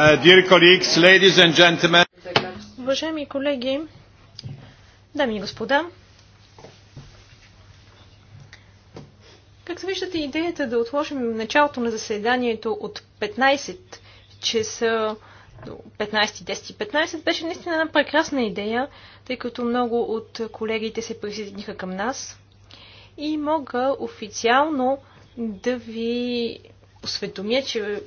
Uh, Уважаеми колеги, дами и господа, както виждате, идеята да отложим началото на заседанието от 15 часа до 15.10.15 и 15 беше наистина една прекрасна идея, тъй като много от колегите се присъединиха към нас и мога официално да ви осведомя, че в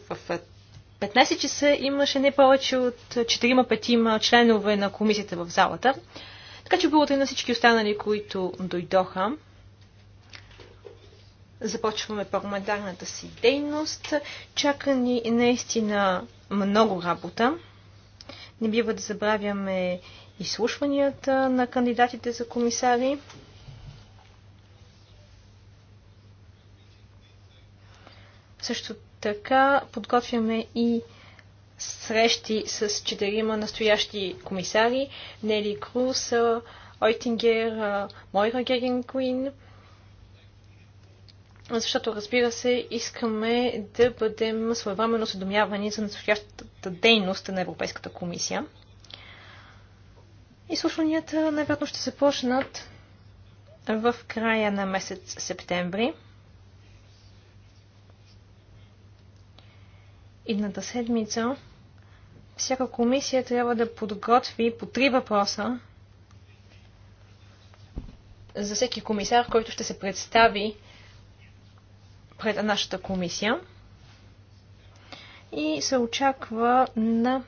15 часа имаше не повече от 4-5 членове на комисията в залата. Така че благодаря на всички останали, които дойдоха. Започваме парламентарната си дейност. Чака ни наистина много работа. Не бива да забравяме изслушванията на кандидатите за комисари. Също така подготвяме и срещи с четирима настоящи комисари Нели Круз, Ойтингер, Мойра Геринг Куин, защото, разбира се, искаме да бъдем своевременно съдомявани за настоящата дейност на Европейската комисия. Изслушванията най-вероятно ще започнат в края на месец септември. идната седмица всяка комисия трябва да подготви по три въпроса за всеки комисар, който ще се представи пред нашата комисия. И се очаква на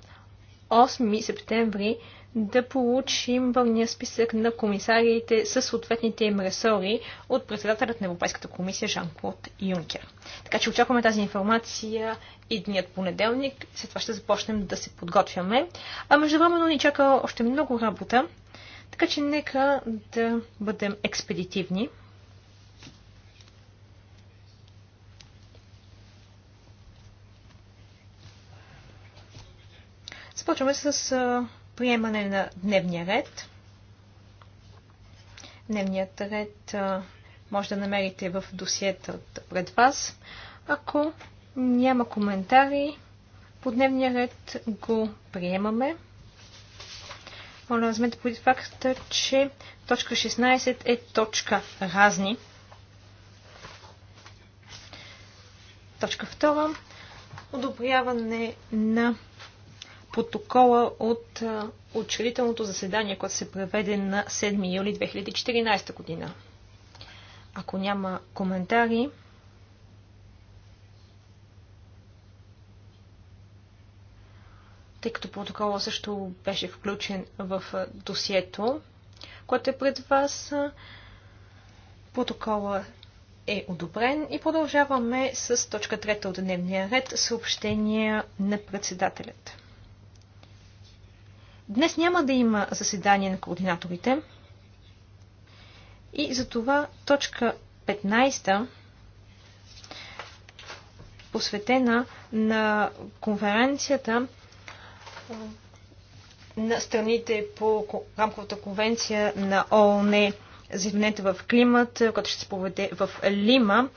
8 септември да получим пълния списък на комисарите с съответните им ресори от председателят на Европейската комисия Жан-Клод Юнкер. Така че очакваме тази информация и идният понеделник. След това ще започнем да се подготвяме. А междувременно ни чака още много работа, така че нека да бъдем експедитивни. Започваме с приемане на дневния ред. Дневният ред може да намерите в досиетата пред вас. Ако няма коментари. По дневния ред го приемаме. Моля, вземете по факта, че точка 16 е точка разни. Точка 2. Одобряване на протокола от учредителното заседание, което се преведе на 7 юли 2014 година. Ако няма коментари, тъй като протокола също беше включен в досието, което е пред вас. Протокола е одобрен и продължаваме с точка трета от дневния ред съобщения на председателят. Днес няма да има заседание на координаторите и затова точка 15 посветена на конференцията на страните по рамковата конвенция на ООН за изменението в климат, е, който ще се поведе в Лима.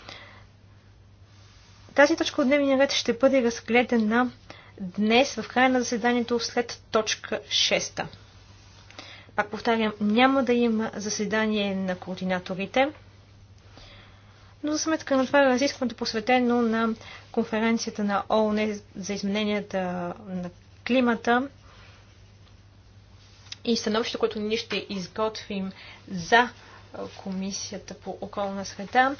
Тази точка от дневния ред ще бъде разгледана днес в края на заседанието след точка 6. Пак повтарям, няма да има заседание на координаторите, но за сметка на това разискването посветено на конференцията на ООН за измененията на климата и становището, което ние ще изготвим за Комисията по околна среда,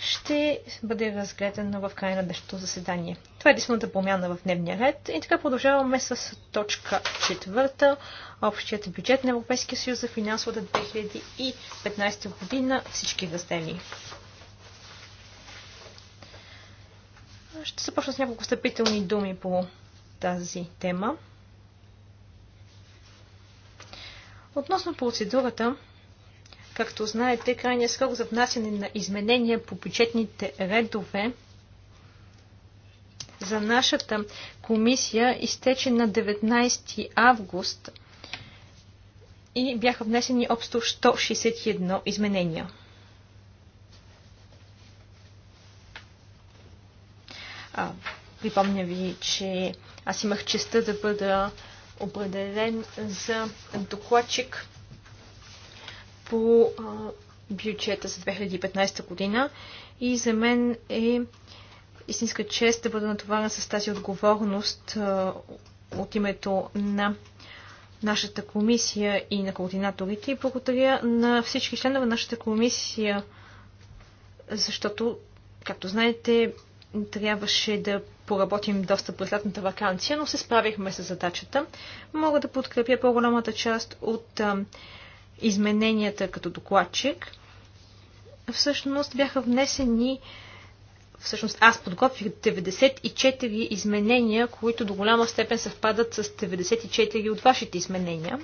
ще бъде разгледано в края на днешното заседание. Това е единствената промяна в дневния ред. И така продължаваме с точка четвърта. Общият бюджет на Европейския съюз за финансовата 2015 година. Всички раздели. Ще започна с няколко стъпителни думи по тази тема. Относно процедурата, както знаете, крайният срок за внасяне на изменения по бюджетните редове за нашата комисия изтече на 19 август и бяха внесени общо 161 изменения. А, Припомня ви, че аз имах честа да бъда определен за докладчик по бюджета за 2015 година и за мен е истинска чест да бъда натоварен с тази отговорност от името на нашата комисия и на координаторите. И благодаря на всички членове на нашата комисия, защото, както знаете, трябваше да поработим доста през лятната вакансия, но се справихме с задачата. Мога да подкрепя по-голямата част от а, измененията като докладчик. Всъщност бяха внесени Всъщност аз подготвих 94 изменения, които до голяма степен съвпадат с 94 от вашите изменения.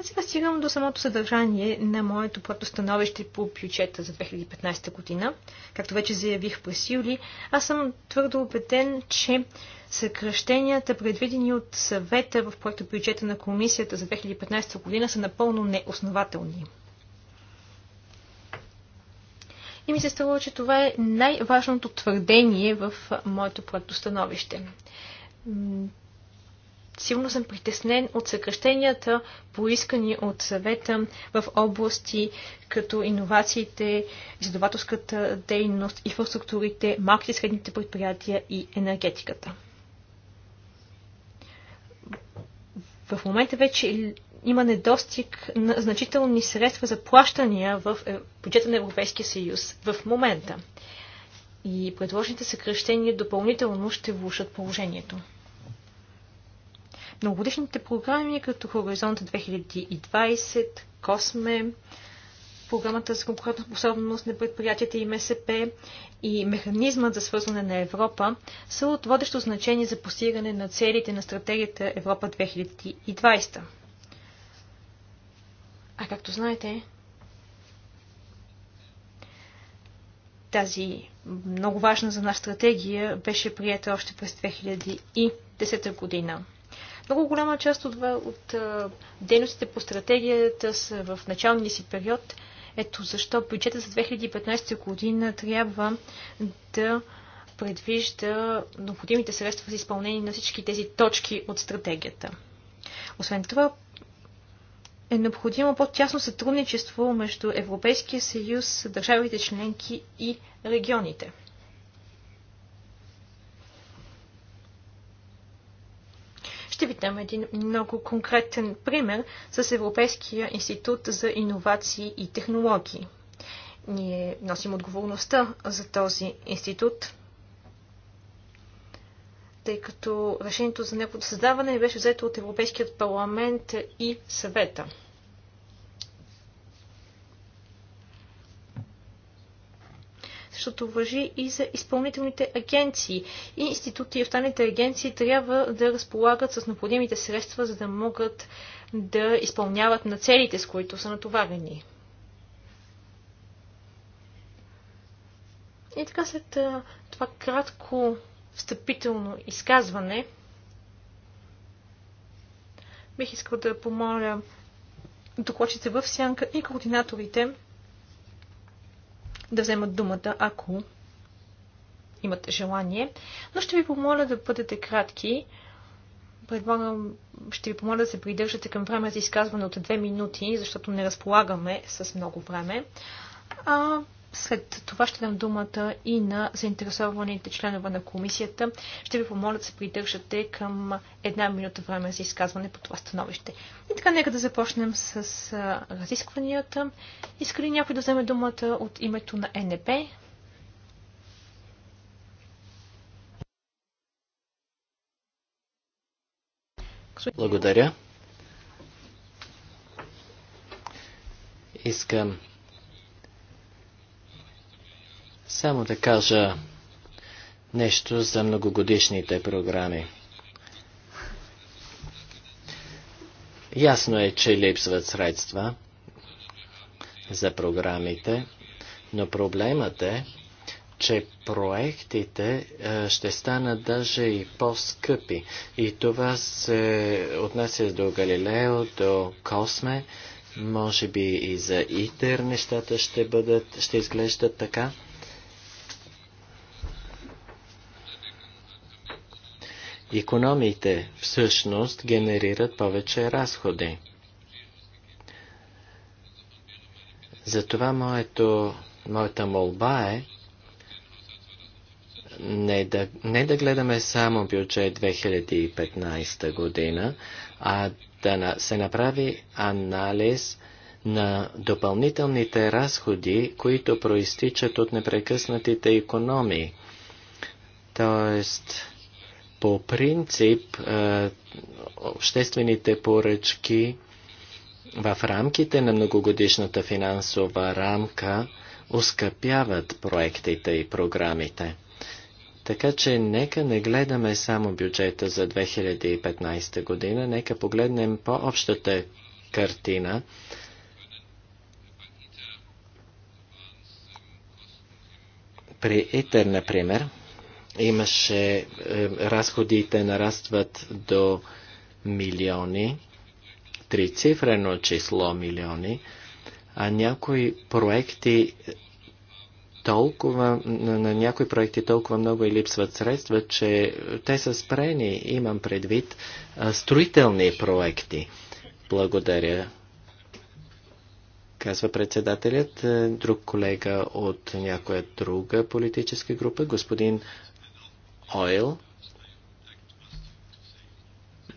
А сега стигам до самото съдържание на моето становище по бюджета за 2015 година. Както вече заявих през юли, аз съм твърдо убеден, че съкръщенията, предвидени от съвета в проекта бюджета на комисията за 2015 година, са напълно неоснователни. И ми се струва, че това е най-важното твърдение в моето становище. Силно съм притеснен от съкръщенията, поискани от съвета в области като иновациите, изследователската дейност, инфраструктурите, малките и средните предприятия и енергетиката. В момента вече има недостиг на значителни средства за плащания в е, бюджета на Европейския съюз в момента. И предложените съкръщения допълнително ще влушат положението многогодишните програми, като Хоризонт 2020, Косме, програмата за конкурентоспособност на предприятията и МСП и механизмът за свързване на Европа са от водещо значение за постигане на целите на стратегията Европа 2020. А както знаете, тази много важна за нас стратегия беше прията още през 2010 година. Много голяма част от, от дейностите по стратегията са в началния си период. Ето защо бюджета за 2015 година трябва да предвижда необходимите средства за изпълнение на всички тези точки от стратегията. Освен това, е необходимо по-тясно сътрудничество между Европейския съюз, държавите членки и регионите. Ще ви дам един много конкретен пример с Европейския институт за иновации и технологии. Ние носим отговорността за този институт, тъй като решението за неговото създаване беше взето от Европейският парламент и съвета. Защото въжи и за изпълнителните агенции. И институти и останалите агенции трябва да разполагат с необходимите средства, за да могат да изпълняват на целите, с които са натоварени. И така след това кратко встъпително изказване, бих искал да помоля докладчите в сянка и координаторите да вземат думата, ако имат желание. Но ще ви помоля да бъдете кратки. Предлагам, ще ви помоля да се придържате към време за изказване от 2 минути, защото не разполагаме с много време. А след това ще дам думата и на заинтересованите членове на комисията. Ще ви помоля да се придържате към една минута време за изказване по това становище. И така, нека да започнем с разискванията. Иска ли някой да вземе думата от името на НП? Благодаря. Искам само да кажа нещо за многогодишните програми. Ясно е, че липсват средства за програмите, но проблемът е, че проектите ще станат даже и по-скъпи. И това се отнася до Галилео, до Косме, може би и за ИТЕР нещата ще, бъдат, ще изглеждат така. Икономиите всъщност генерират повече разходи. Затова моето, моята молба е не да, не да гледаме само бюджет 2015 година, а да се направи анализ на допълнителните разходи, които проистичат от непрекъснатите економии. Тоест, по принцип е, обществените поръчки в рамките на многогодишната финансова рамка ускъпяват проектите и програмите. Така че нека не гледаме само бюджета за 2015 година, нека погледнем по-общата картина. При ИТЕР, например, имаше е, разходите нарастват до милиони, трицифрено число милиони, а някои проекти толкова, на някои проекти толкова много и липсват средства, че те са спрени, имам предвид, строителни проекти. Благодаря. Казва председателят, е, друг колега от някоя друга политическа група, господин oil.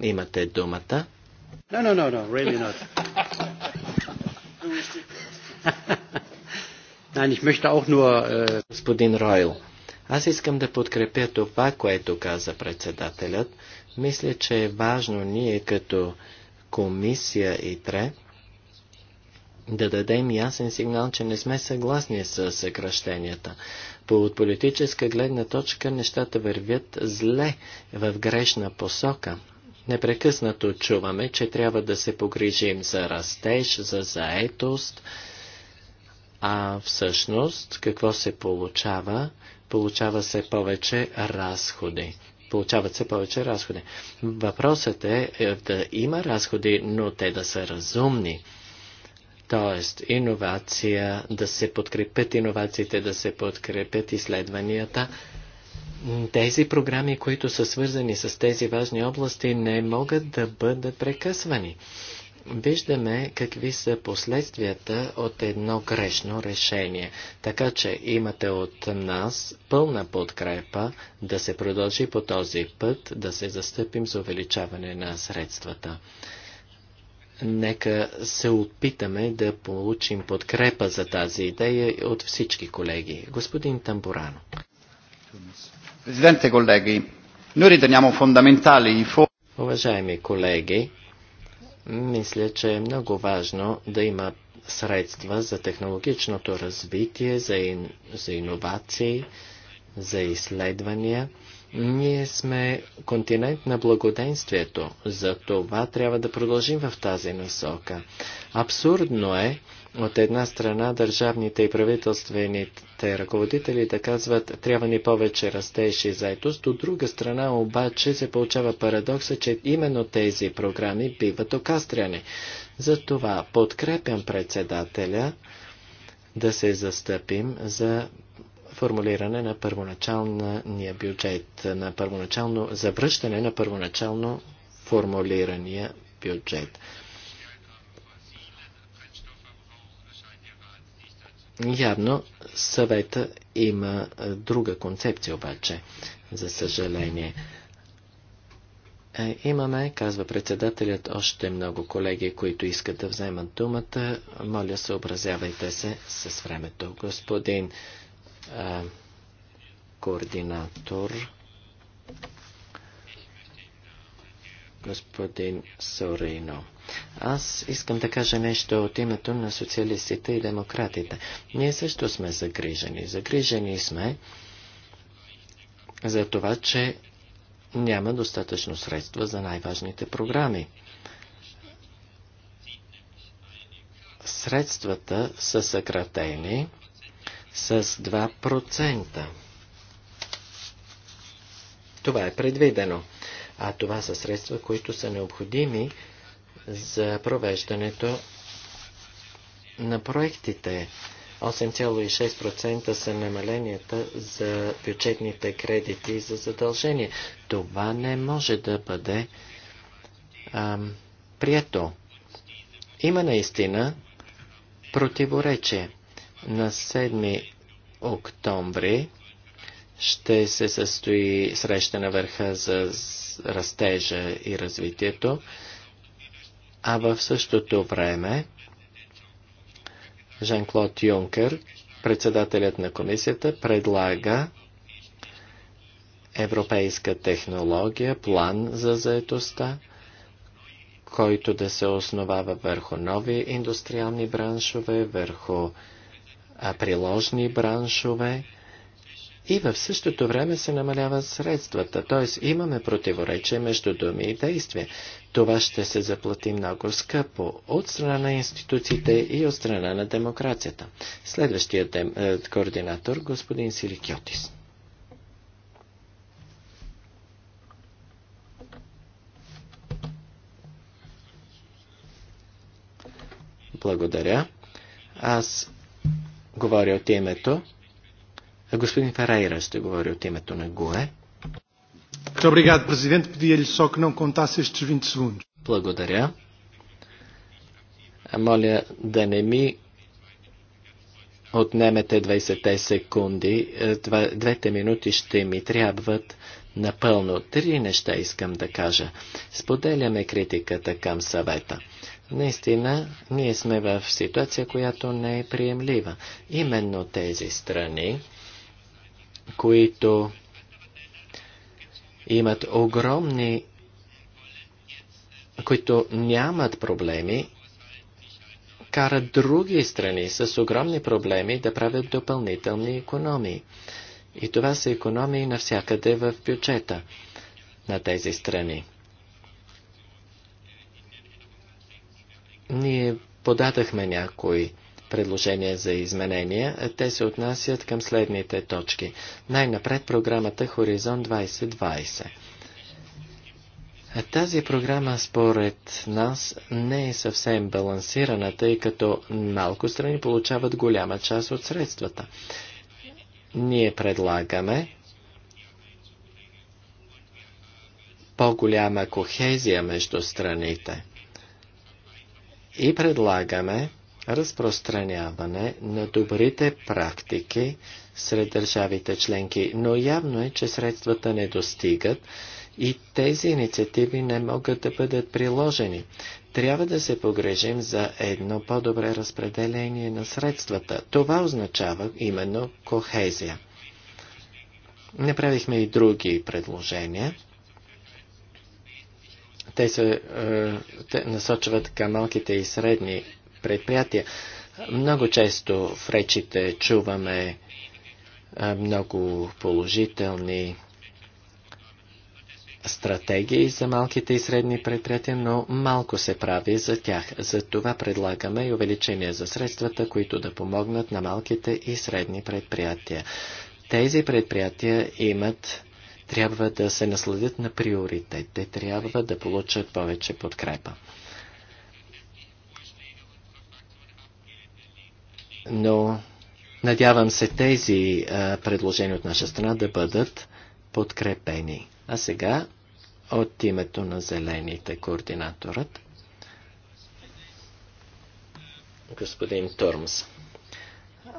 Имате думата. No, no, no, no, really not. Nein, ich möchte auch nur... äh... Господин Ройл, аз искам да подкрепя това, което каза председателят. Мисля, че е важно ние като комисия и ТРЕ да дадем ясен сигнал, че не сме съгласни с съкръщенията по от политическа гледна точка нещата вървят зле в грешна посока. Непрекъснато чуваме, че трябва да се погрижим за растеж, за заетост, а всъщност какво се получава? Получава се повече разходи. Получават се повече разходи. Въпросът е, е да има разходи, но те да са разумни. Тоест, иновация, да се подкрепят иновациите, да се подкрепят изследванията. Тези програми, които са свързани с тези важни области, не могат да бъдат прекъсвани. Виждаме какви са последствията от едно грешно решение, така че имате от нас пълна подкрепа да се продължи по този път, да се застъпим за увеличаване на средствата. Нека се опитаме да получим подкрепа за тази идея от всички колеги. Господин Тамбурано. Президенте, колеги, Уважаеми колеги, мисля, че е много важно да има средства за технологичното развитие, за, ин, за иновации, за изследвания – ние сме континент на благоденствието, за това трябва да продължим в тази насока. Абсурдно е от една страна държавните и правителствените ръководители да казват трябва ни повече растеж и заетост, от друга страна обаче се получава парадокса, че именно тези програми биват окастряни. Затова подкрепям председателя да се застъпим за формулиране на първоначалния бюджет, на първоначално, завръщане на първоначално формулирания бюджет. Явно съвета има друга концепция обаче, за съжаление. Е, имаме, казва председателят, още много колеги, които искат да вземат думата. Моля, съобразявайте се с времето. Господин координатор господин Сорино. Аз искам да кажа нещо от името на социалистите и демократите. Ние също сме загрижени. Загрижени сме за това, че няма достатъчно средства за най-важните програми. Средствата са съкратени с 2%. Това е предвидено. А това са средства, които са необходими за провеждането на проектите. 8,6% са намаленията за бюджетните кредити и за задължения. Това не може да бъде ам, прието. Има наистина противоречие. На 7 октомври ще се състои среща на върха за растежа и развитието, а в същото време Жан-Клод Юнкер, председателят на комисията, предлага европейска технология, план за заетостта, който да се основава върху нови индустриални браншове, върху приложни браншове и в същото време се намаляват средствата. Т.е. имаме противоречие между думи и действия. Това ще се заплати много скъпо от страна на институциите и от страна на демокрацията. Следващият дем... Е, координатор, господин Силикиотис. Благодаря. Аз говори от името. Господин Ферейра ще говори от името на ГУЕ. Благодаря. Моля да не ми отнемете 20 секунди. Е, двете минути ще ми трябват напълно. Три неща искам да кажа. Споделяме критиката към съвета. Наистина, ние сме в ситуация, която не е приемлива. Именно тези страни, които имат огромни, които нямат проблеми, карат други страни с огромни проблеми да правят допълнителни економии. И това са економии навсякъде в бюджета на тези страни. Ние подадахме някои предложения за изменения, те се отнасят към следните точки. Най-напред програмата Хоризон 2020. А тази програма според нас не е съвсем балансирана, тъй като малко страни получават голяма част от средствата. Ние предлагаме по-голяма кохезия между страните и предлагаме разпространяване на добрите практики сред държавите членки, но явно е, че средствата не достигат и тези инициативи не могат да бъдат приложени. Трябва да се погрежим за едно по-добре разпределение на средствата. Това означава именно кохезия. Направихме и други предложения. Те се е, те насочват към малките и средни предприятия. Много често в речите чуваме е, много положителни стратегии за малките и средни предприятия, но малко се прави за тях. За това предлагаме и увеличение за средствата, които да помогнат на малките и средни предприятия. Тези предприятия имат трябва да се насладят на приоритет. Те трябва да получат повече подкрепа. Но надявам се тези а, предложения от наша страна да бъдат подкрепени. А сега от името на зелените координаторът господин Тормс.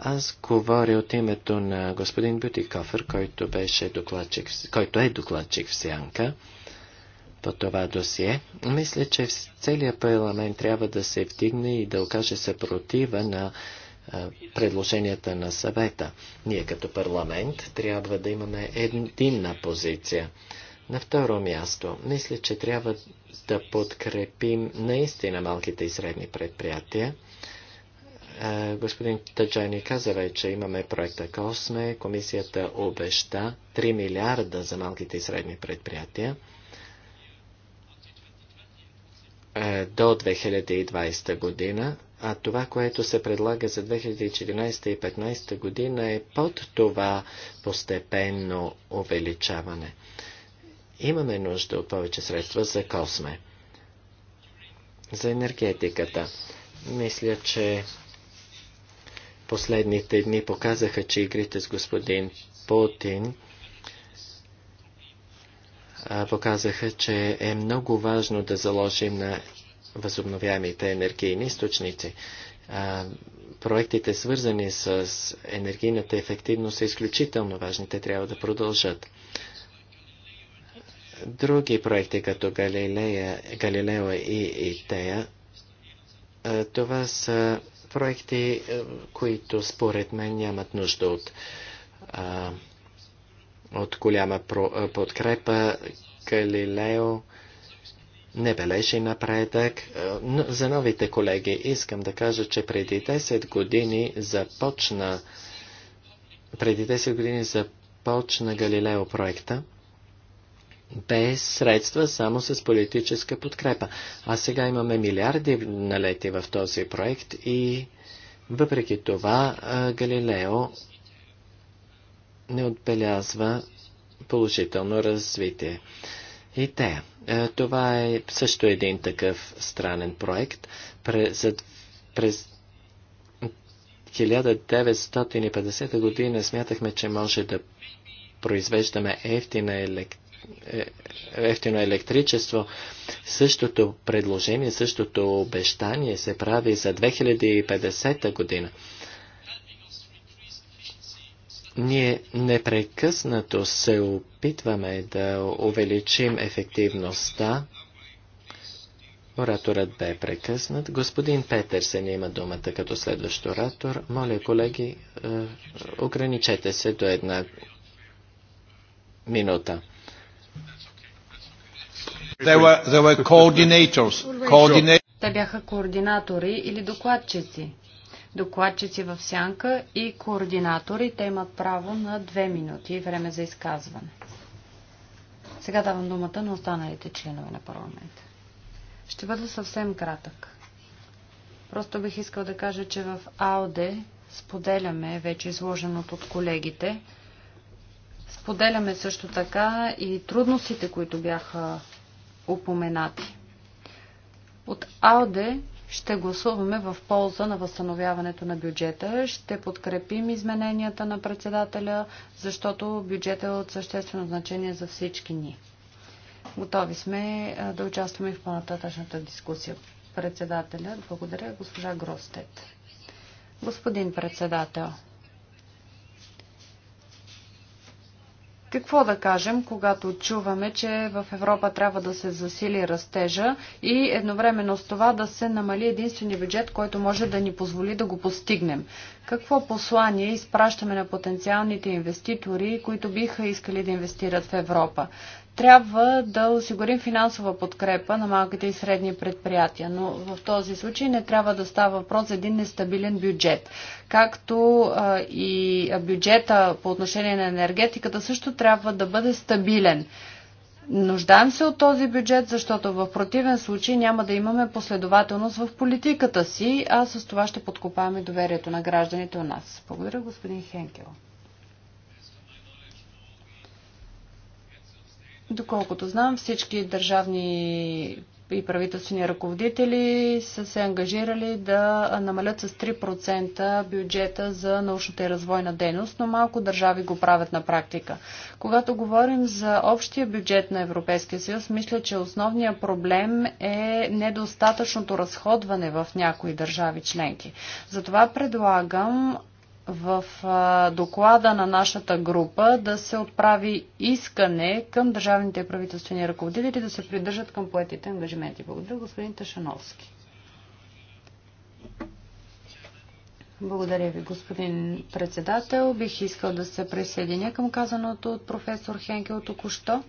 Аз говоря от името на господин Бютикофер, който, беше докладчик, който е докладчик в Сянка по това досие. Мисля, че целият парламент трябва да се вдигне и да окаже съпротива на предложенията на съвета. Ние като парламент трябва да имаме единна позиция. На второ място, мисля, че трябва да подкрепим наистина малките и средни предприятия. Господин Таджани каза вече, имаме проекта Косме, комисията обеща 3 милиарда за малките и средни предприятия до 2020 година, а това, което се предлага за 2014 и 2015 година е под това постепенно увеличаване. Имаме нужда от повече средства за Косме. За енергетиката. Мисля, че Последните дни показаха, че игрите с господин Путин показаха, че е много важно да заложим на възобновяемите енергийни източници. Проектите, свързани с енергийната ефективност, са изключително важни. Те трябва да продължат. Други проекти, като Галилея, Галилео и Итея, това са проекти, е, които според мен нямат нужда от, а, от голяма про, е, подкрепа. Галилео не бележи напредък. Е, за новите колеги искам да кажа, че преди 10 години започна преди 10 години започна Галилео проекта без средства, само с политическа подкрепа. А сега имаме милиарди налети в този проект и въпреки това Галилео не отбелязва положително развитие. И те. Това е също един такъв странен проект. През, през 1950 година смятахме, че може да произвеждаме ефтина електрика. Е, ефтино електричество. Същото предложение, същото обещание се прави за 2050 година. Ние непрекъснато се опитваме да увеличим ефективността. Ораторът бе прекъснат. Господин Петърсен има думата като следващ оратор. Моля, колеги, е, ограничете се до една минута. They were, they were coordinators. Те бяха координатори или докладчици. Докладчици в сянка и координатори, те имат право на две минути време за изказване. Сега давам думата на останалите членове на парламента. Ще бъда съвсем кратък. Просто бих искал да кажа, че в АОДЕ споделяме вече изложеното от колегите. Споделяме също така и трудностите, които бяха упоменати. От АОДЕ ще гласуваме в полза на възстановяването на бюджета. Ще подкрепим измененията на председателя, защото бюджетът е от съществено значение за всички ни. Готови сме да участваме в по-нататъчната дискусия. Председателя, благодаря, госпожа Гростет. Господин председател, Какво да кажем, когато чуваме, че в Европа трябва да се засили растежа и едновременно с това да се намали единствения бюджет, който може да ни позволи да го постигнем? Какво послание изпращаме на потенциалните инвеститори, които биха искали да инвестират в Европа? трябва да осигурим финансова подкрепа на малките и средни предприятия, но в този случай не трябва да става въпрос за един нестабилен бюджет. Както а, и бюджета по отношение на енергетиката също трябва да бъде стабилен. Нуждаем се от този бюджет, защото в противен случай няма да имаме последователност в политиката си, а с това ще подкопаваме доверието на гражданите у нас. Благодаря, господин Хенкел. Доколкото знам, всички държавни и правителствени ръководители са се ангажирали да намалят с 3% бюджета за научната и развойна дейност, но малко държави го правят на практика. Когато говорим за общия бюджет на Европейския съюз, мисля, че основният проблем е недостатъчното разходване в някои държави членки. Затова предлагам в доклада на нашата група да се отправи искане към държавните и правителствени ръководители да се придържат към поетите ангажименти. Благодаря, господин Ташановски. Благодаря ви, господин председател. Бих искал да се присъединя към казаното от професор Хенкел току-що.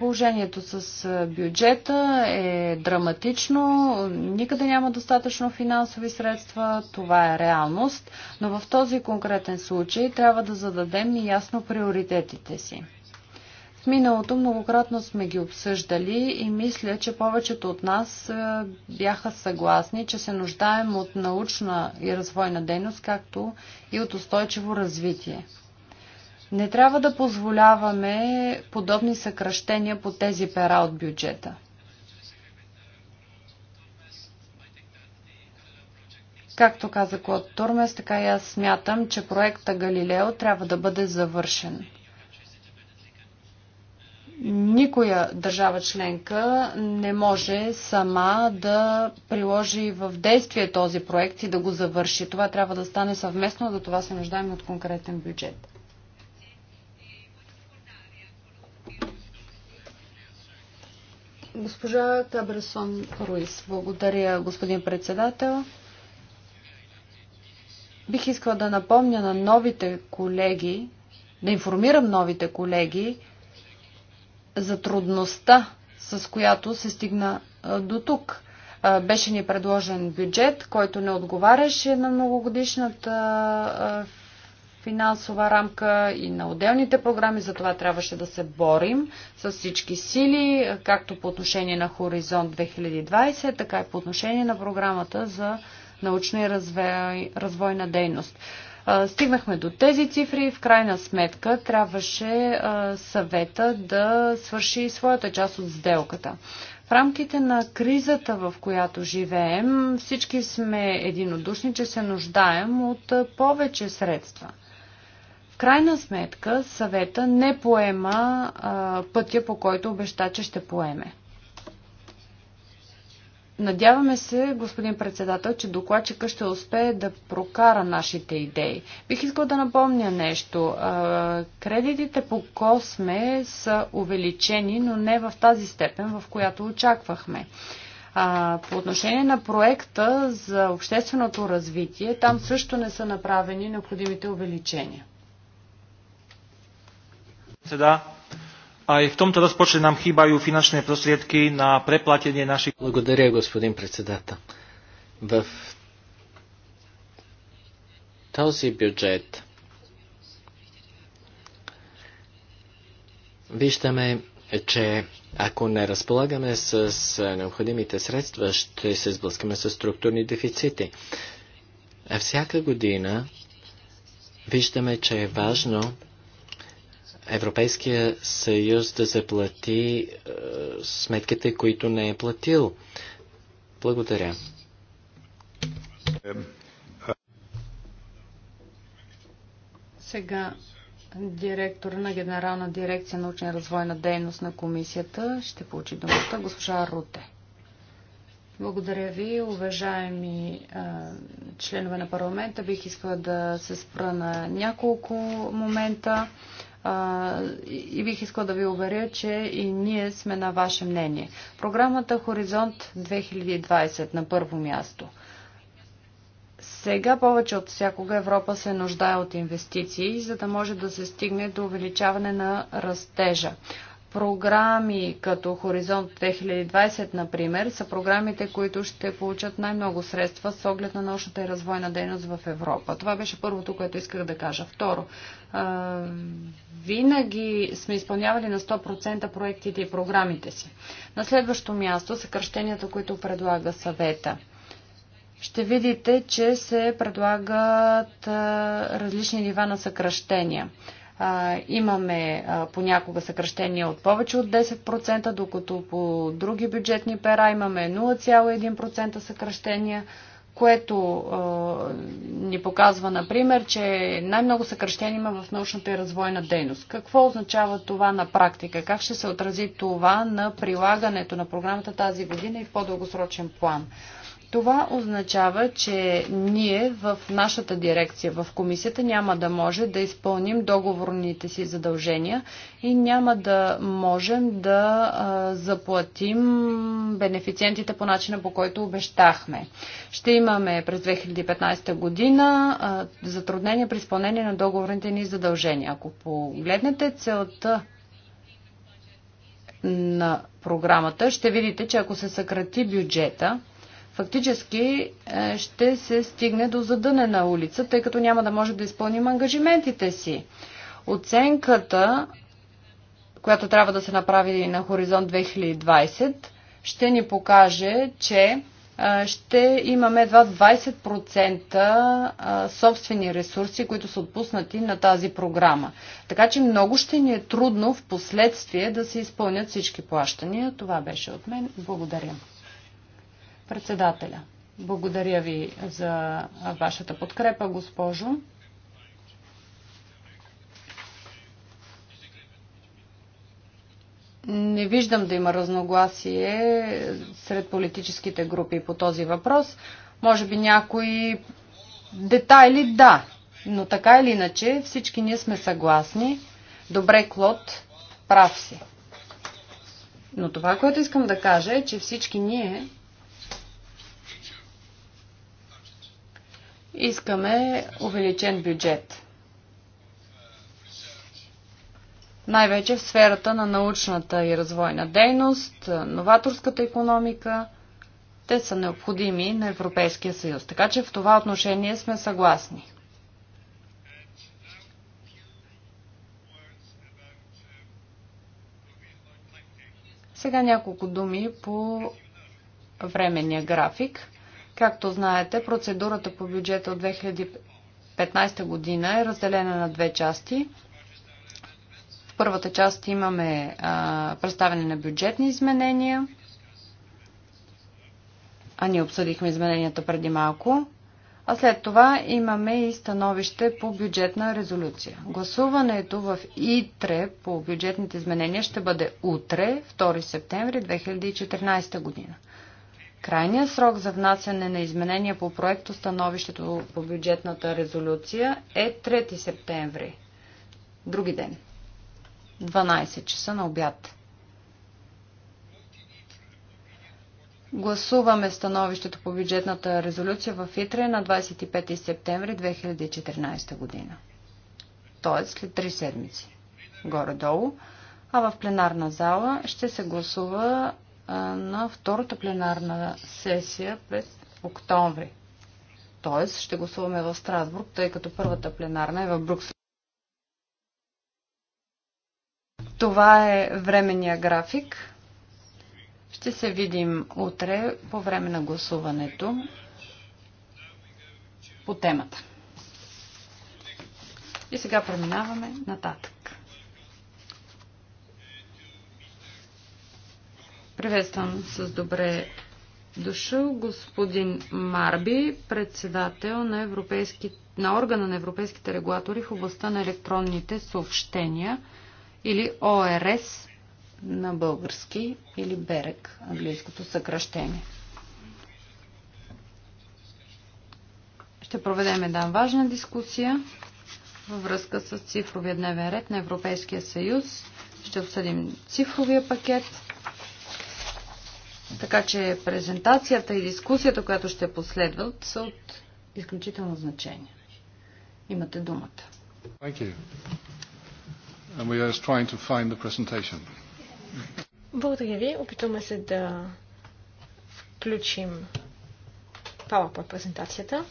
Положението с бюджета е драматично, никъде няма достатъчно финансови средства, това е реалност, но в този конкретен случай трябва да зададем и ясно приоритетите си. В миналото многократно сме ги обсъждали и мисля, че повечето от нас бяха съгласни, че се нуждаем от научна и развойна дейност, както и от устойчиво развитие. Не трябва да позволяваме подобни съкръщения по тези пера от бюджета. Както каза Клод Турмес, така и аз смятам, че проекта Галилео трябва да бъде завършен. Никоя държава членка не може сама да приложи в действие този проект и да го завърши. Това трябва да стане съвместно, за това се нуждаем от конкретен бюджет. Госпожа Табресон Руис. Благодаря, господин председател. Бих искала да напомня на новите колеги, да информирам новите колеги за трудността, с която се стигна до тук. Беше ни предложен бюджет, който не отговаряше на многогодишната финансова рамка и на отделните програми. За това трябваше да се борим с всички сили, както по отношение на Хоризонт 2020, така и по отношение на програмата за научна и развой, развойна дейност. Стигнахме до тези цифри и в крайна сметка трябваше съвета да свърши своята част от сделката. В рамките на кризата, в която живеем, всички сме единодушни, че се нуждаем от повече средства крайна сметка съвета не поема а, пътя, по който обеща, че ще поеме. Надяваме се, господин председател, че докладчика ще успее да прокара нашите идеи. Бих искал да напомня нещо. Кредитите по Косме са увеличени, но не в тази степен, в която очаквахме. По отношение на проекта за общественото развитие, там също не са направени необходимите увеличения. Седа. Aj v tomto rozpočte nám chýbajú finančné prostriedky na preplatenie našich... Благодаря, господин председател. В този бюджет виждаме, че ако не разполагаме с необходимите средства, ще се сблъскаме с структурни дефицити. всяка година виждаме, че е важно Европейския съюз да заплати е, сметките, които не е платил. Благодаря. Сега директор на Генерална дирекция научна и развойна дейност на комисията ще получи думата госпожа Руте. Благодаря ви, уважаеми а, членове на парламента. Бих искала да се спра на няколко момента и бих искал да ви уверя, че и ние сме на ваше мнение. Програмата Хоризонт 2020 на първо място. Сега повече от всякога Европа се нуждае от инвестиции, за да може да се стигне до увеличаване на растежа програми като Хоризонт 2020, например, са програмите, които ще получат най-много средства с оглед на научната и развойна дейност в Европа. Това беше първото, което исках да кажа. Второ, винаги сме изпълнявали на 100% проектите и програмите си. На следващо място съкръщенията, които предлага съвета ще видите, че се предлагат различни нива на съкръщения имаме понякога съкръщение от повече от 10%, докато по други бюджетни пера имаме 0,1% съкръщения, което ни показва, например, че най-много съкръщения има в научната и развойна дейност. Какво означава това на практика? Как ще се отрази това на прилагането на програмата тази година и в по-дългосрочен план? Това означава, че ние в нашата дирекция, в комисията, няма да може да изпълним договорните си задължения и няма да можем да а, заплатим бенефициентите по начина, по който обещахме. Ще имаме през 2015 година а, затруднения при изпълнение на договорните ни задължения. Ако погледнете целта на програмата, ще видите, че ако се съкрати бюджета, фактически е, ще се стигне до задънена улица, тъй като няма да може да изпълним ангажиментите си. Оценката, която трябва да се направи на Хоризонт 2020, ще ни покаже, че е, ще имаме едва 20% е, собствени ресурси, които са отпуснати на тази програма. Така че много ще ни е трудно в последствие да се изпълнят всички плащания. Това беше от мен. Благодаря. Председателя. Благодаря ви за вашата подкрепа, госпожо. Не виждам да има разногласие сред политическите групи по този въпрос. Може би някои детайли да, но така или иначе всички ние сме съгласни. Добре, Клод, прав си. Но това, което искам да кажа е, че всички ние Искаме увеличен бюджет. Най-вече в сферата на научната и развойна дейност, новаторската економика. Те са необходими на Европейския съюз. Така че в това отношение сме съгласни. Сега няколко думи по временния график. Както знаете, процедурата по бюджета от 2015 година е разделена на две части. В първата част имаме а, представяне на бюджетни изменения, а ние обсъдихме измененията преди малко. А след това имаме и становище по бюджетна резолюция. Гласуването в ИТРЕ по бюджетните изменения ще бъде утре, 2 септември 2014 година. Крайният срок за внасяне на изменения по проекто становището по бюджетната резолюция е 3 септември. Други ден. 12 часа на обяд. Гласуваме становището по бюджетната резолюция в ИТРЕ на 25 септември 2014 година. Тоест след 3 седмици. Горе-долу. А в пленарна зала ще се гласува на втората пленарна сесия през октомври. Тоест ще гласуваме в Страсбург, тъй като първата пленарна е в Брюксел. Това е временния график. Ще се видим утре по време на гласуването по темата. И сега преминаваме нататък. Приветствам с добре дошъл господин Марби, председател на, европейски, на органа на европейските регулатори в областта на електронните съобщения или ОРС на български или БЕРЕК, английското съкръщение. Ще проведем една важна дискусия във връзка с цифровия дневен ред на Европейския съюз. Ще обсъдим цифровия пакет – така че презентацията и дискусията, която ще последват, са от изключително значение. Имате думата. Благодаря ви. Опитваме се да включим PowerPoint презентацията.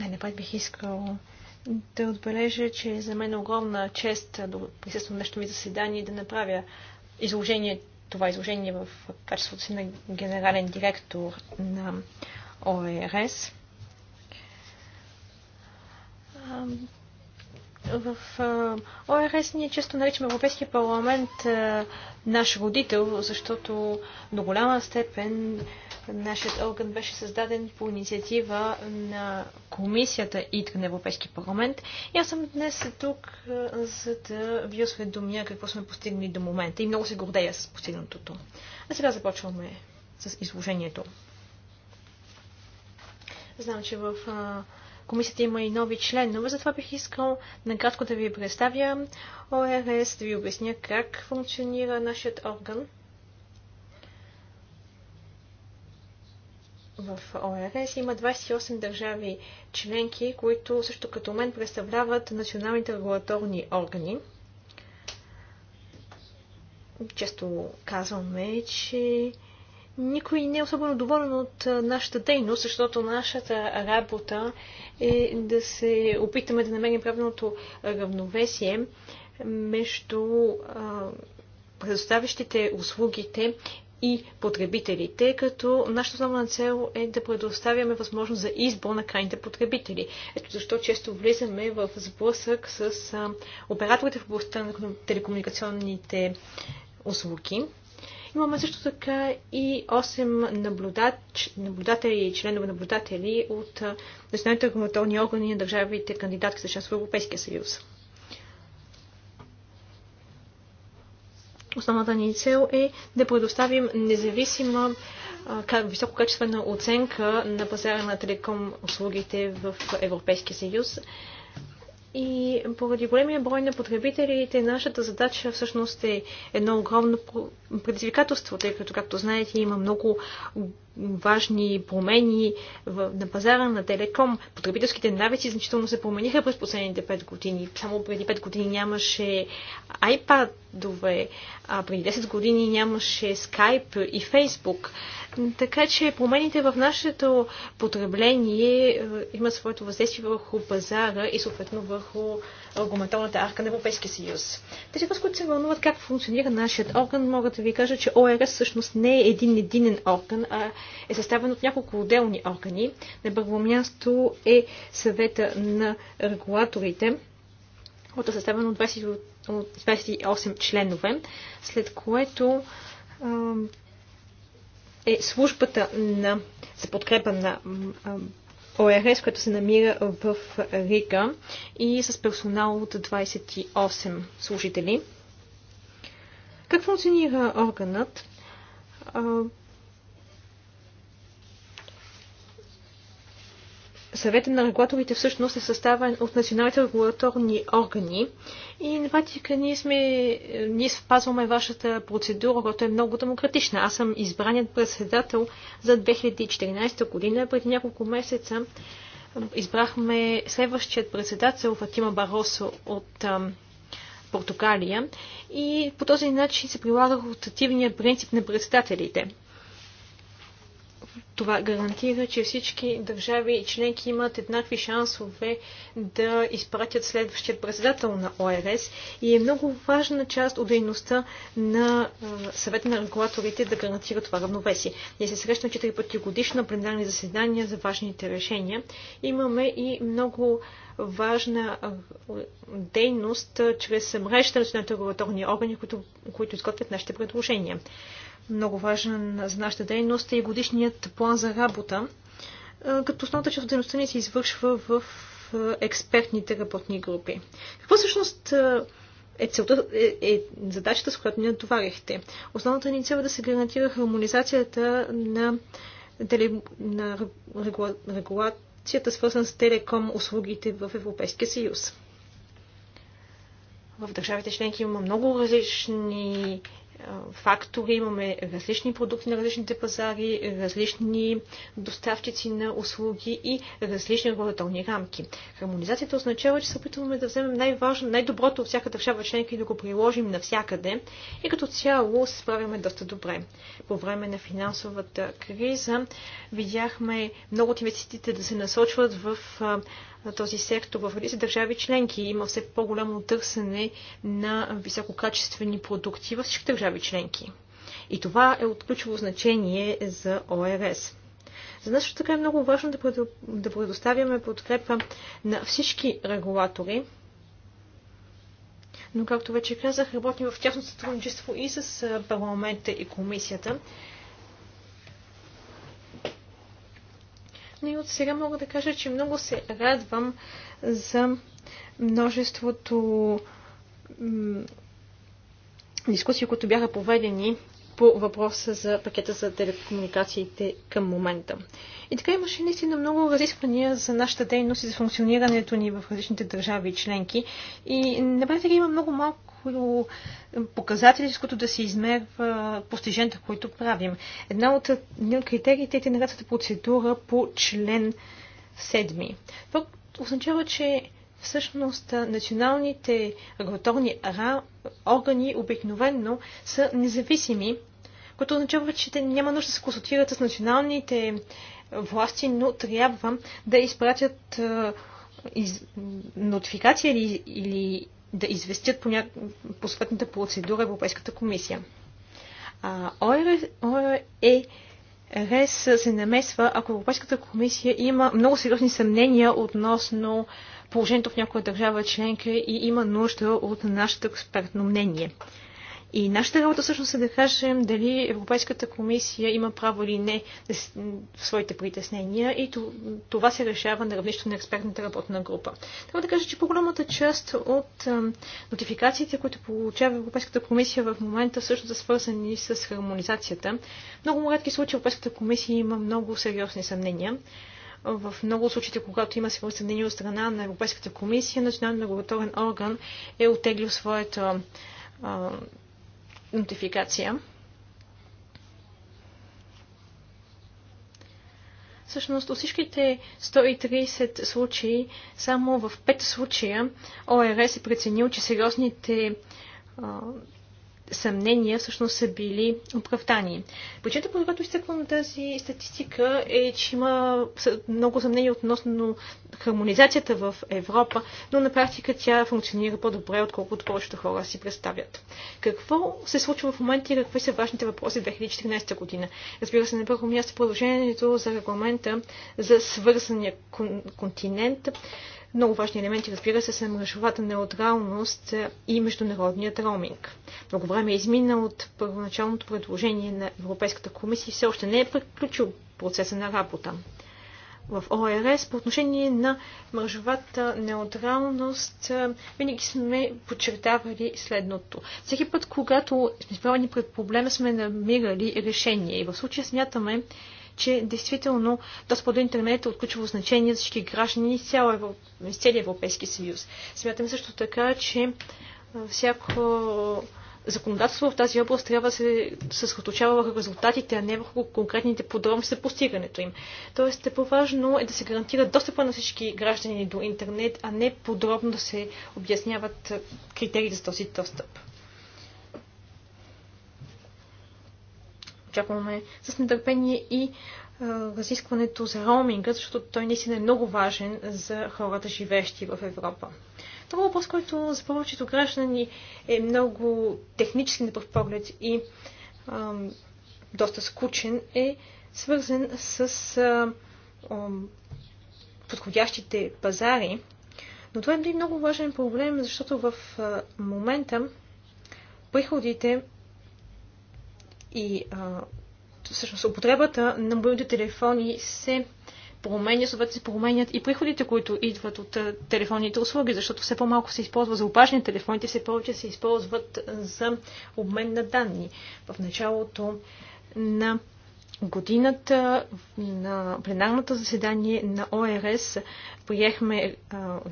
Най-напред бих искал да отбележа, че за мен е огромна чест да присъствам нещо ми заседание и да направя изложение, това изложение в качеството си на генерален директор на ОРС. В ОРС ние често наричаме Европейския парламент наш родител, защото до голяма степен нашият орган беше създаден по инициатива на комисията и на Европейски парламент. И аз съм днес тук, за да ви осведомя какво сме постигнали до момента. И много се гордея с постигнатото. А сега започваме с изложението. Знам, че в Комисията има и нови членове, затова бих искал накратко да ви представя ОРС, да ви обясня как функционира нашият орган. в ОРС има 28 държави членки, които също като мен представляват националните регулаторни органи. Често казваме, че никой не е особено доволен от нашата дейност, защото нашата работа е да се опитаме да намерим правилното равновесие между предоставящите услугите и потребителите, като нашата основна цел е да предоставяме възможност за избор на крайните потребители. Ето защо често влизаме в сблъсък с операторите в областта на телекомуникационните услуги. Имаме също така и 8 наблюдач, наблюдатели и членове наблюдатели от националните регуляторни органи на държавите кандидатки за част в Европейския съюз. Основната ни цел е да предоставим независима висококачествена оценка на пазара на телеком услугите в Европейския съюз и поради големия брой на потребителите, нашата задача всъщност е едно огромно предизвикателство, тъй като, както знаете, има много важни промени в, на пазара на Телеком. Потребителските навици значително се промениха през последните 5 години. Само преди 5 години нямаше iPad-ове, а преди 10 години нямаше Skype и Facebook. Така че промените в нашето потребление е, имат своето въздействие върху пазара и съответно върху регламентарната арка на Европейския съюз. Тези от вас, които се вълнуват как функционира нашият орган, могат да ви кажа, че ОРС всъщност не е един единен орган, а е съставен от няколко отделни органи. На първо място е съвета на регулаторите, който е съставен от 28 членове, след което е службата на, за подкрепа на ОРС, което се намира в Рига и с персонал от 28 служители. Как функционира органът? съвета на регулаторите всъщност е съставен от националните регулаторни органи и на практика ние, сме, ние спазваме вашата процедура, която е много демократична. Аз съм избраният председател за 2014 година. Преди няколко месеца избрахме следващият председател Фатима Баросо от Португалия и по този начин се прилага ротативният принцип на председателите. Това гарантира, че всички държави и членки имат еднакви шансове да изпратят следващия председател на ОРС и е много важна част от дейността на съвета на регулаторите да гарантира това равновесие. Ние се срещаме 4 пъти годишно пленарни заседания за важните решения. Имаме и много важна дейност чрез мрежата на националните регулаторни органи, които, които изготвят нашите предложения много важен за нашата дейност е и годишният план за работа, е, като основната част от дейността ни се извършва в е, експертните работни групи. Какво всъщност е, целта, е, е задачата, с която ни натоварихте? Основната ни цел е да се гарантира хармонизацията на, теле, на регула, регулацията, свързана с телеком услугите в Европейския съюз. В държавите членки има много различни фактори, имаме различни продукти на различните пазари, различни доставчици на услуги и различни регулаторни рамки. Хармонизацията означава, че се опитваме да вземем най-важно, най-доброто от всяка държава членка и да го приложим навсякъде и като цяло се справяме доста добре. По време на финансовата криза видяхме много от инвестициите да се насочват в на този сектор в редица държави членки. Има все по-голямо търсене на висококачествени продукти във всички държави членки. И това е от ключово значение за ОРС. За нас така е много важно да предоставяме подкрепа на всички регулатори, но както вече казах, работим в тясно сътрудничество и с парламента и комисията, Но и от сега мога да кажа, че много се радвам за множеството дискусии, които бяха поведени по въпроса за пакета за телекомуникациите към момента. И така имаше наистина много разисквания за нашата дейност и за функционирането ни в различните държави и членки. И на практика има много малко показатели, с които да се измерва постиженията, които правим. Една от, една от критериите е тенерацията процедура по член 7. Това означава, че всъщност националните регулаторни органи обикновенно са независими, което означава, че те няма нужда да се консултират с националните власти, но трябва да изпратят из, нотификация или, или да известят по, ня... по съответната процедура Европейската комисия. А, ОР е РЕС се намесва, ако Европейската комисия има много сериозни съмнения относно положението в някоя държава членка и има нужда от нашето експертно мнение. И нашата работа всъщност е да кажем дали Европейската комисия има право или не в своите притеснения и това се решава на равнището на експертната работна група. Трябва да кажа, че по-голямата част от нотификациите, които получава Европейската комисия в момента, също са свързани с хармонизацията. Много рядки случаи Европейската комисия има много сериозни съмнения в много случаите, когато има сериозни съмнения от страна на Европейската комисия, национален регулаторен орган е отеглил своята нотификация. Всъщност от всичките 130 случаи, само в 5 случая ОРС е преценил, че сериозните съмнения всъщност са били оправдани. Причината, по която изтъквам тази статистика е, че има много съмнения относно хармонизацията в Европа, но на практика тя функционира по-добре, отколкото повечето хора си представят. Какво се случва в момента и какви са важните въпроси в 2014 година? Разбира се, на първо място продължението за регламента за свързания кон- континент, много важни елементи, разбира се, са мрежовата неутралност и международният роуминг. Много време е измина от първоначалното предложение на Европейската комисия и все още не е приключил процеса на работа. В ОРС по отношение на мрежовата неутралност винаги сме подчертавали следното. Всеки път, когато сме изправени пред проблема, сме намирали решение. И в случая смятаме, че действително достъп до интернет е от ключово значение за всички граждани из целия Европейски съюз. Смятам също така, че всяко законодателство в тази област трябва да се съсредоточава върху резултатите, а не върху конкретните подробности за постигането им. Тоест, е по-важно е да се гарантира достъпа на всички граждани до интернет, а не подробно да се обясняват критериите за този достъп. Очакваме с нетърпение и е, разискването за роуминга, защото той наистина е много важен за хората, живещи в Европа. Това въпрос, който за повечето граждани е много технически на пръв поглед и ам, доста скучен, е свързан с ам, подходящите пазари. Но това е много важен проблем, защото в а, момента приходите и а, всъщност употребата на мобилните телефони се променя, съответно се променят и приходите, които идват от телефонните услуги, защото все по-малко се използва за опашни телефоните, все повече се използват за обмен на данни. В началото на годината на пленарното заседание на ОРС приехме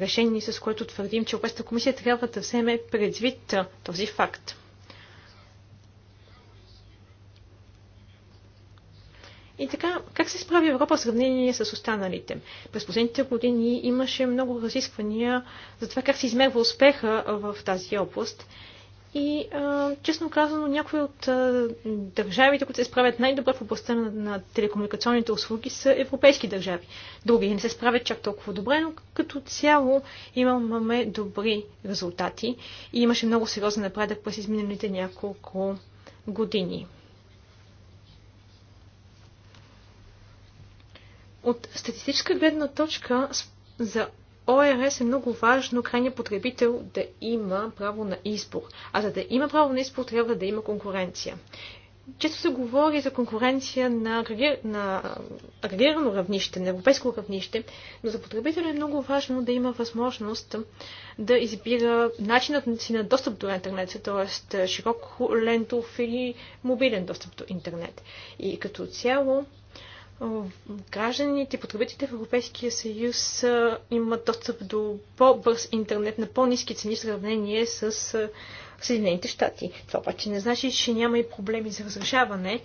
решение, с което твърдим, че Европейската комисия трябва да вземе предвид този факт. И така, как се справи Европа в сравнение с останалите? През последните години имаше много разисквания за това как се измерва успеха в тази област. И честно казано, някои от държавите, които се справят най-добре в областта на, на телекомуникационните услуги, са европейски държави. Други не се справят чак толкова добре, но като цяло имаме добри резултати и имаше много сериозен напредък през изминалите няколко години. От статистическа гледна точка за ОРС е много важно крайният потребител да има право на избор. А за да има право на избор, трябва да има конкуренция. Често се говори за конкуренция на, агрегир... на агрегирано равнище, на европейско равнище, но за потребителя е много важно да има възможност да избира начинът си на достъп до интернет, т.е. широк лентов или мобилен достъп до интернет. И като цяло гражданите и потребителите в Европейския съюз имат достъп до по-бърз интернет на по-низки цени в сравнение с Съединените щати. Това обаче не значи, че няма и проблеми за разрешаване,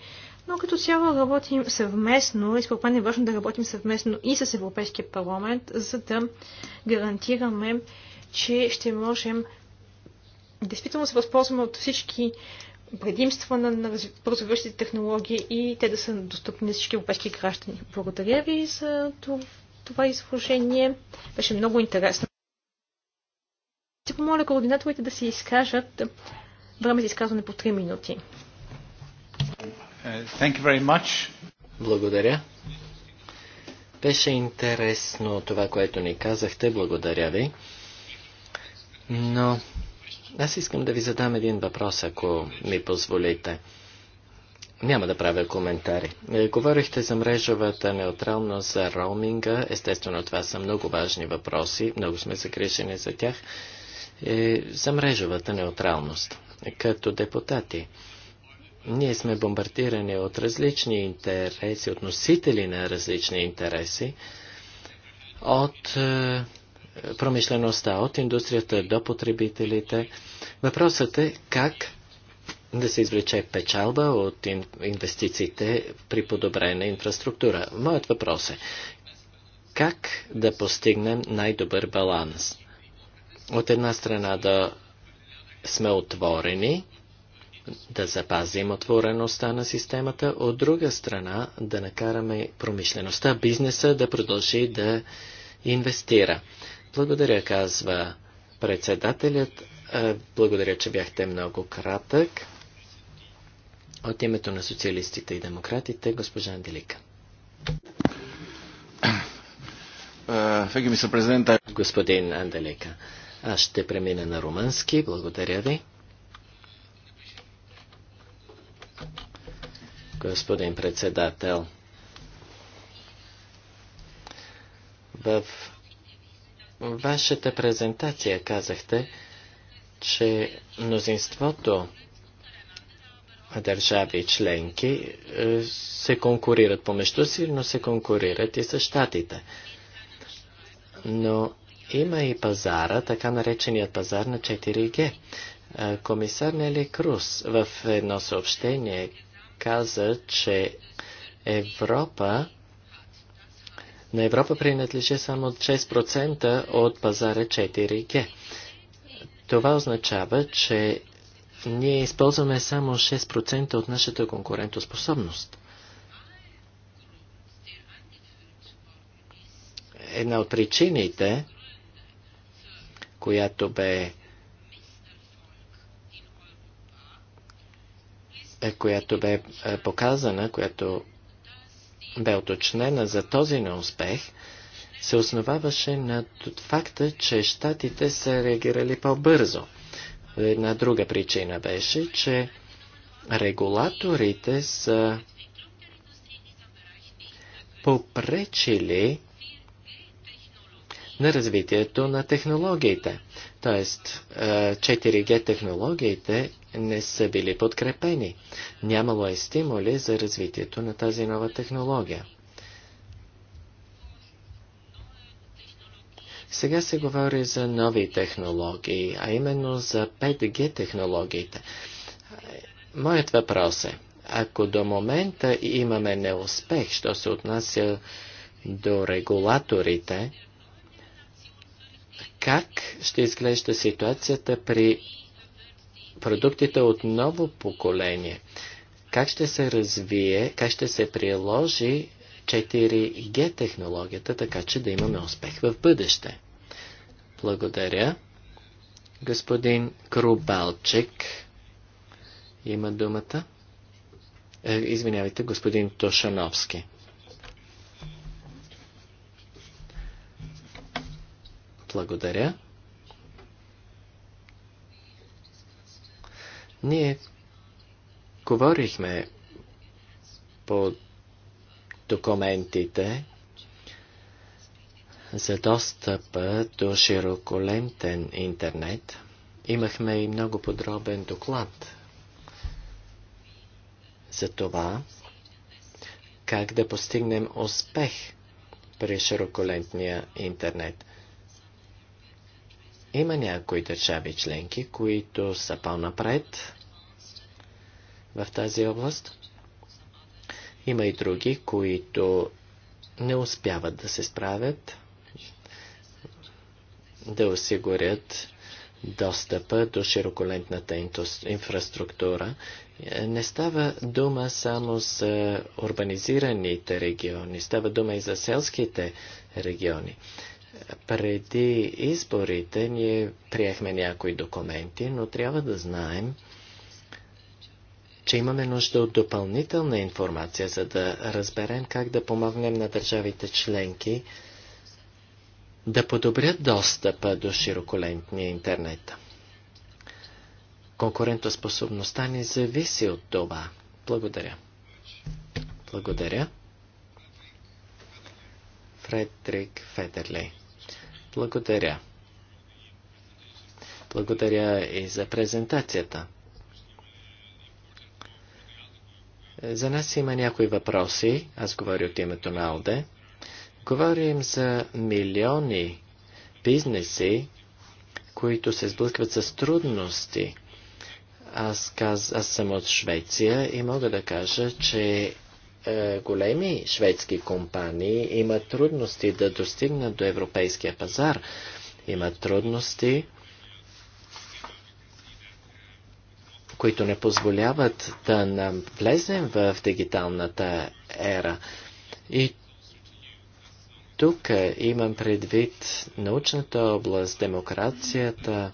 но като цяло работим съвместно и според мен е важно да работим съвместно и с Европейския парламент, за да гарантираме, че ще можем действително се възползваме от всички предимства на, на развиващите технологии и те да са достъпни на всички европейски граждани. Благодаря ви за това изложение. Беше много интересно. Ще помоля координаторите да се изкажат. Време за изказване по 3 минути. Uh, Благодаря. Беше интересно това, което ни казахте. Благодаря ви. Но аз искам да ви задам един въпрос, ако ми позволите. Няма да правя коментари. Е, говорихте за мрежовата неутралност, за роуминга. Естествено, това са много важни въпроси. Много сме загрижени за тях. Е, за мрежовата неутралност. Като депутати, ние сме бомбардирани от различни интереси, от носители на различни интереси, от е, промишлеността, от индустрията до потребителите. Въпросът е как да се извлече печалба от инвестициите при подобрена инфраструктура. Моят въпрос е как да постигнем най-добър баланс? От една страна да сме отворени, да запазим отвореността на системата, от друга страна да накараме промишлеността, бизнеса да продължи да инвестира. Благодаря, казва председателят. Благодаря, че бяхте много кратък. От името на социалистите и демократите, госпожа Анделика. Господин Анделика, аз ще премина на румънски. Благодаря ви. Господин председател, в вашата презентация казахте, че мнозинството държави членки е, се конкурират помежду си, но се конкурират и с щатите. Но има и пазара, така нареченият пазар на 4G. Е, комисар Нели Круз в едно съобщение каза, че Европа на Европа принадлежи само 6% от пазара 4G. Това означава, че ние използваме само 6% от нашата конкурентоспособност. Една от причините, която бе е, която бе е, показана, която бе оточнена за този неуспех, се основаваше на факта, че щатите са реагирали по-бързо. Една друга причина беше, че регулаторите са попречили на развитието на технологиите. Тоест, 4G е, технологиите не са били подкрепени. Нямало е стимули за развитието на тази нова технология. Сега се говори за нови технологии, а именно за 5G технологиите. Моят въпрос е, ако до момента имаме неуспех, що се отнася до регулаторите, как ще изглежда ситуацията при продуктите от ново поколение? Как ще се развие, как ще се приложи 4G технологията, така че да имаме успех в бъдеще? Благодаря. Господин Крубалчик има думата. Е, извинявайте, господин Тошановски. Благодаря. Ние говорихме по документите за достъпа до широколентен интернет. Имахме и много подробен доклад за това как да постигнем успех при широколентния интернет. Има някои държави членки, които са по-напред в тази област. Има и други, които не успяват да се справят, да осигурят достъпа до широколентната инфраструктура. Не става дума само за урбанизираните региони, става дума и за селските региони преди изборите ние приехме някои документи, но трябва да знаем, че имаме нужда от допълнителна информация, за да разберем как да помогнем на държавите членки да подобрят достъпа до широколентния интернет. Конкурентоспособността ни зависи от това. Благодаря. Благодаря. Фредрик Федерлей. Благодаря. Благодаря и за презентацията. За нас има някои въпроси. Аз говоря от името на Алде. Говорим за милиони бизнеси, които се сблъскват с трудности. Аз, каз... Аз съм от Швеция и мога да кажа, че е, големи шведски компании имат трудности да достигнат до европейския пазар. Имат трудности, които не позволяват да влезем в дигиталната ера. И тук е, имам предвид научната област, демокрацията,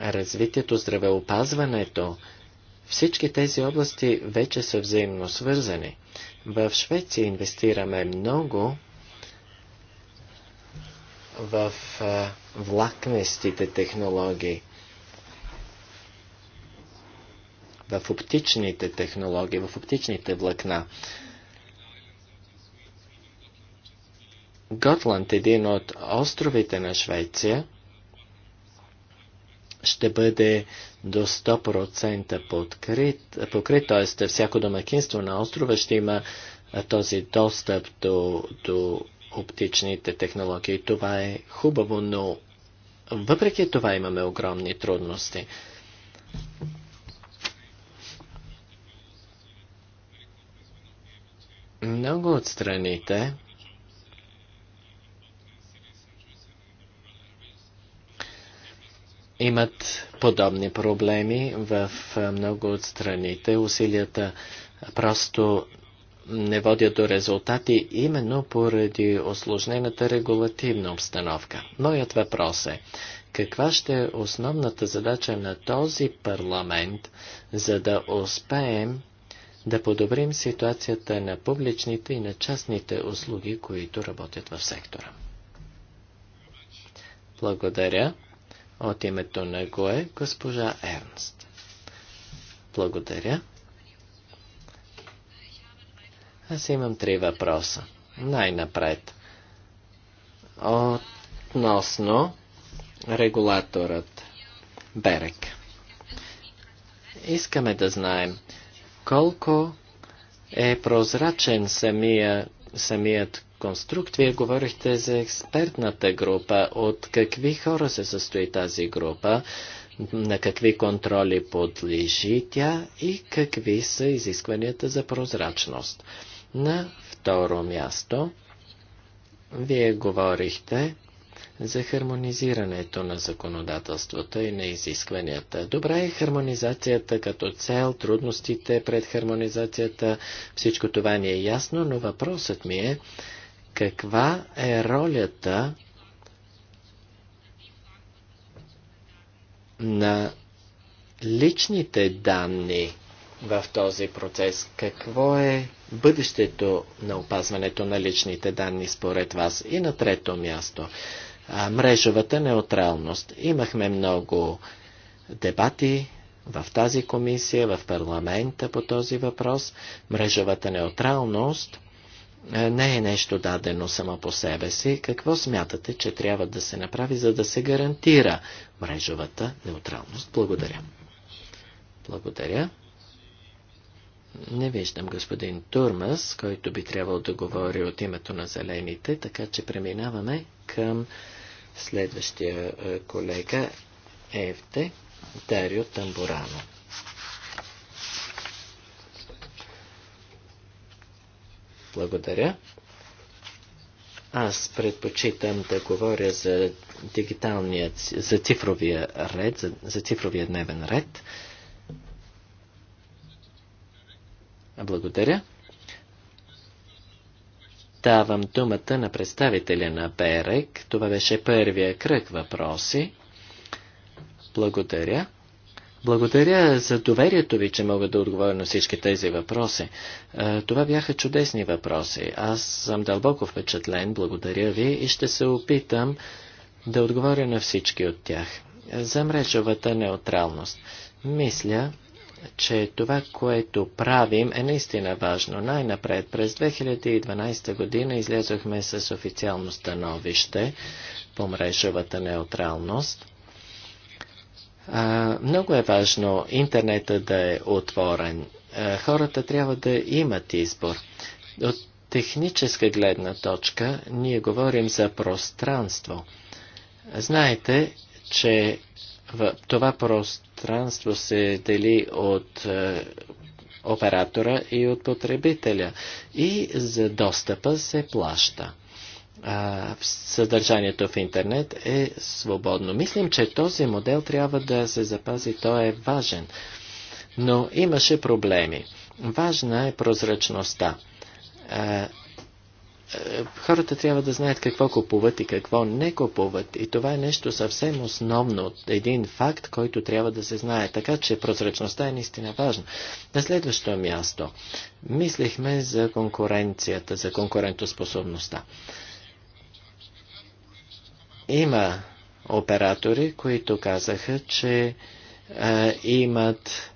развитието, здравеопазването – всички тези области вече са взаимно свързани. В Швеция инвестираме много в влакнестите технологии, в оптичните технологии, в оптичните влакна. Готланд, един от островите на Швеция, ще бъде до 100% покрит, покрит т.е. всяко домакинство на острова ще има този достъп до, до оптичните технологии. Това е хубаво, но въпреки това имаме огромни трудности. Много от страните имат подобни проблеми в много от страните. Усилията просто не водят до резултати именно поради осложнената регулативна обстановка. Моят въпрос е, каква ще е основната задача на този парламент, за да успеем да подобрим ситуацията на публичните и на частните услуги, които работят в сектора? Благодаря. От името на Гое, госпожа Ернст. Благодаря. Аз имам три въпроса. Най-напред. Относно регулаторът Берек. Искаме да знаем колко е прозрачен самия самият конструкт. Вие говорихте за експертната група. От какви хора се състои тази група? На какви контроли подлежи тя и какви са изискванията за прозрачност? На второ място, вие говорихте за хармонизирането на законодателствата и на изискванията. Добра е хармонизацията като цел, трудностите пред хармонизацията, всичко това ни е ясно, но въпросът ми е каква е ролята на личните данни в този процес? Какво е бъдещето на опазването на личните данни според вас? И на трето място, мрежовата неутралност. Имахме много дебати в тази комисия, в парламента по този въпрос. Мрежовата неутралност не е нещо дадено само по себе си. Какво смятате, че трябва да се направи, за да се гарантира мрежовата неутралност? Благодаря. Благодаря. Не виждам господин Турмас, който би трябвал да говори от името на зелените, така че преминаваме към Следващия е, колега Евте Дарио Тамбурано. Благодаря. Аз предпочитам да говоря за дигиталния, за цифровия ред, за, за цифровия дневен ред. Благодаря давам думата на представителя на БЕРЕК. Това беше първия кръг въпроси. Благодаря. Благодаря за доверието ви, че мога да отговоря на всички тези въпроси. Е, това бяха чудесни въпроси. Аз съм дълбоко впечатлен, благодаря ви и ще се опитам да отговоря на всички от тях. За мрежовата неутралност. Мисля, че това, което правим, е наистина важно. Най-напред, през 2012 година излезохме с официално становище по мрежовата неутралност. А, много е важно интернета да е отворен. А, хората трябва да имат избор. От техническа гледна точка ние говорим за пространство. Знаете, че това пространство се дели от е, оператора и от потребителя и за достъпа се плаща. съдържанието в интернет е свободно. Мислим, че този модел трябва да се запази, той е важен. Но имаше проблеми. Важна е прозрачността. Е, е, хората трябва да знаят какво купуват и какво не купуват. И това е нещо съвсем основно, един факт, който трябва да се знае. Така че прозрачността е наистина важна. На следващо място мислихме за конкуренцията, за конкурентоспособността. Има оператори, които казаха, че е, имат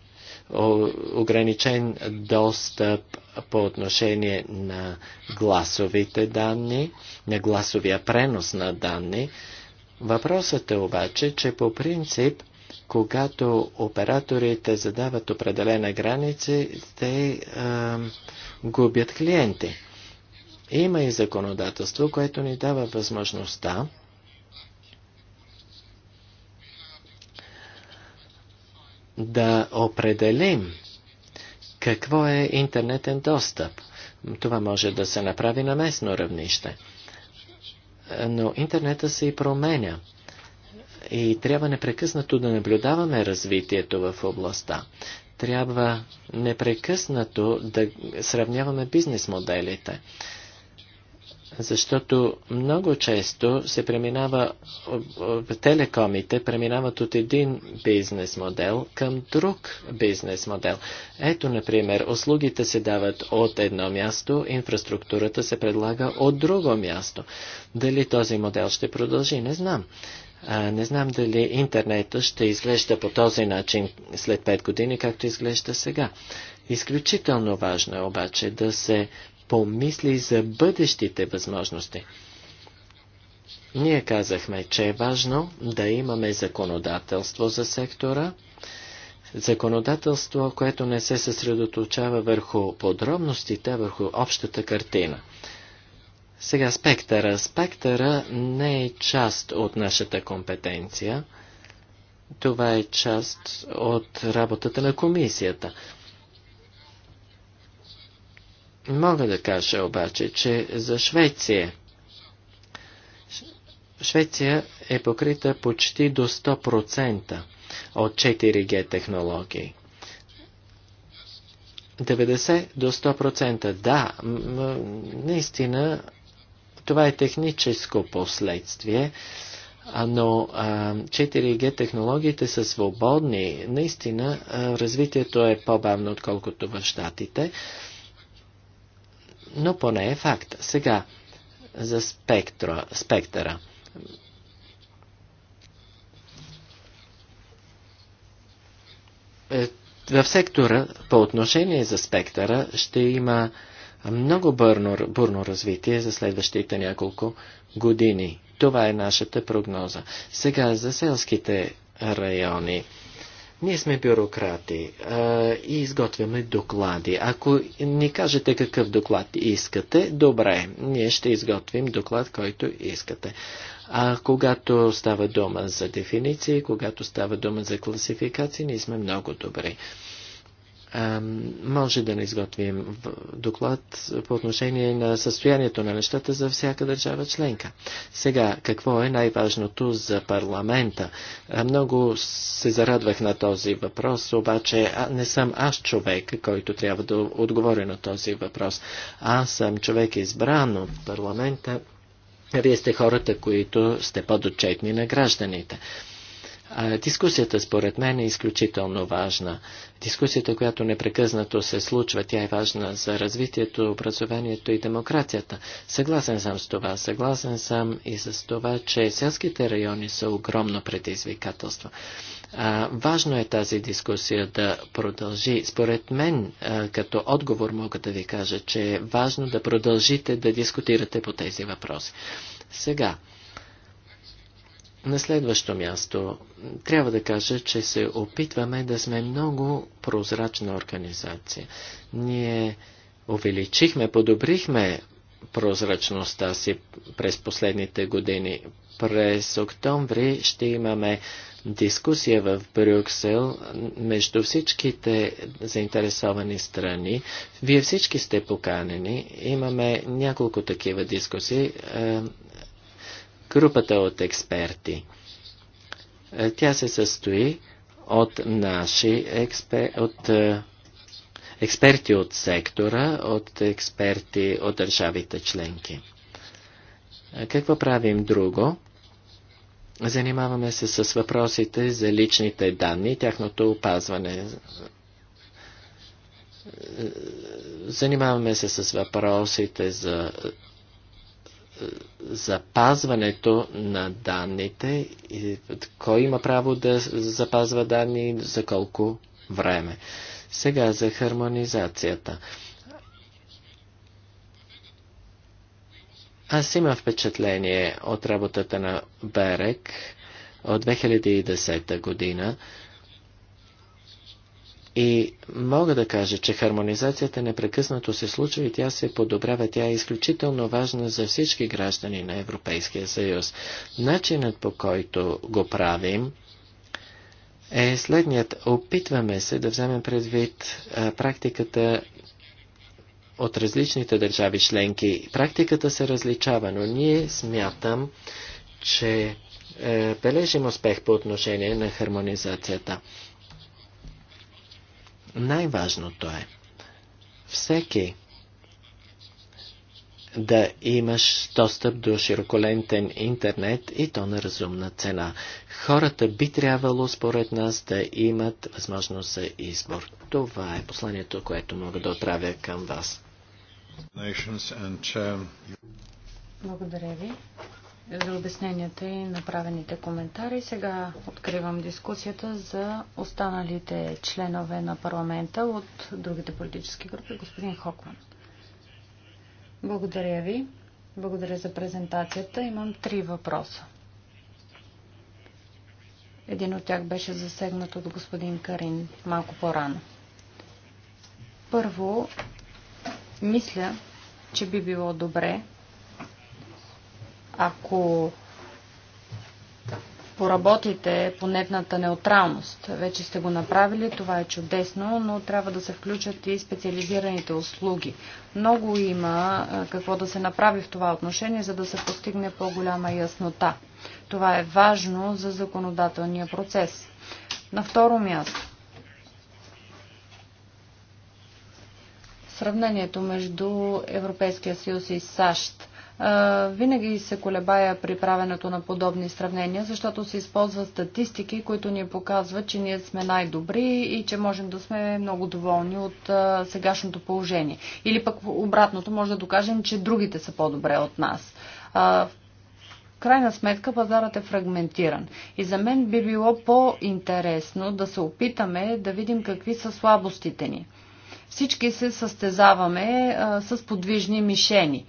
ограничен достъп по отношение на гласовите данни, на гласовия пренос на данни. Въпросът е обаче, че по принцип, когато операторите задават определена граница, те а, губят клиенти. Има и законодателство, което ни дава възможността да определим какво е интернетен достъп? Това може да се направи на местно равнище. Но интернета се и променя. И трябва непрекъснато да наблюдаваме развитието в областта. Трябва непрекъснато да сравняваме бизнес моделите защото много често се преминава, телекомите преминават от един бизнес модел към друг бизнес модел. Ето, например, услугите се дават от едно място, инфраструктурата се предлага от друго място. Дали този модел ще продължи, не знам. А, не знам дали интернета ще изглежда по този начин след 5 години, както изглежда сега. Изключително важно е обаче да се помисли за бъдещите възможности. Ние казахме, че е важно да имаме законодателство за сектора, законодателство, което не се съсредоточава върху подробностите, върху общата картина. Сега спектъра. Спектъра не е част от нашата компетенция. Това е част от работата на комисията. Мога да кажа обаче, че за Швеция Швеция е покрита почти до 100% от 4G технологии. 90 до 100%. Да, наистина това е техническо последствие, но 4G технологиите са свободни. Наистина развитието е по-бавно, отколкото в Штатите но поне е факт. Сега, за спектра. спектъра. Е, в сектора по отношение за спектъра ще има много бърно, бурно развитие за следващите няколко години. Това е нашата прогноза. Сега за селските райони. Ние сме бюрократи а, и изготвяме доклади. Ако ни кажете какъв доклад искате, добре, ние ще изготвим доклад, който искате. А когато става дума за дефиниции, когато става дума за класификации, ние сме много добри може да не изготвим доклад по отношение на състоянието на нещата за всяка държава членка. Сега, какво е най-важното за парламента? Много се зарадвах на този въпрос, обаче не съм аз човек, който трябва да отговори на този въпрос. Аз съм човек избран от парламента. Вие сте хората, които сте подотчетни на гражданите. Дискусията според мен е изключително важна. Дискусията, която непрекъснато се случва, тя е важна за развитието, образованието и демокрацията. Съгласен съм с това. Съгласен съм и с това, че селските райони са огромно предизвикателство. А, важно е тази дискусия да продължи. Според мен, а, като отговор мога да ви кажа, че е важно да продължите да дискутирате по тези въпроси. Сега, на следващо място, трябва да кажа, че се опитваме да сме много прозрачна организация. Ние увеличихме, подобрихме прозрачността си през последните години. През октомври ще имаме дискусия в Брюксел между всичките заинтересовани страни. Вие всички сте поканени. Имаме няколко такива дискусии. Е, групата от експерти. Е, тя се състои от наши експер... от е, експерти от сектора, от експерти от държавите членки. Е, какво правим друго? Занимаваме се с въпросите за личните данни и тяхното опазване. Занимаваме се с въпросите за запазването на данните, кой има право да запазва данни за колко време. Сега за хармонизацията. Аз имам впечатление от работата на Берек от 2010 година, и мога да кажа, че хармонизацията непрекъснато се случва и тя се подобрява. Тя е изключително важна за всички граждани на Европейския съюз. Начинът по който го правим е следният. Опитваме се да вземем предвид а, практиката от различните държави членки. Практиката се различава, но ние смятам, че е, бележим успех по отношение на хармонизацията. Най-важното е всеки да имаш достъп до широколентен интернет и то на разумна цена. Хората би трябвало, според нас, да имат възможност за избор. Това е посланието, което мога да отправя към вас. Uh, Благодаря ви за обясненията и направените коментари. Сега откривам дискусията за останалите членове на парламента от другите политически групи. Господин Хокман. Благодаря ви. Благодаря за презентацията. Имам три въпроса. Един от тях беше засегнат от господин Карин малко по-рано. Първо, мисля, че би било добре ако поработите по нетната неутралност. Вече сте го направили, това е чудесно, но трябва да се включат и специализираните услуги. Много има какво да се направи в това отношение, за да се постигне по-голяма яснота. Това е важно за законодателния процес. На второ място. Сравнението между Европейския съюз и САЩ винаги се колебая при правенето на подобни сравнения, защото се използват статистики, които ни показват, че ние сме най-добри и че можем да сме много доволни от сегашното положение. Или пък обратното може да докажем, че другите са по-добре от нас. В крайна сметка пазарът е фрагментиран. И за мен би било по-интересно да се опитаме да видим какви са слабостите ни. Всички се състезаваме а, с подвижни мишени.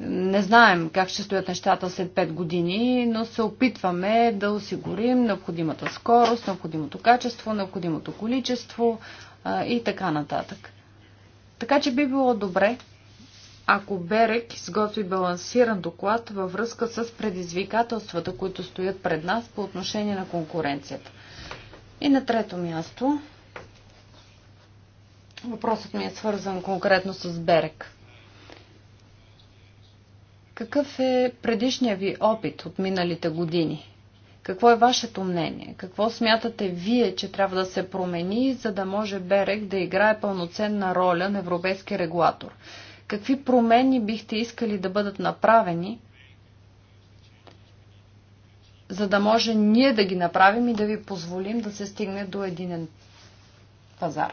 Не знаем как ще стоят нещата след 5 години, но се опитваме да осигурим необходимата скорост, необходимото качество, необходимото количество а, и така нататък. Така че би било добре, ако Берек изготви балансиран доклад във връзка с предизвикателствата, които стоят пред нас по отношение на конкуренцията. И на трето място, въпросът ми е свързан конкретно с Берек. Какъв е предишния ви опит от миналите години? Какво е вашето мнение? Какво смятате вие, че трябва да се промени, за да може Берек да играе пълноценна роля на европейски регулатор? Какви промени бихте искали да бъдат направени, за да може ние да ги направим и да ви позволим да се стигне до единен пазар?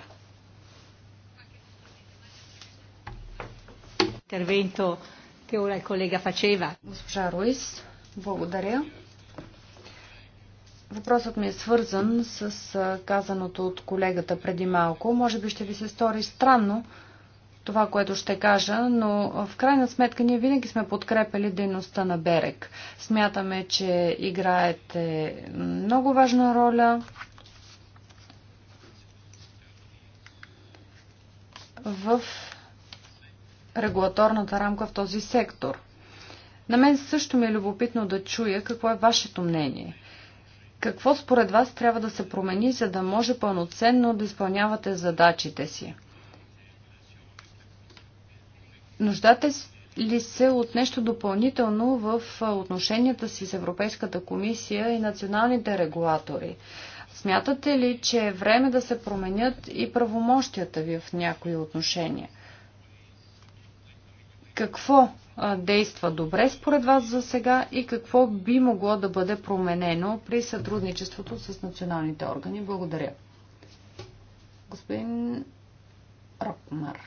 Интервенто che ora il collega faceva. Госпожа Руис, благодаря. Въпросът ми е свързан с казаното от колегата преди малко. Може би ще ви се стори странно това, което ще кажа, но в крайна сметка ние винаги сме подкрепили дейността на Берек. Смятаме, че играете много важна роля в регулаторната рамка в този сектор. На мен също ми е любопитно да чуя какво е вашето мнение. Какво според вас трябва да се промени, за да може пълноценно да изпълнявате задачите си? Нуждате ли се от нещо допълнително в отношенията си с Европейската комисия и националните регулатори? Смятате ли, че е време да се променят и правомощията ви в някои отношения? какво действа добре според вас за сега и какво би могло да бъде променено при сътрудничеството с националните органи. Благодаря. Господин Рокмар.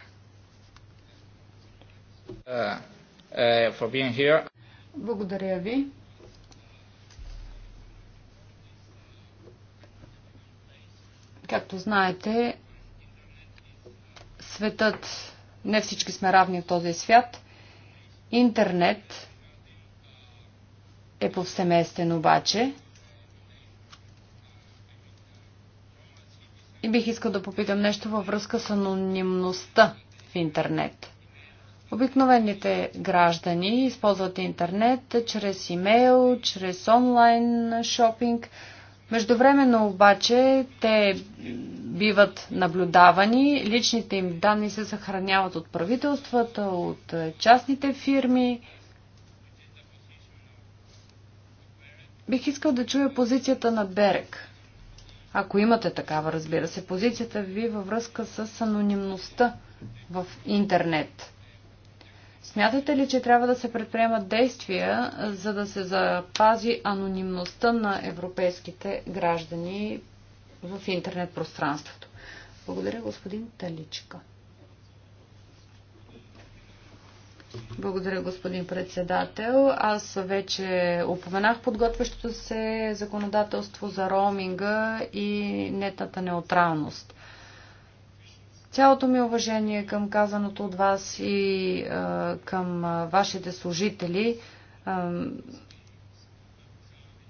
Uh, uh, Благодаря ви. Както знаете, светът не всички сме равни в този свят. Интернет е повсеместен обаче. И бих искал да попитам нещо във връзка с анонимността в интернет. Обикновените граждани използват интернет чрез имейл, чрез онлайн шопинг – Междувременно обаче те биват наблюдавани, личните им данни се съхраняват от правителствата, от е, частните фирми. Бих искал да чуя позицията на Берек. Ако имате такава, разбира се, позицията ви във връзка с анонимността в интернет. Смятате ли, че трябва да се предприемат действия, за да се запази анонимността на европейските граждани в интернет пространството? Благодаря, господин Таличка. Благодаря, господин председател. Аз вече упоменах подготвящото се законодателство за роуминга и нетната неутралност. Цялото ми уважение към казаното от вас и а, към а, вашите служители, а,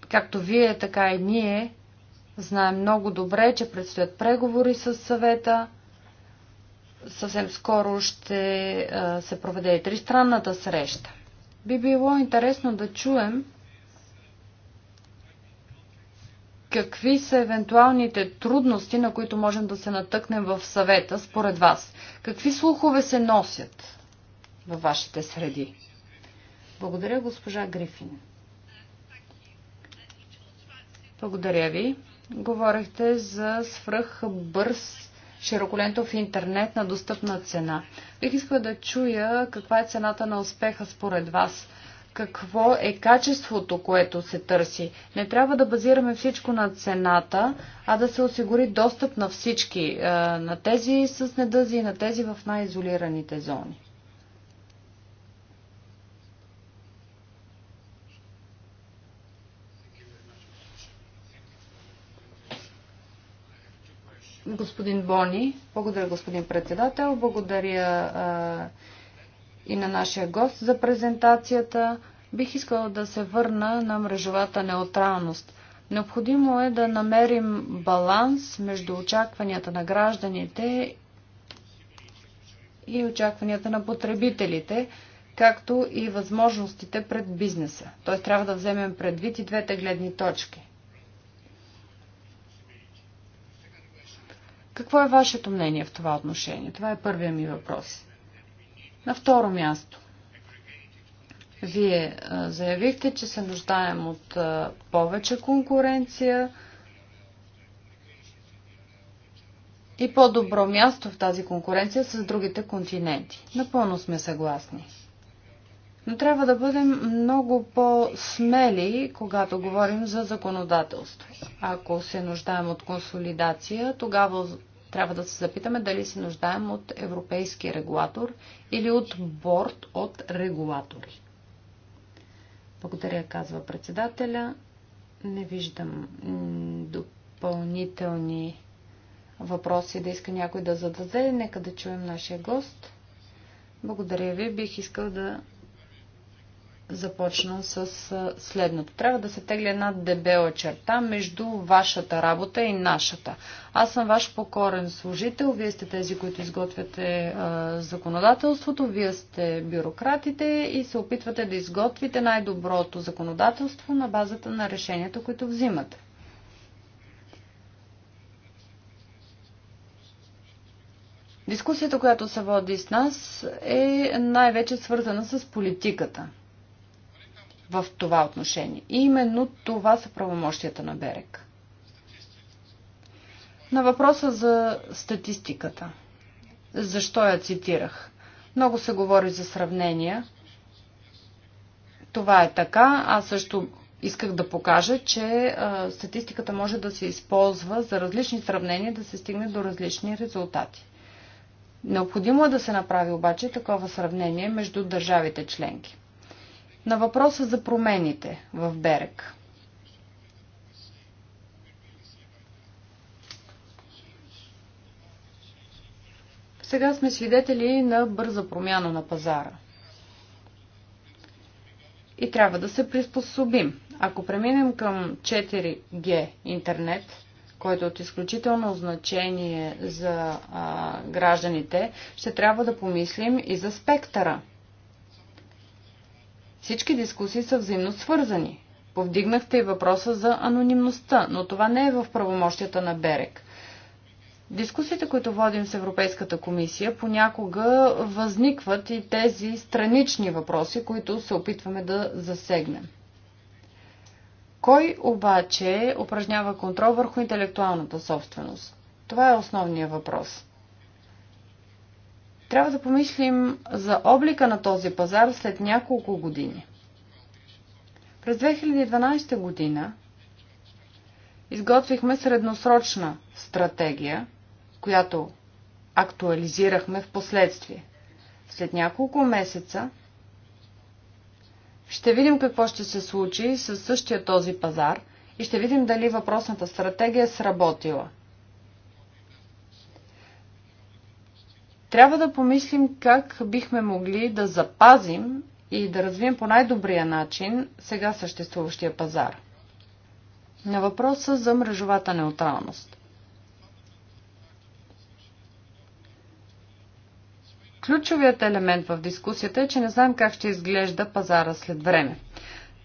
както вие, така и ние, знаем много добре, че предстоят преговори с съвета. Съвсем скоро ще а, се проведе и тристранната среща. Би било интересно да чуем Какви са евентуалните трудности, на които можем да се натъкнем в съвета, според вас? Какви слухове се носят във вашите среди? Благодаря, госпожа Грифин. Благодаря ви. Говорихте за свръх бърз широколентов интернет на достъпна цена. Бих искала да чуя каква е цената на успеха според вас – какво е качеството, което се търси. Не трябва да базираме всичко на цената, а да се осигури достъп на всички, е, на тези с недъзи и на тези в най-изолираните зони. Господин Бони, благодаря господин председател, благодаря е, и на нашия гост за презентацията. Бих искала да се върна на мрежовата неутралност. Необходимо е да намерим баланс между очакванията на гражданите и очакванията на потребителите, както и възможностите пред бизнеса. Т.е. трябва да вземем предвид и двете гледни точки. Какво е вашето мнение в това отношение? Това е първия ми въпрос. На второ място, вие заявихте, че се нуждаем от повече конкуренция и по-добро място в тази конкуренция с другите континенти. Напълно сме съгласни. Но трябва да бъдем много по-смели, когато говорим за законодателство. Ако се нуждаем от консолидация, тогава трябва да се запитаме дали се нуждаем от европейски регулатор или от борт от регулатори. Благодаря, казва председателя. Не виждам допълнителни въпроси да иска някой да зададе. Нека да чуем нашия гост. Благодаря ви. Бих искал да започна с следното. Трябва да се тегли една дебела черта между вашата работа и нашата. Аз съм ваш покорен служител, вие сте тези, които изготвяте а, законодателството, вие сте бюрократите и се опитвате да изготвите най-доброто законодателство на базата на решенията, които взимате. Дискусията, която се води с нас, е най-вече свързана с политиката – в това отношение. И именно това са правомощията на Берек. На въпроса за статистиката. Защо я цитирах? Много се говори за сравнения. Това е така. Аз също исках да покажа, че а, статистиката може да се използва за различни сравнения, да се стигне до различни резултати. Необходимо е да се направи обаче такова сравнение между държавите членки. На въпроса за промените в Берек. Сега сме свидетели на бърза промяна на пазара. И трябва да се приспособим. Ако преминем към 4G интернет, който е от изключително значение за а, гражданите, ще трябва да помислим и за спектъра. Всички дискусии са взаимно свързани. Повдигнахте и въпроса за анонимността, но това не е в правомощията на Берек. Дискусиите, които водим с Европейската комисия, понякога възникват и тези странични въпроси, които се опитваме да засегнем. Кой обаче упражнява контрол върху интелектуалната собственост? Това е основният въпрос. Трябва да помислим за облика на този пазар след няколко години. През 2012 година изготвихме средносрочна стратегия, която актуализирахме в последствие. След няколко месеца ще видим какво ще се случи с същия този пазар и ще видим дали въпросната стратегия е сработила. Трябва да помислим как бихме могли да запазим и да развием по най-добрия начин сега съществуващия пазар. На въпроса за мрежовата неутралност. Ключовият елемент в дискусията е, че не знаем как ще изглежда пазара след време.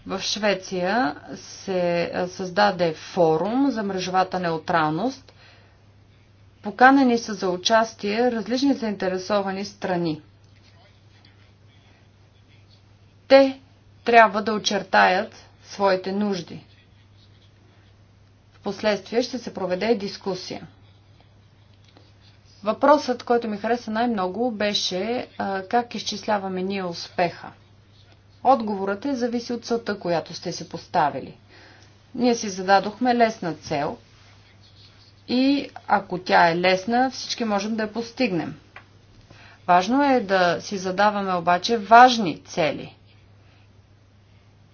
В Швеция се създаде форум за мрежовата неутралност Поканени са за участие различни заинтересовани страни. Те трябва да очертаят своите нужди. В последствие ще се проведе дискусия. Въпросът, който ми хареса най-много, беше а, как изчисляваме ние успеха. Отговорът е зависи от целта, която сте си поставили. Ние си зададохме лесна цел – и ако тя е лесна, всички можем да я постигнем. Важно е да си задаваме обаче важни цели.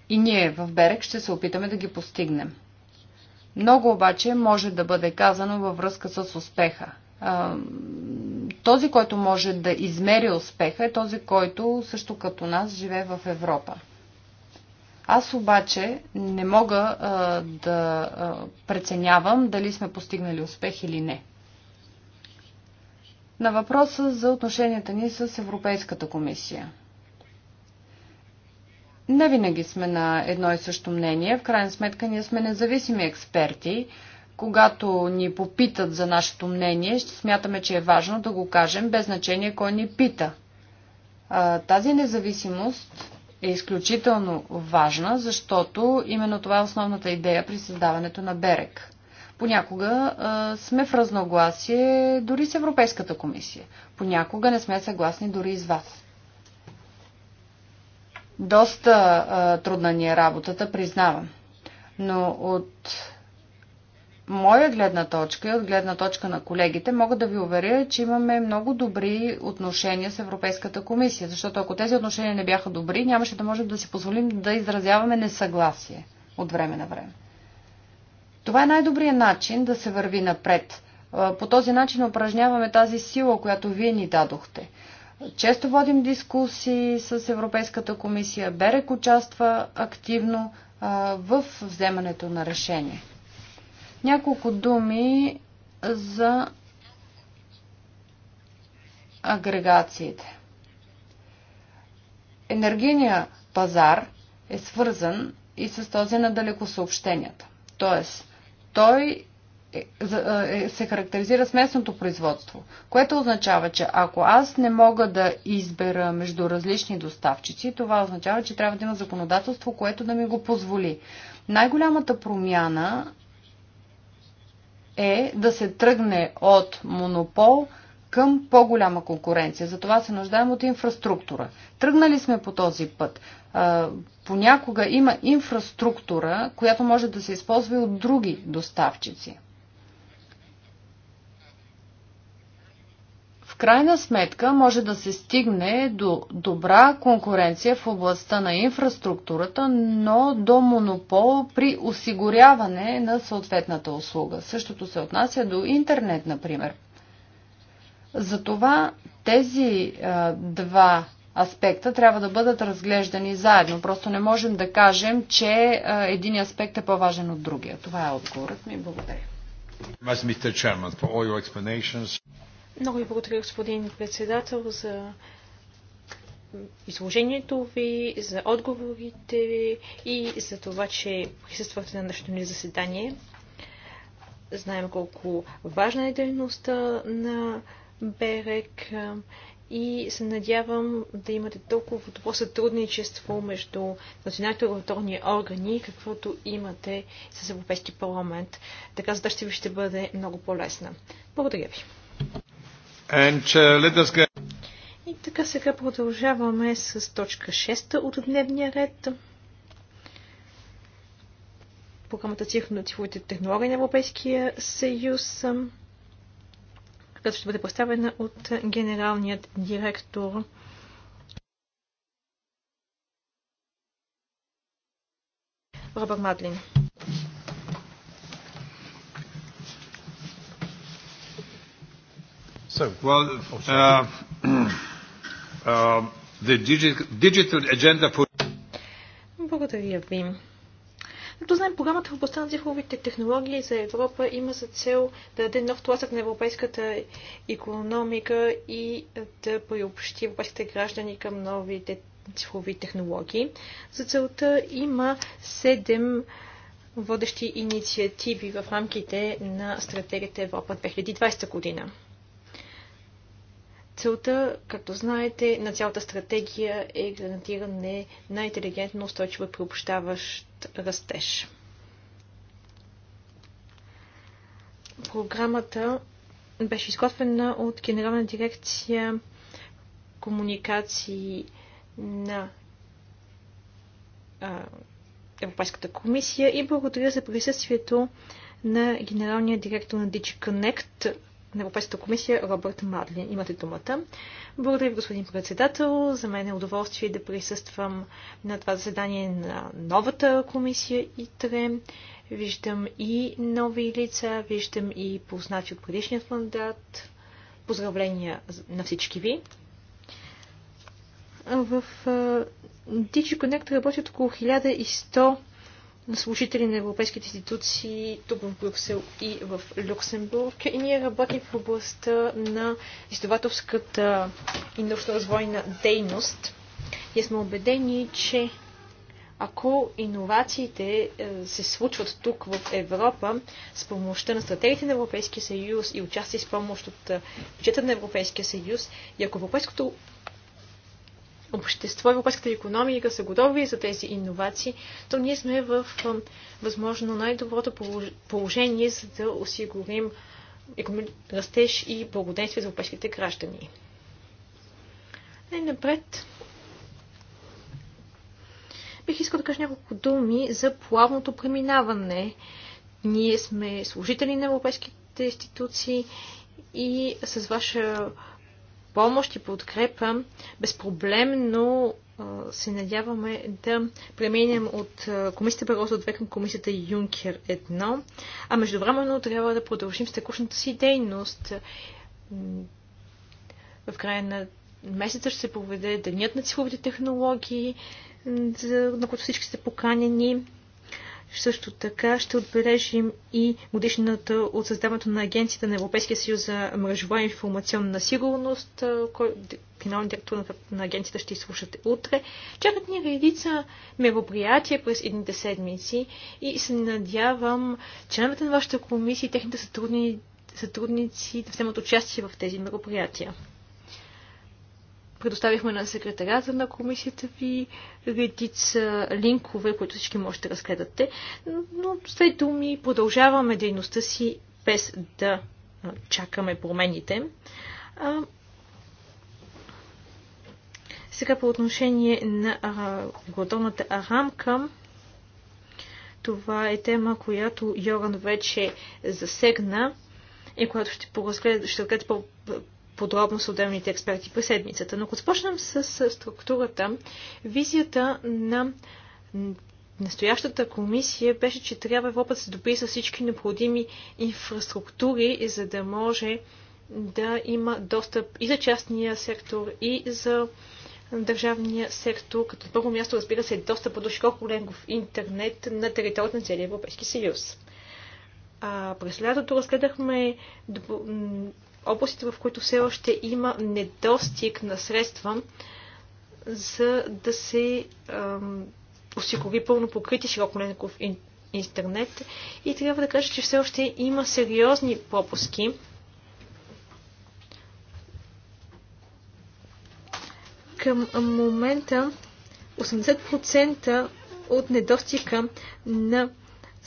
И ние в Берег ще се опитаме да ги постигнем. Много обаче може да бъде казано във връзка с успеха. Този, който може да измери успеха, е този, който също като нас живее в Европа. Аз обаче не мога а, да а, преценявам дали сме постигнали успех или не. На въпроса за отношенията ни с Европейската комисия. Не винаги сме на едно и също мнение. В крайна сметка ние сме независими експерти. Когато ни попитат за нашето мнение, ще смятаме, че е важно да го кажем без значение кой ни пита. А, тази независимост е изключително важна, защото именно това е основната идея при създаването на БЕРЕК. Понякога а, сме в разногласие дори с Европейската комисия. Понякога не сме съгласни дори и с вас. Доста а, трудна ни е работата, признавам. Но от моя гледна точка и от гледна точка на колегите, мога да ви уверя, че имаме много добри отношения с Европейската комисия, защото ако тези отношения не бяха добри, нямаше да можем да си позволим да изразяваме несъгласие от време на време. Това е най-добрият начин да се върви напред. По този начин упражняваме тази сила, която вие ни дадохте. Често водим дискусии с Европейската комисия. Берек участва активно в вземането на решение. Няколко думи за агрегациите. Енергийният пазар е свързан и с този на далекосъобщенията. Тоест, той е, е, се характеризира с местното производство, което означава, че ако аз не мога да избера между различни доставчици, това означава, че трябва да има законодателство, което да ми го позволи. Най-голямата промяна е да се тръгне от монопол към по-голяма конкуренция. Затова се нуждаем от инфраструктура. Тръгнали сме по този път. Понякога има инфраструктура, която може да се използва и от други доставчици. крайна сметка може да се стигне до добра конкуренция в областта на инфраструктурата, но до монопол при осигуряване на съответната услуга. Същото се отнася до интернет, например. Затова тези а, два аспекта трябва да бъдат разглеждани заедно. Просто не можем да кажем, че а, един аспект е по-важен от другия. Това е отговорът ми. Благодаря. Много ви благодаря, господин председател, за изложението ви, за отговорите ви и за това, че присъствахте на нашето ни заседание. Знаем колко важна е дейността на Берек и се надявам да имате толкова добро сътрудничество между националните регуляторни органи, каквото имате с Европейски парламент. Така задачата ви ще бъде много по-лесна. Благодаря ви. Uh, И така сега продължаваме с точка 6 от дневния ред. Програмата цифровите технологии на Европейския съюз, която ще бъде представена от генералният директор Робър Мадлин. So, well, uh, uh, the digital agenda for... Благодаря ви. Като знаем, програмата в областта на цифровите технологии за Европа има за цел да даде нов тласък на европейската економика и да приобщи европейските граждани към новите цифрови технологии. За целта има седем водещи инициативи в рамките на стратегията Европа 2020 година. Целта, както знаете, на цялата стратегия е гарантиране на интелигентно, устойчиво и приобщаващ растеж. Програмата беше изготвена от Генерална дирекция комуникации на Европейската комисия и благодаря за присъствието на генералния директор на DigiConnect, на Европейската комисия Робърт Мадлин. Имате думата. Благодаря ви, господин председател. За мен е удоволствие да присъствам на това заседание на новата комисия ИТРЕ. Виждам и нови лица, виждам и познати от предишният мандат. Поздравления на всички ви. В DigiConnect работят около 1100 на служители на европейските институции тук в Брюксел и в Люксембург. И ние работим в областта на издавателската и научно-развойна дейност. Ние сме убедени, че ако иновациите е, се случват тук в Европа с помощта на стратегите на Европейския съюз и участие с помощ от е, бюджета на Европейския съюз, и ако европейското общество, европейската економика са готови за тези иновации, то ние сме в възможно най-доброто положение, за да осигурим растеж и благоденствие за европейските граждани. Най-напред бих искал да кажа няколко думи за плавното преминаване. Ние сме служители на европейските институции и с ваша помощ и подкрепа, безпроблемно се надяваме да преминем от комисията Барозо 2 към комисията Юнкер 1, а междувременно трябва да продължим с текущната си дейност. В края на месеца ще се проведе Денят на цифровите технологии, на които всички сте поканени. Също така ще отбележим и годишната от създаването на Агенцията на Европейския съюз за мрежова информационна сигурност, кой, финалният директор на агенцията ще изслушате утре. Чакат ни редица мероприятия през едните седмици и се надявам членовете на вашата комисия и техните сътрудни, сътрудници да вземат участие в тези мероприятия предоставихме на секретарята на комисията ви редица линкове, които всички можете да разгледате. Но след думи продължаваме дейността си без да чакаме промените. сега по отношение на регулаторната рамка, това е тема, която Йоран вече засегна и която ще, ще разгледате по подробно с отделните експерти през седмицата. Но ако започнем с структурата, визията на настоящата комисия беше, че трябва Европа да се добри с всички необходими инфраструктури, за да може да има достъп и за частния сектор, и за държавния сектор, като първо място разбира се достъп до широко ленгов интернет на територията на целия Европейски съюз. А, през лятото разгледахме областите, в които все още има недостиг на средства, за да се ам, осигури пълно покрити широколентов интернет. И трябва да кажа, че все още има сериозни пропуски. Към момента 80% от недостига на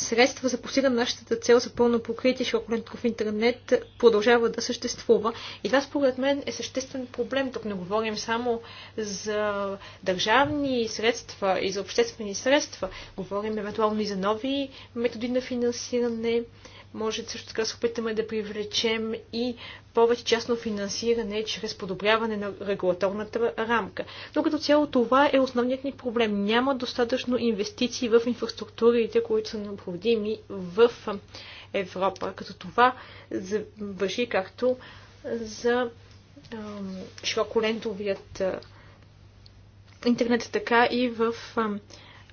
средства за постигане на нашата цел за пълно покритие широколентов интернет продължава да съществува. И това според мен е съществен проблем. Тук не говорим само за държавни средства и за обществени средства. Говорим евентуално и за нови методи на финансиране, може също така се опитаме да привлечем и повече частно финансиране чрез подобряване на регулаторната рамка. Но като цяло това е основният ни проблем. Няма достатъчно инвестиции в инфраструктурите, които са необходими в Европа. Като това въжи както за широколентовият интернет, така и в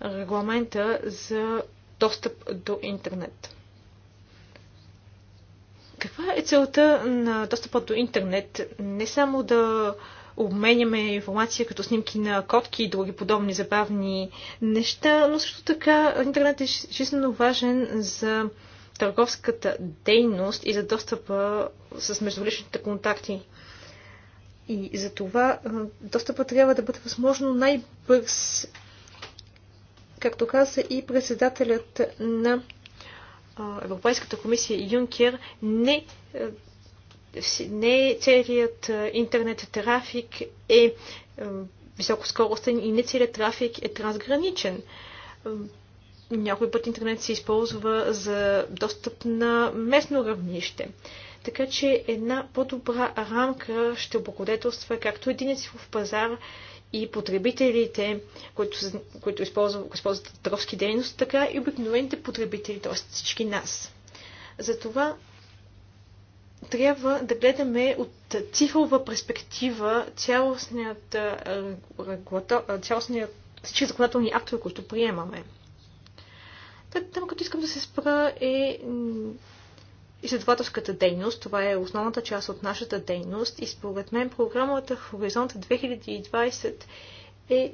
регламента за достъп до интернет. Каква е целта на достъпа до интернет? Не само да обменяме информация като снимки на котки и други подобни забавни неща, но също така интернет е жизненно важен за търговската дейност и за достъпа с междуличните контакти. И за това достъпа трябва да бъде възможно най-бърз, както каза и председателят на Европейската комисия и Юнкер не не целият интернет трафик е високоскоростен и не целият трафик е трансграничен. Някой път интернет се използва за достъп на местно равнище. Така че една по-добра рамка ще облагодетелства както един цифров пазар, и потребителите, които, които използват, използват търговски дейности, така и обикновените потребители, т.е. всички нас. Затова трябва да гледаме от цифрова перспектива цялостният, цялостният всички законодателни актове, които приемаме. Там, като искам да се спра е изследователската дейност. Това е основната част от нашата дейност и според мен програмата Хоризонт 2020 е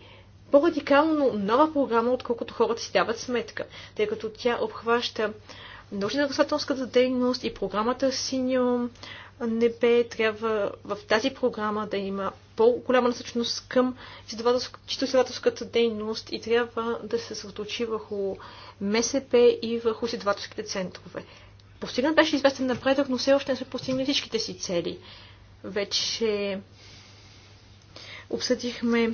по-радикално нова програма, отколкото хората си дават сметка, тъй като тя обхваща научно-изследователската дейност и програмата Синьо небе. Трябва в тази програма да има по-голяма насъчност към чисто изследователската дейност и трябва да се съсредоточи върху МСП и върху изследователските центрове постигнат. Беше известен напредък, но все още не са постигнали всичките си цели. Вече обсъдихме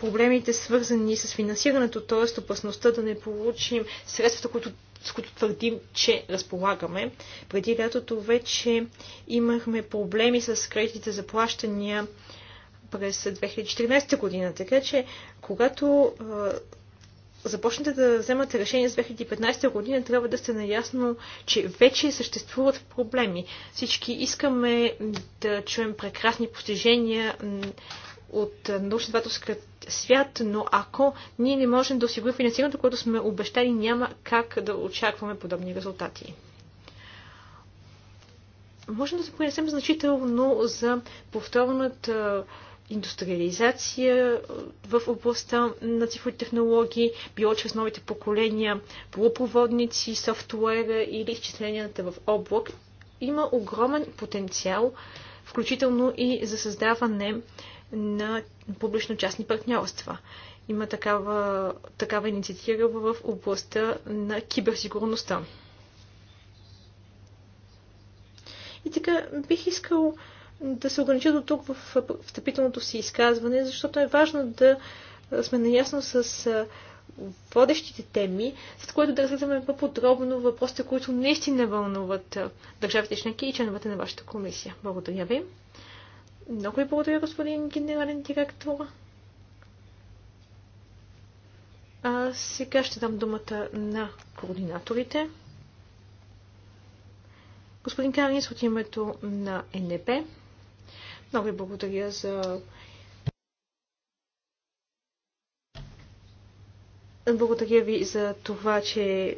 проблемите свързани с финансирането, т.е. опасността да не получим средствата, които, с които твърдим, че разполагаме. Преди лятото вече имахме проблеми с кредитите за плащания през 2014 година. Така че, когато започнете да вземате решение за 2015 година, трябва да сте наясно, че вече съществуват проблеми. Всички искаме да чуем прекрасни постижения от научно-изследователския свят, но ако ние не можем да осигурим финансирането, което сме обещали, няма как да очакваме подобни резултати. Можем да се принесем значително за повторната индустриализация е, в областта на цифрови технологии, било чрез новите поколения полупроводници, софтуера или изчисленията в облак, има огромен потенциал, включително и за създаване на публично-частни партньорства. Има такава, такава инициатива в областта на киберсигурността. И така бих искал да се огранича до тук в встъпителното си изказване, защото е важно да сме наясно с водещите теми, с което да разгледаме по-подробно въпросите, които наистина вълнуват държавите членки и членовете на вашата комисия. Благодаря ви. Много ви благодаря, господин генерален директор. А сега ще дам думата на координаторите. Господин Карнис от името на НП. Много ви благодаря за Благодаря ви за това, че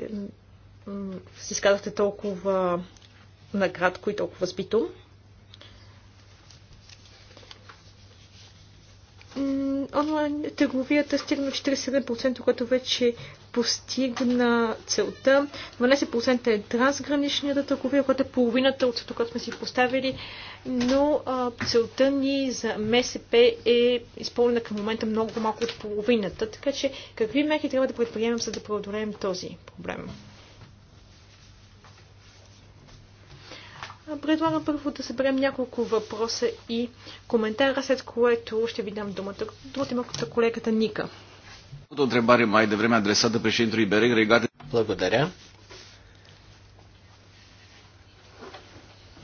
си изказахте толкова наградко и толкова сбито. онлайн търговията е стигна 47%, което вече постигна целта. 12% е трансграничната търговия, която е половината от целта, която сме си поставили, но а, целта ни за МСП е изпълнена към момента много малко от половината. Така че какви мерки трябва да предприемем, за да преодолеем този проблем? Предлагам първо да съберем няколко въпроса и коментара, след което ще ви дам думата. Думата има колегата Ника. O întrebare mai devreme adresată președintului Bereg legată... Благодаря.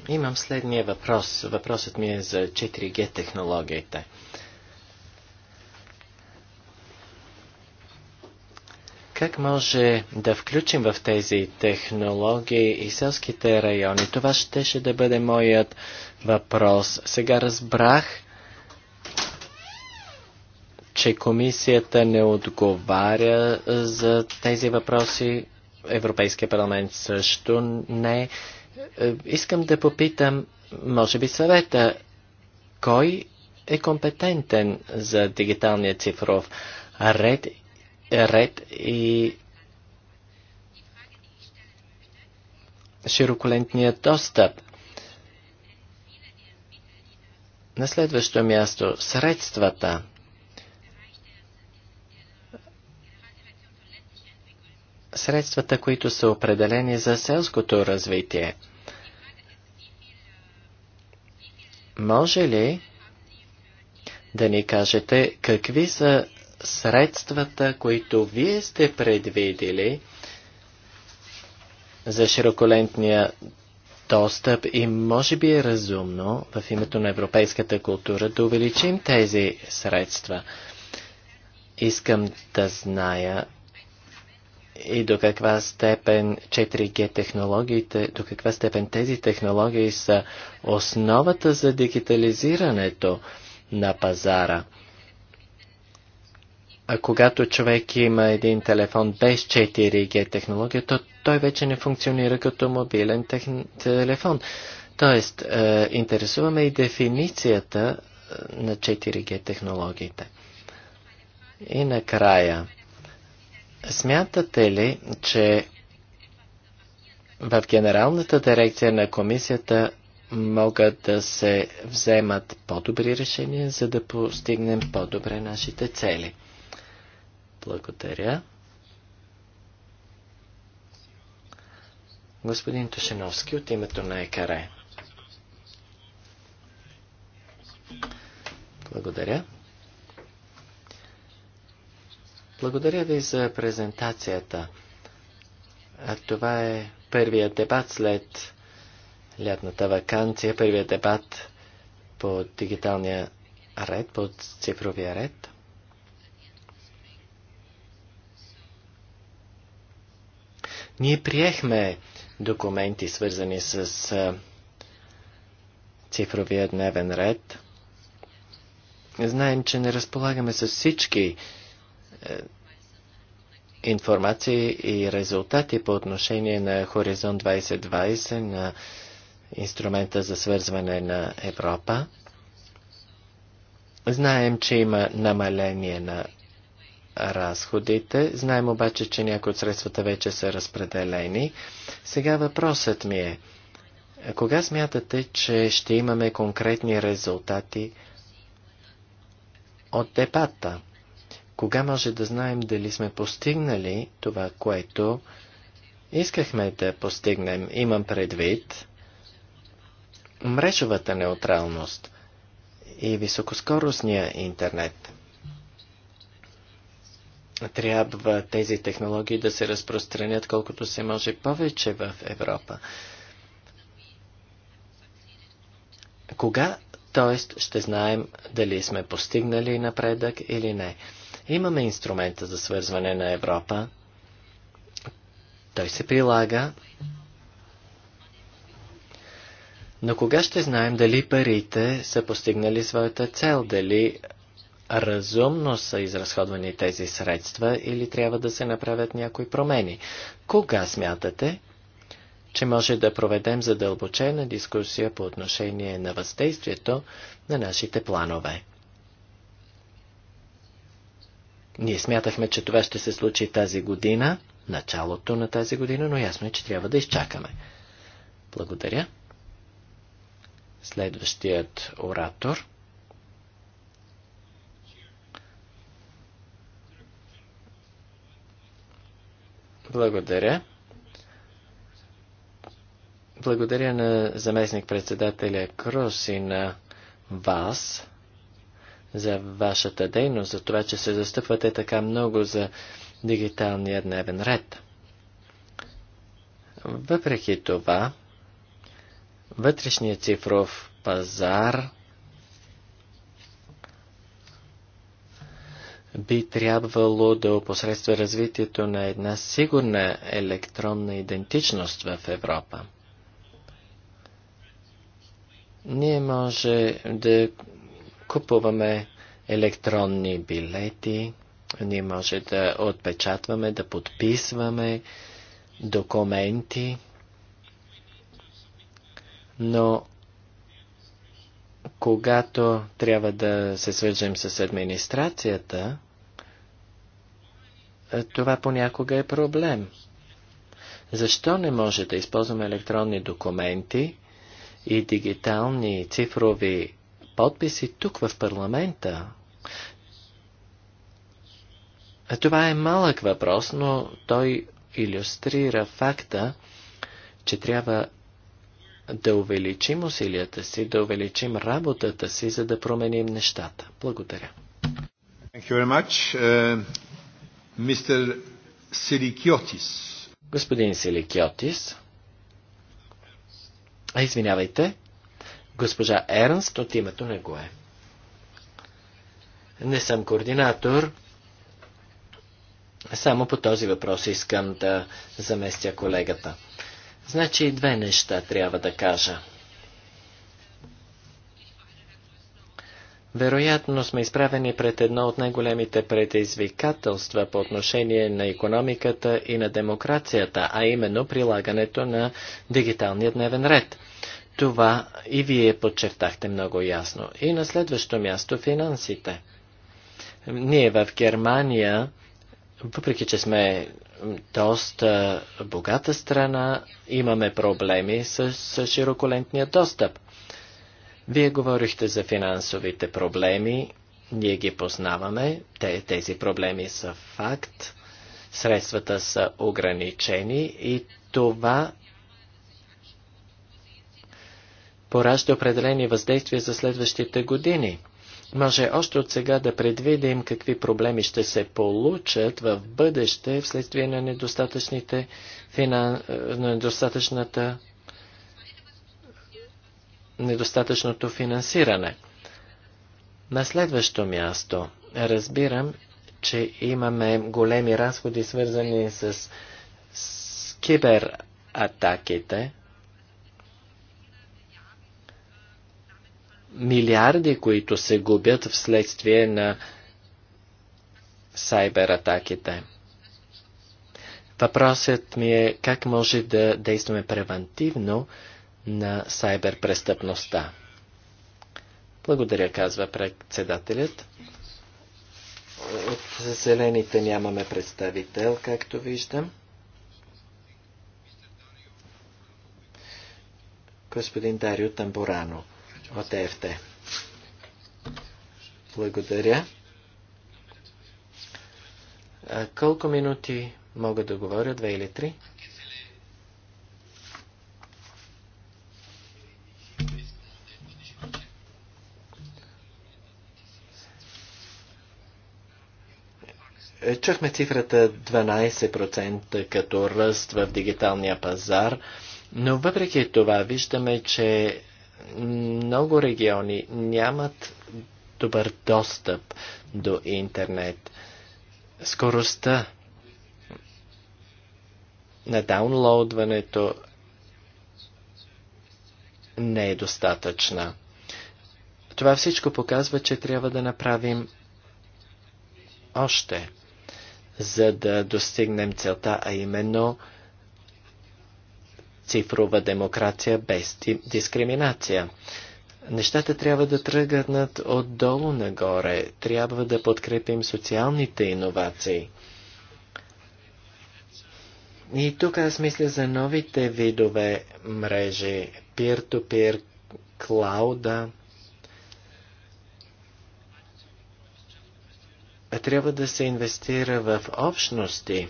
Имам следния въпрос. Въпросът ми е за 4G технологиите. Как може да включим в тези технологии и селските райони? Това щеше да бъде моят въпрос. Сега разбрах, че комисията не отговаря за тези въпроси. Европейския парламент също не. Е, искам да попитам, може би съвета, кой е компетентен за дигиталния цифров ред, ред и широколентния достъп. На следващо място средствата – средствата, които са определени за селското развитие. Може ли да ни кажете какви са средствата, които вие сте предвидели за широколентния достъп и може би е разумно в името на европейската култура да увеличим тези средства. Искам да зная и до каква степен 4G технологиите, до каква степен тези технологии са основата за дигитализирането на пазара. А когато човек има един телефон без 4G технология, то той вече не функционира като мобилен телефон. Тоест, е, интересуваме и дефиницията е, на 4G технологиите. И накрая, Смятате ли, че в генералната дирекция на комисията могат да се вземат по-добри решения, за да постигнем по-добре нашите цели? Благодаря. Господин Тошеновски от името на ЕКАРЕ. Благодаря. Благодаря ви за презентацията. А това е първият дебат след лятната вакансия, първият дебат по дигиталния ред, по цифровия ред. Ние приехме документи, свързани с цифровия дневен ред. Знаем, че не разполагаме с всички е, информации и резултати по отношение на Хоризонт 2020 на инструмента за свързване на Европа. Знаем, че има намаление на разходите. Знаем обаче, че някои от средствата вече са разпределени. Сега въпросът ми е, кога смятате, че ще имаме конкретни резултати от дебата? Кога може да знаем дали сме постигнали това, което искахме да постигнем? Имам предвид мрежовата неутралност и високоскоростния интернет. Трябва тези технологии да се разпространят колкото се може повече в Европа. Кога, т.е. ще знаем дали сме постигнали напредък или не. Имаме инструмента за свързване на Европа. Той се прилага. Но кога ще знаем дали парите са постигнали своята цел, дали разумно са изразходвани тези средства или трябва да се направят някои промени? Кога смятате, че може да проведем задълбочена дискусия по отношение на въздействието на нашите планове? Ние смятахме, че това ще се случи тази година, началото на тази година, но ясно е, че трябва да изчакаме. Благодаря. Следващият оратор. Благодаря. Благодаря на заместник-председателя Крос и на вас за вашата дейност, за това, че се застъпвате така много за дигиталния дневен ред. Въпреки това, вътрешният цифров пазар би трябвало да опосредства развитието на една сигурна електронна идентичност в Европа. Ние може да купуваме електронни билети, ние може да отпечатваме, да подписваме документи, но когато трябва да се свържем с администрацията, е, това понякога е проблем. Защо не може да използваме електронни документи и дигитални цифрови подписи тук в парламента. Това е малък въпрос, но той иллюстрира факта, че трябва да увеличим усилията си, да увеличим работата си, за да променим нещата. Благодаря. Uh, Господин Силикиотис. А, извинявайте. Госпожа Ернст от името не го е. Не съм координатор. Само по този въпрос искам да заместя колегата. Значи и две неща трябва да кажа. Вероятно сме изправени пред едно от най-големите предизвикателства по отношение на економиката и на демокрацията, а именно прилагането на дигиталния дневен ред. Това и вие подчертахте много ясно. И на следващо място финансите. Ние в Германия, въпреки че сме доста богата страна, имаме проблеми с, с широколентния достъп. Вие говорихте за финансовите проблеми, ние ги познаваме, Те, тези проблеми са факт, средствата са ограничени и това поражда определени въздействия за следващите години. Може още от сега да предвидим какви проблеми ще се получат в бъдеще вследствие на, недостатъчните, финан... на недостатъчната... недостатъчното финансиране. На следващо място разбирам, че имаме големи разходи, свързани с, с кибератаките, милиарди, които се губят вследствие на сайбератаките. Въпросът ми е как може да действаме превентивно на сайберпрестъпността. Благодаря, казва председателят. От зелените нямаме представител, както виждам. Господин Дарио Тамбурано от ЕФТ. Благодаря. Колко минути мога да говоря? Две или три? Е, чухме цифрата 12% като ръст в дигиталния пазар, но въпреки това виждаме, че много региони нямат добър достъп до интернет. Скоростта на даунлоудването не е достатъчна. Това всичко показва, че трябва да направим още, за да достигнем целта, а именно – цифрова демокрация без дискриминация. Нещата трябва да тръгнат отдолу нагоре. Трябва да подкрепим социалните иновации. И тук аз мисля за новите видове мрежи. Peer-to-peer, -peer, клауда. Трябва да се инвестира в общности.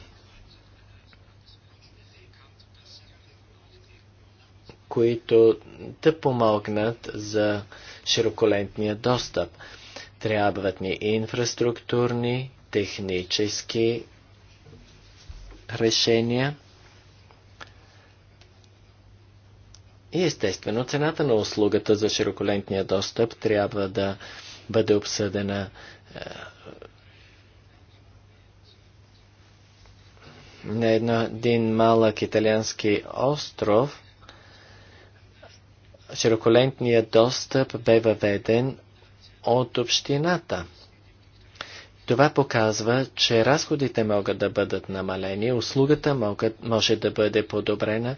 които да помогнат за широколентния достъп. Трябват ни инфраструктурни, технически решения и естествено цената на услугата за широколентния достъп трябва да бъде обсъдена е, на един малък италиански остров широколентният достъп бе въведен от общината. Това показва, че разходите могат да бъдат намалени, услугата могат, може да бъде подобрена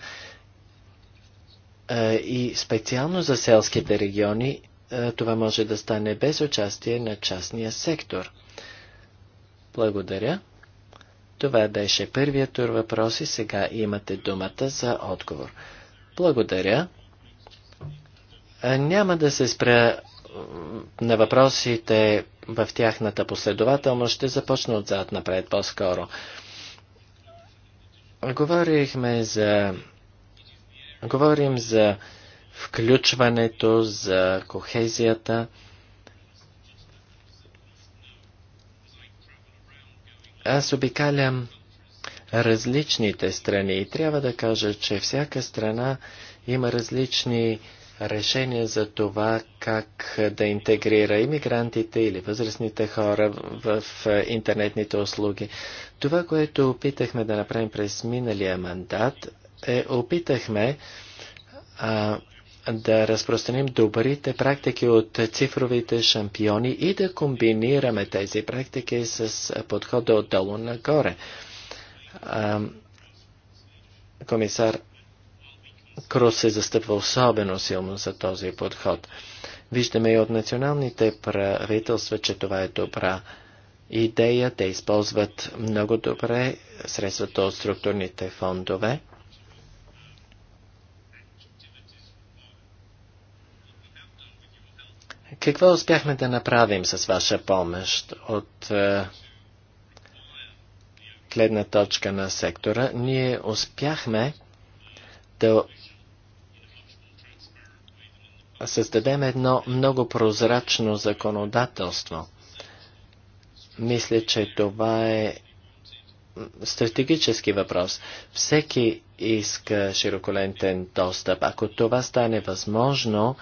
е, и специално за селските региони е, това може да стане без участие на частния сектор. Благодаря. Това беше първият тур въпрос и Сега имате думата за отговор. Благодаря. Е, няма да се спря на въпросите в тяхната последователност. Ще започна отзад напред по-скоро. Говорихме за... Говорим за включването, за кохезията. Аз обикалям различните страни и трябва да кажа, че всяка страна има различни решение за това как да интегрира иммигрантите или възрастните хора в интернетните услуги. Това, което опитахме да направим през миналия мандат, е опитахме а, да разпространим добрите практики от цифровите шампиони и да комбинираме тези практики с подхода отдолу нагоре. А, комисар Крос се застъпва особено силно за този подход. Виждаме и от националните правителства, че това е добра идея. Те използват много добре средствата от структурните фондове. Какво успяхме да направим с ваша помощ от е, гледна точка на сектора? Ние успяхме да създадем едно много прозрачно законодателство. Мисля, че това е стратегически въпрос. Всеки иска широколентен достъп. Ако това стане възможно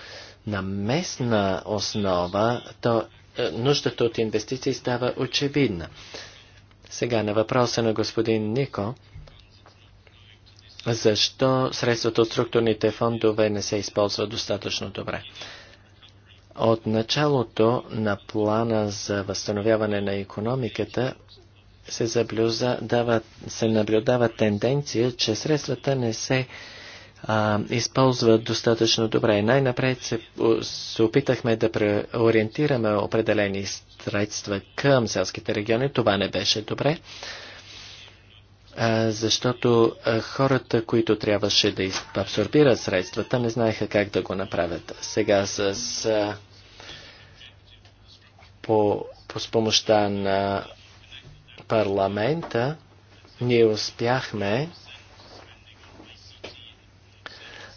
на местна основа, то е, нуждата от инвестиции става очевидна. Сега на въпроса на господин Нико защо средствата от структурните фондове не се използват достатъчно добре. От началото на плана за възстановяване на економиката се, заблюза, дава, се наблюдава тенденция, че средствата не се а, използват достатъчно добре. Най-напред се, се опитахме да преориентираме определени средства към селските региони. Това не беше добре защото хората, които трябваше да абсорбират средствата, не знаеха как да го направят. Сега с, по, по с помощта на парламента ние успяхме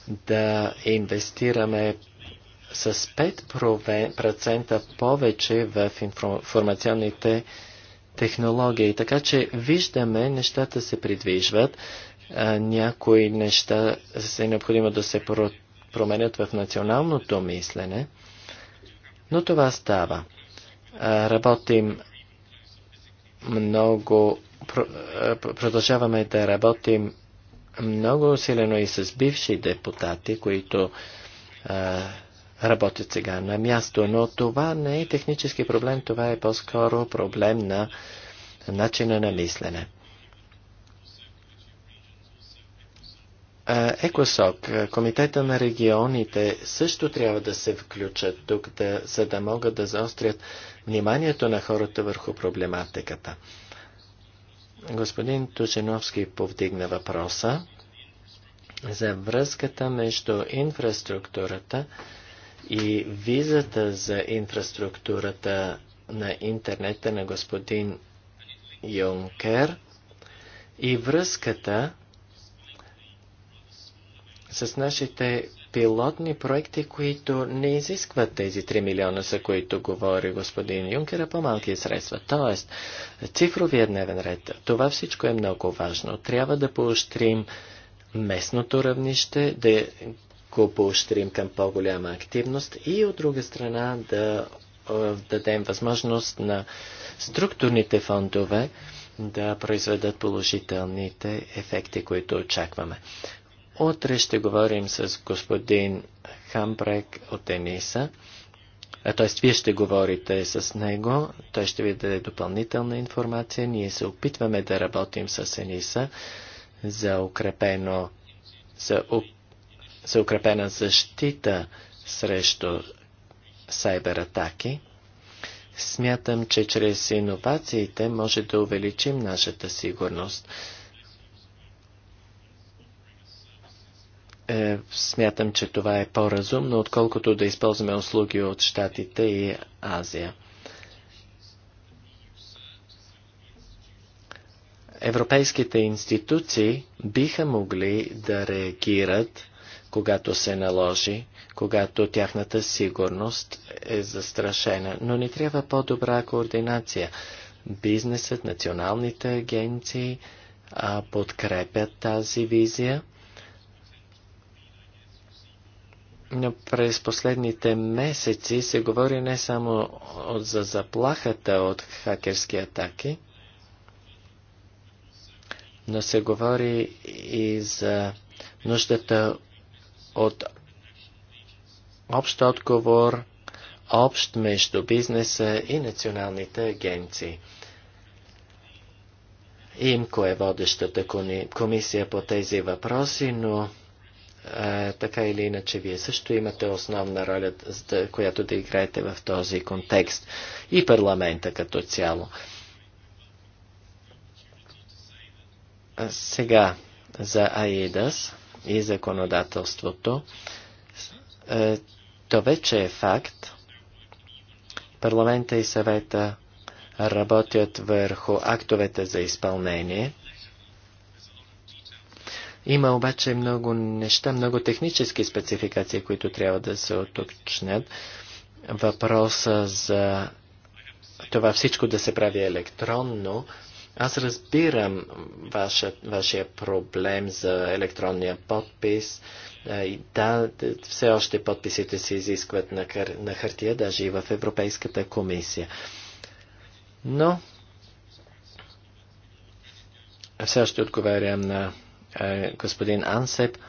да инвестираме с 5% повече в информационните технологии. Така че виждаме, нещата се придвижват, някои неща е необходимо да се променят в националното мислене, но това става. Работим много, продължаваме да работим много усилено и с бивши депутати, които работят сега на място. Но това не е технически проблем, това е по-скоро проблем на начина на мислене. ЕКОСОК, Комитета на регионите, също трябва да се включат тук, да, за да могат да заострят вниманието на хората върху проблематиката. Господин Тушиновски повдигна въпроса за връзката между инфраструктурата и визата за инфраструктурата на интернета на господин Юнкер и връзката с нашите пилотни проекти, които не изискват тези 3 милиона, за които говори господин Юнкера, по-малки средства. Тоест, цифровия дневен ред, това всичко е много важно. Трябва да поощрим местното равнище, да го поощрим към по-голяма активност и от друга страна да дадем възможност на структурните фондове да произведат положителните ефекти, които очакваме. Утре ще говорим с господин Хамбрек от Ениса, т.е. вие ще говорите с него, той ще ви даде допълнителна информация. Ние се опитваме да работим с Ениса за укрепено, за за укрепена защита срещу сайбератаки. Смятам, че чрез иновациите може да увеличим нашата сигурност. Е, смятам, че това е по-разумно, отколкото да използваме услуги от Штатите и Азия. Европейските институции биха могли да реагират когато се наложи, когато тяхната сигурност е застрашена. Но ни трябва по-добра координация. Бизнесът, националните агенции а, подкрепят тази визия. Но през последните месеци се говори не само за заплахата от хакерски атаки, но се говори и за нуждата от общ отговор, общ между бизнеса и националните агенции. Имко е водещата комисия по тези въпроси, но е, така или иначе вие също имате основна роля, която да играете в този контекст и парламента като цяло. Сега за Аидас и законодателството. Е, то вече е факт. Парламента и съвета работят върху актовете за изпълнение. Има обаче много неща, много технически спецификации, които трябва да се уточнят. Въпроса за това всичко да се прави електронно аз разбирам ваша, вашия проблем за електронния подпис. И да, все още подписите се изискват на, хар... на хартия, даже и в Европейската комисия. Но все още отговарям на е, господин Ансеп, е,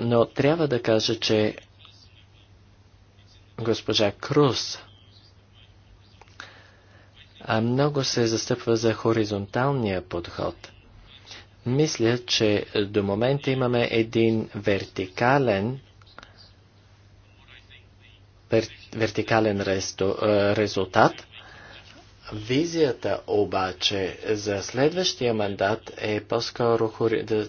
но трябва да кажа, че госпожа Круз много се застъпва за хоризонталния подход. Мисля, че до момента имаме един вертикален вер, вертикален резто, резултат. Визията обаче за следващия мандат е по-скоро да,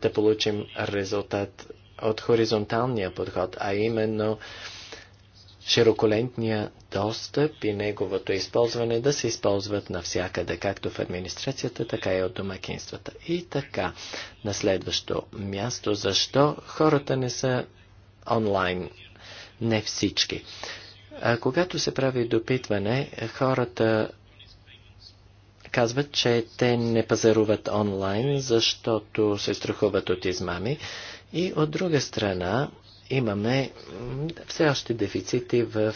да получим резултат от хоризонталния подход, а именно широколентния достъп и неговото използване да се използват навсякъде, както в администрацията, така и от домакинствата. И така, на следващо място, защо хората не са онлайн? Не всички. А, когато се прави допитване, хората казват, че те не пазаруват онлайн, защото се страхуват от измами. И от друга страна, имаме все още дефицити в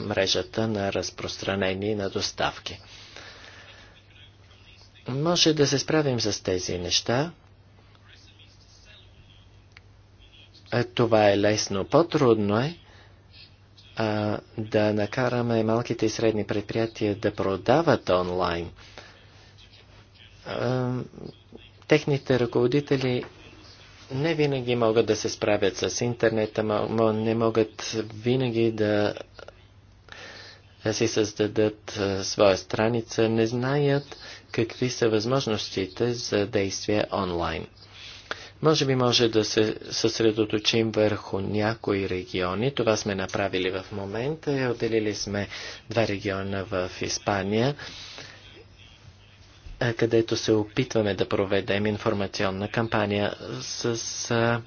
мрежата на разпространение на доставки. Може да се справим с тези неща. Това е лесно. По-трудно е а, да накараме малките и средни предприятия да продават онлайн. А, техните ръководители не винаги могат да се справят с интернета, не могат винаги да си създадат своя страница, не знаят какви са възможностите за действие онлайн. Може би може да се съсредоточим върху някои региони. Това сме направили в момента. Отделили сме два региона в Испания където се опитваме да проведем информационна кампания. С а,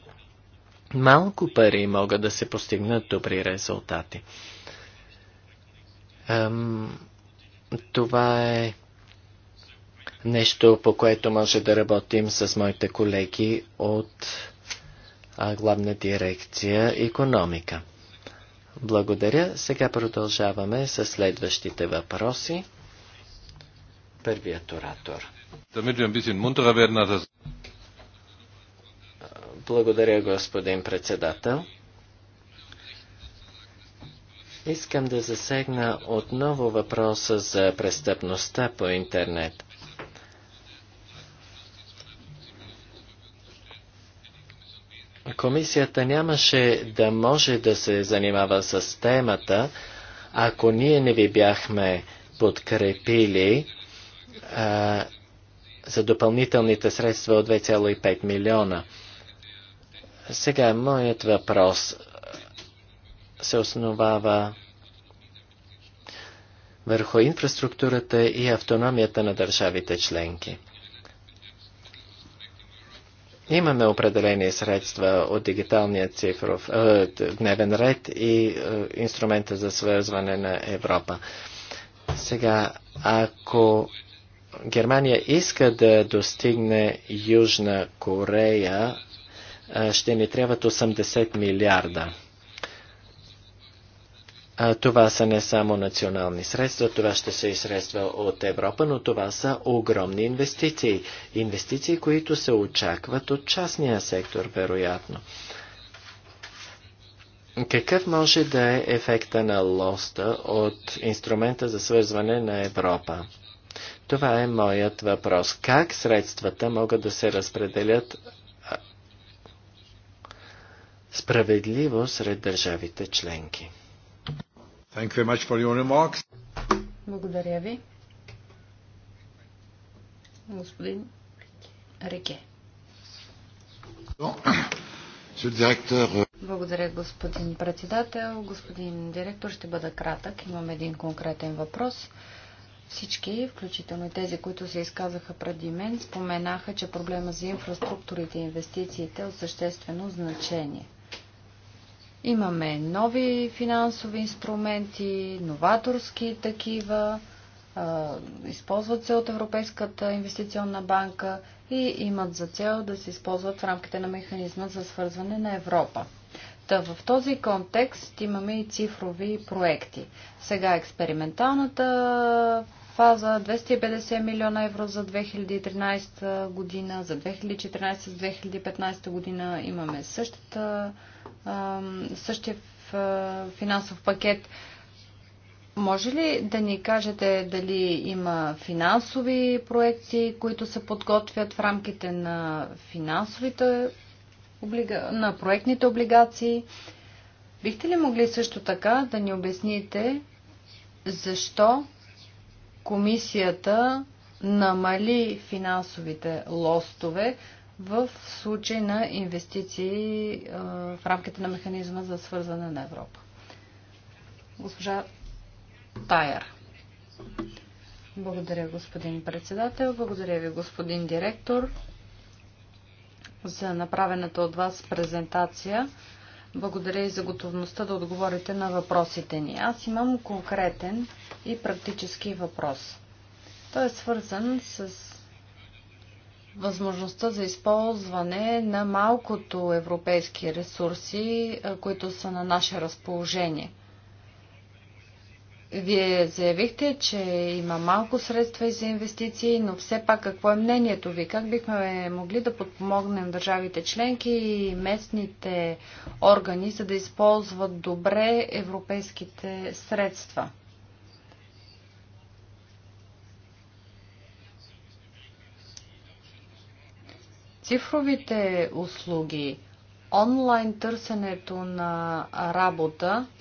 малко пари могат да се постигнат добри резултати. Ам, това е нещо, по което може да работим с моите колеги от а, главна дирекция економика. Благодаря. Сега продължаваме с следващите въпроси. Първият оратор. Благодаря, господин председател. Искам да засегна отново въпроса за престъпността по интернет. Комисията нямаше да може да се занимава с темата, ако ние не ви бяхме подкрепили за допълнителните средства от 2,5 милиона. Сега, моят въпрос се основава върху инфраструктурата и автономията на държавите членки. Имаме определени средства от дигиталния цифров дневен ред и инструмента за свързване на Европа. Сега, ако Германия иска да достигне Южна Корея, ще ни трябват 80 милиарда. Това са не само национални средства, това ще се средства от Европа, но това са огромни инвестиции. Инвестиции, които се очакват от частния сектор, вероятно. Какъв може да е ефекта на лоста от инструмента за свързване на Европа? Това е моят въпрос. Как средствата могат да се разпределят справедливо сред държавите членки? Благодаря ви. Господин Реке. Euh, Благодаря, господин председател. Господин директор, ще бъда кратък. Имам един конкретен въпрос. Всички, включително и тези, които се изказаха преди мен, споменаха, че проблема за инфраструктурите и инвестициите е от съществено значение. Имаме нови финансови инструменти, новаторски такива, използват се от Европейската инвестиционна банка и имат за цел да се използват в рамките на механизма за свързване на Европа. Та в този контекст имаме и цифрови проекти. Сега експерименталната фаза 250 милиона евро за 2013 година, за 2014 2015 година имаме същата, същия финансов пакет. Може ли да ни кажете дали има финансови проекти, които се подготвят в рамките на финансовите облига... на проектните облигации. Бихте ли могли също така да ни обясните защо комисията намали финансовите лостове в случай на инвестиции в рамките на механизма за свързане на Европа? Госпожа Тайер. Благодаря, господин председател. Благодаря ви, господин директор за направената от вас презентация. Благодаря и за готовността да отговорите на въпросите ни. Аз имам конкретен и практически въпрос. Той е свързан с възможността за използване на малкото европейски ресурси, които са на наше разположение – вие заявихте, че има малко средства и за инвестиции, но все пак какво е мнението ви? Как бихме могли да подпомогнем държавите членки и местните органи, за да използват добре европейските средства? Цифровите услуги, онлайн търсенето на работа –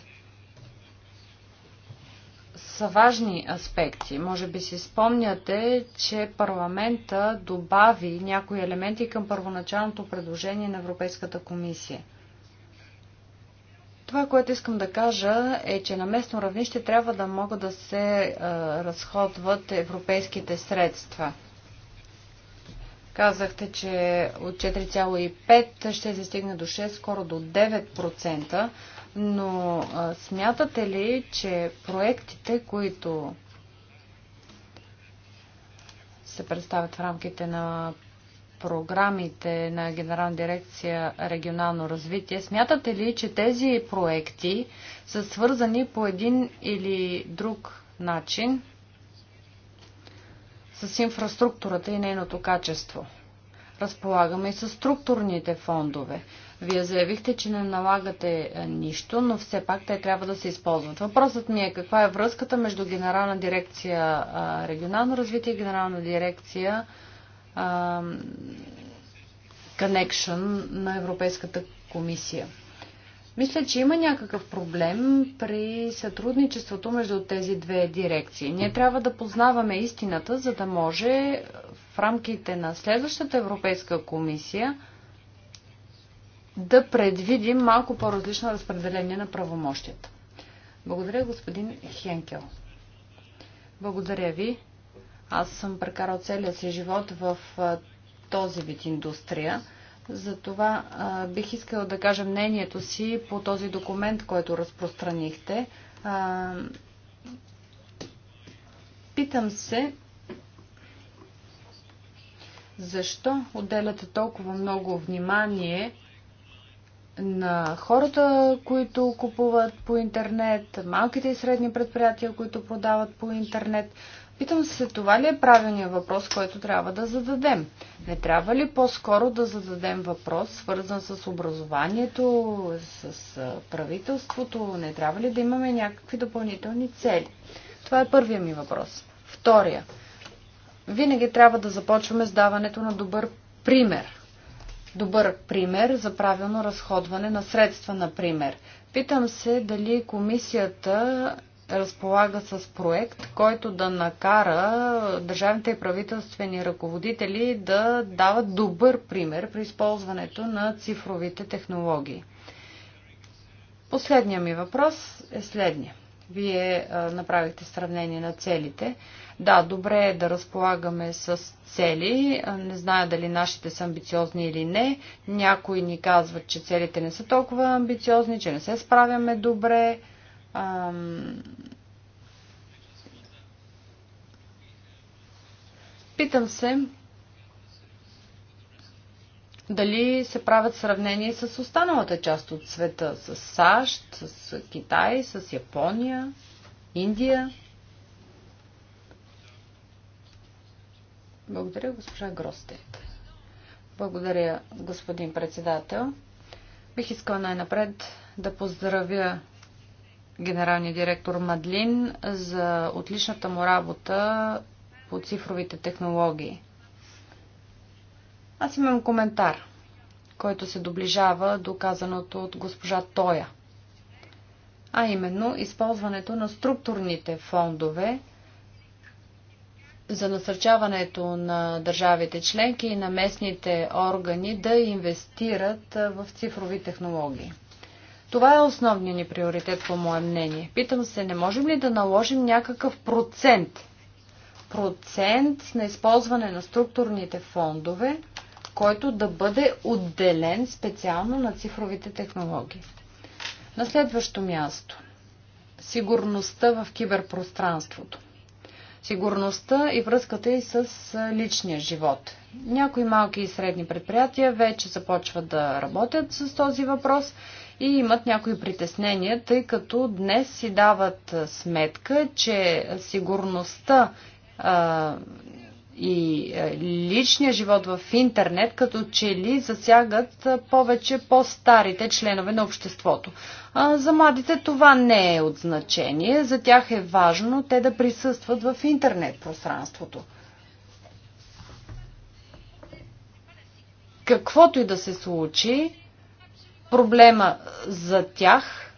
са важни аспекти. Може би си спомняте, че парламента добави някои елементи към първоначалното предложение на Европейската комисия. Това, което искам да кажа е, че на местно равнище трябва да могат да се а, разходват европейските средства. Казахте, че от 4,5 ще се стигне до 6, скоро до 9% но а, смятате ли, че проектите, които се представят в рамките на програмите на Генерална дирекция регионално развитие, смятате ли, че тези проекти са свързани по един или друг начин с инфраструктурата и нейното качество? Разполагаме и с структурните фондове. Вие заявихте, че не налагате нищо, но все пак те трябва да се използват. Въпросът ми е каква е връзката между Генерална дирекция регионално развитие и Генерална дирекция Connection на Европейската комисия. Мисля, че има някакъв проблем при сътрудничеството между тези две дирекции. Ние трябва да познаваме истината, за да може в рамките на следващата Европейска комисия да предвидим малко по-различно разпределение на правомощията. Благодаря, господин Хенкел. Благодаря ви. Аз съм прекарал целия си живот в този вид индустрия. Затова това бих искала да кажа мнението си по този документ, който разпространихте. А, питам се, защо отделяте толкова много внимание на хората, които купуват по интернет, малките и средни предприятия, които продават по интернет. Питам се, това ли е правилният въпрос, който трябва да зададем? Не трябва ли по-скоро да зададем въпрос, свързан с образованието, с правителството? Не трябва ли да имаме някакви допълнителни цели? Това е първият ми въпрос. Втория. Винаги трябва да започваме с даването на добър пример добър пример за правилно разходване на средства, например. Питам се дали комисията разполага с проект, който да накара държавните и правителствени ръководители да дават добър пример при използването на цифровите технологии. Последният ми въпрос е следния. Вие направихте сравнение на целите. Да, добре е да разполагаме с цели. Не зная дали нашите са амбициозни или не. Някои ни казват, че целите не са толкова амбициозни, че не се справяме добре. Ам... Питам се дали се правят сравнения с останалата част от света, с САЩ, с Китай, с Япония, Индия. Благодаря, госпожа Гростет. Благодаря, господин председател. Бих искала най-напред да поздравя генералния директор Мадлин за отличната му работа по цифровите технологии. Аз имам коментар, който се доближава до казаното от госпожа Тоя, а именно използването на структурните фондове – за насърчаването на държавите членки и на местните органи да инвестират в цифрови технологии. Това е основният ни приоритет, по мое мнение. Питам се, не можем ли да наложим някакъв процент? Процент на използване на структурните фондове, който да бъде отделен специално на цифровите технологии. На следващо място. Сигурността в киберпространството сигурността и връзката и с личния живот. Някои малки и средни предприятия вече започват да работят с този въпрос и имат някои притеснения, тъй като днес си дават сметка, че сигурността и е, личния живот в интернет, като че ли засягат е, повече по-старите членове на обществото. За младите това не е от значение. За тях е важно те да присъстват в интернет пространството. Каквото и да се случи, проблема за тях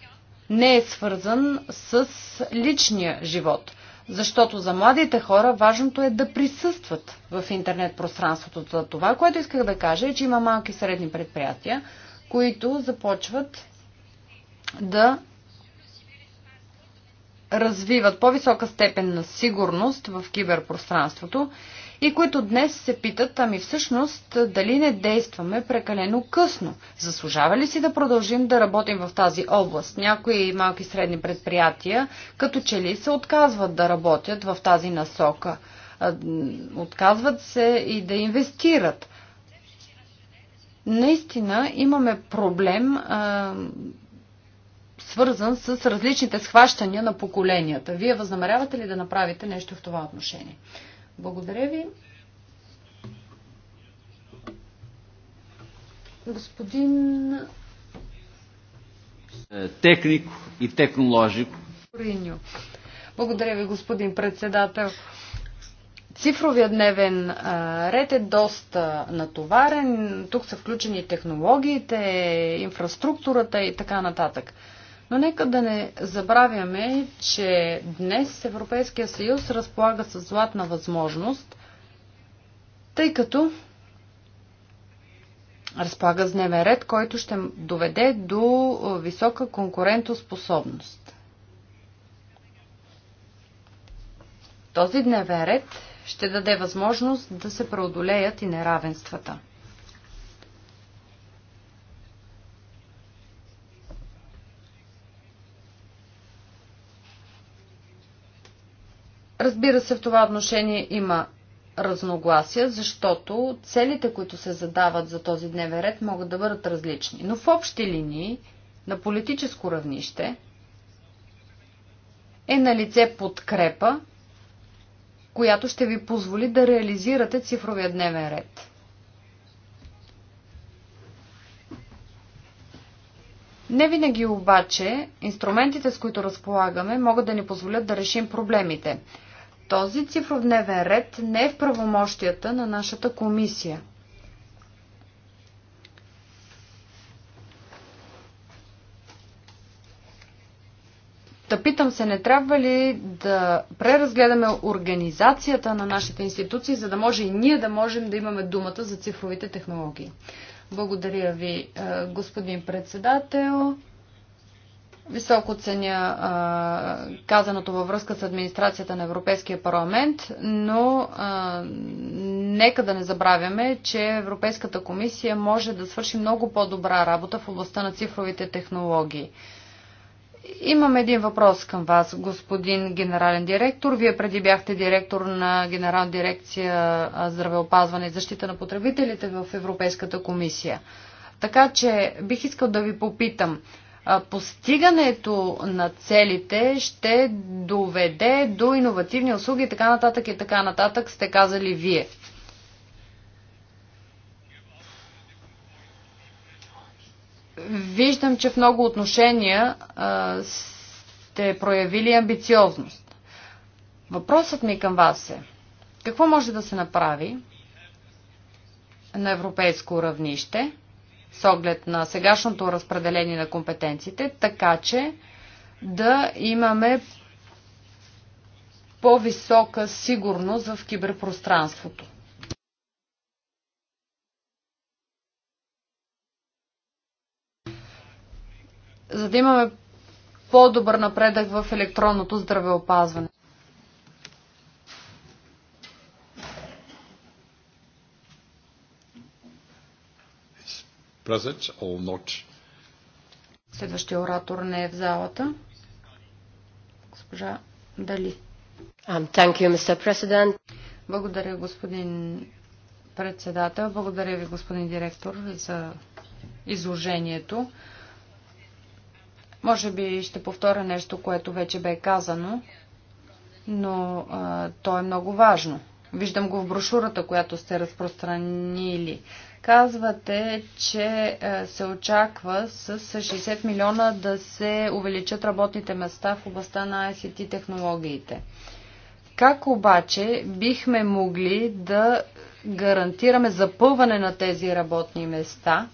не е свързан с личния живот – защото за младите хора важното е да присъстват в интернет пространството. Това, което исках да кажа е, че има малки и средни предприятия, които започват да развиват по-висока степен на сигурност в киберпространството и които днес се питат, ами всъщност дали не действаме прекалено късно. Заслужава ли си да продължим да работим в тази област? Някои малки и средни предприятия като че ли се отказват да работят в тази насока. Отказват се и да инвестират. Наистина имаме проблем свързан с различните схващания на поколенията. Вие възнамерявате ли да направите нещо в това отношение? Благодаря ви. Господин Технико и технологико. Благодаря ви, господин председател. Цифровия дневен ред е доста натоварен. Тук са включени технологиите, инфраструктурата и така нататък. Но нека да не забравяме, че днес Европейския съюз разполага с златна възможност, тъй като разполага с дневен ред, който ще доведе до висока конкурентоспособност. Този дневен ред ще даде възможност да се преодолеят и неравенствата. Разбира се, в това отношение има разногласия, защото целите, които се задават за този дневен ред, могат да бъдат различни. Но в общи линии, на политическо равнище, е на лице подкрепа, която ще ви позволи да реализирате цифровия дневен ред. Не винаги обаче инструментите, с които разполагаме, могат да ни позволят да решим проблемите. Този цифровневен ред не е в правомощията на нашата комисия. Да питам се, не трябва ли да преразгледаме организацията на нашите институции, за да може и ние да можем да имаме думата за цифровите технологии. Благодаря ви, е, господин председател. Високо ценя а, казаното във връзка с администрацията на Европейския парламент, но а, нека да не забравяме, че Европейската комисия може да свърши много по-добра работа в областта на цифровите технологии. Имам един въпрос към вас, господин генерален директор. Вие преди бяхте директор на Генерална дирекция здравеопазване и защита на потребителите в Европейската комисия. Така че бих искал да ви попитам, постигането на целите ще доведе до иновативни услуги и така нататък и така нататък, сте казали вие. Виждам, че в много отношения сте проявили амбициозност. Въпросът ми към вас е, какво може да се направи на европейско равнище – с оглед на сегашното разпределение на компетенциите, така че да имаме по-висока сигурност в киберпространството. За да имаме по-добър напредък в електронното здравеопазване. present or not. Следващия оратор не е в залата. Госпожа Дали. Um, thank you, Mr. President. Благодаря, господин председател. Благодаря ви, господин директор, за изложението. Може би ще повторя нещо, което вече бе казано, но а, то е много важно. Виждам го в брошурата, която сте разпространили. Казвате, че е, се очаква с 60 милиона да се увеличат работните места в областта на ICT технологиите. Как обаче бихме могли да гарантираме запълване на тези работни места,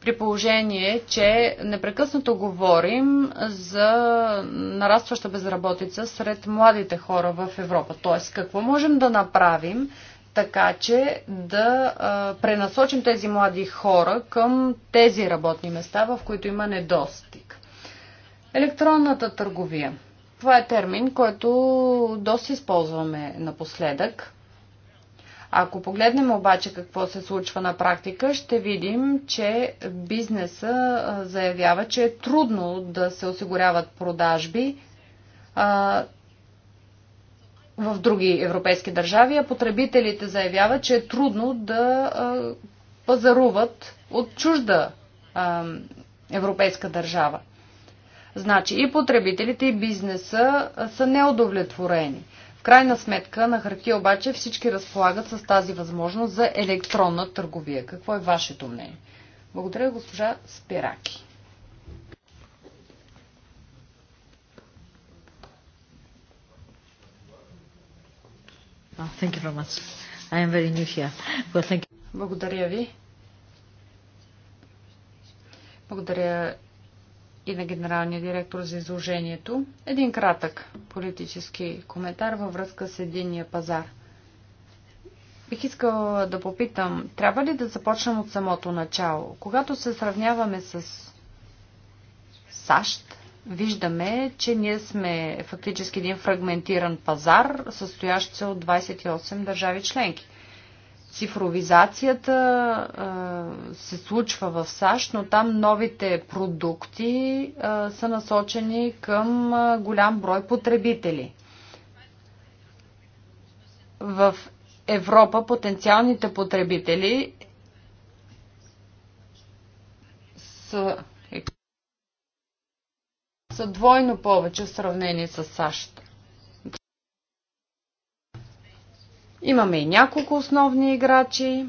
при положение, че непрекъснато говорим за нарастваща безработица сред младите хора в Европа. Т.е. какво можем да направим, така че да а, пренасочим тези млади хора към тези работни места, в които има недостиг. Електронната търговия. Това е термин, който доста използваме напоследък. Ако погледнем обаче какво се случва на практика, ще видим, че бизнеса заявява, че е трудно да се осигуряват продажби, в други европейски държави, а потребителите заявяват, че е трудно да пазаруват от чужда европейска държава. Значи и потребителите, и бизнеса са неудовлетворени. В крайна сметка на хартия обаче всички разполагат с тази възможност за електронна търговия. Какво е вашето мнение? Благодаря, госпожа Спираки. Well, Благодаря ви. Благодаря и на генералния директор за изложението. Един кратък политически коментар във връзка с единния пазар. Бих искала да попитам, трябва ли да започнем от самото начало? Когато се сравняваме с САЩ, виждаме, че ние сме фактически един фрагментиран пазар, състоящ се от 28 държави членки. Цифровизацията се случва в САЩ, но там новите продукти са насочени към голям брой потребители. В Европа потенциалните потребители са са двойно повече в сравнение с САЩ. Имаме и няколко основни играчи,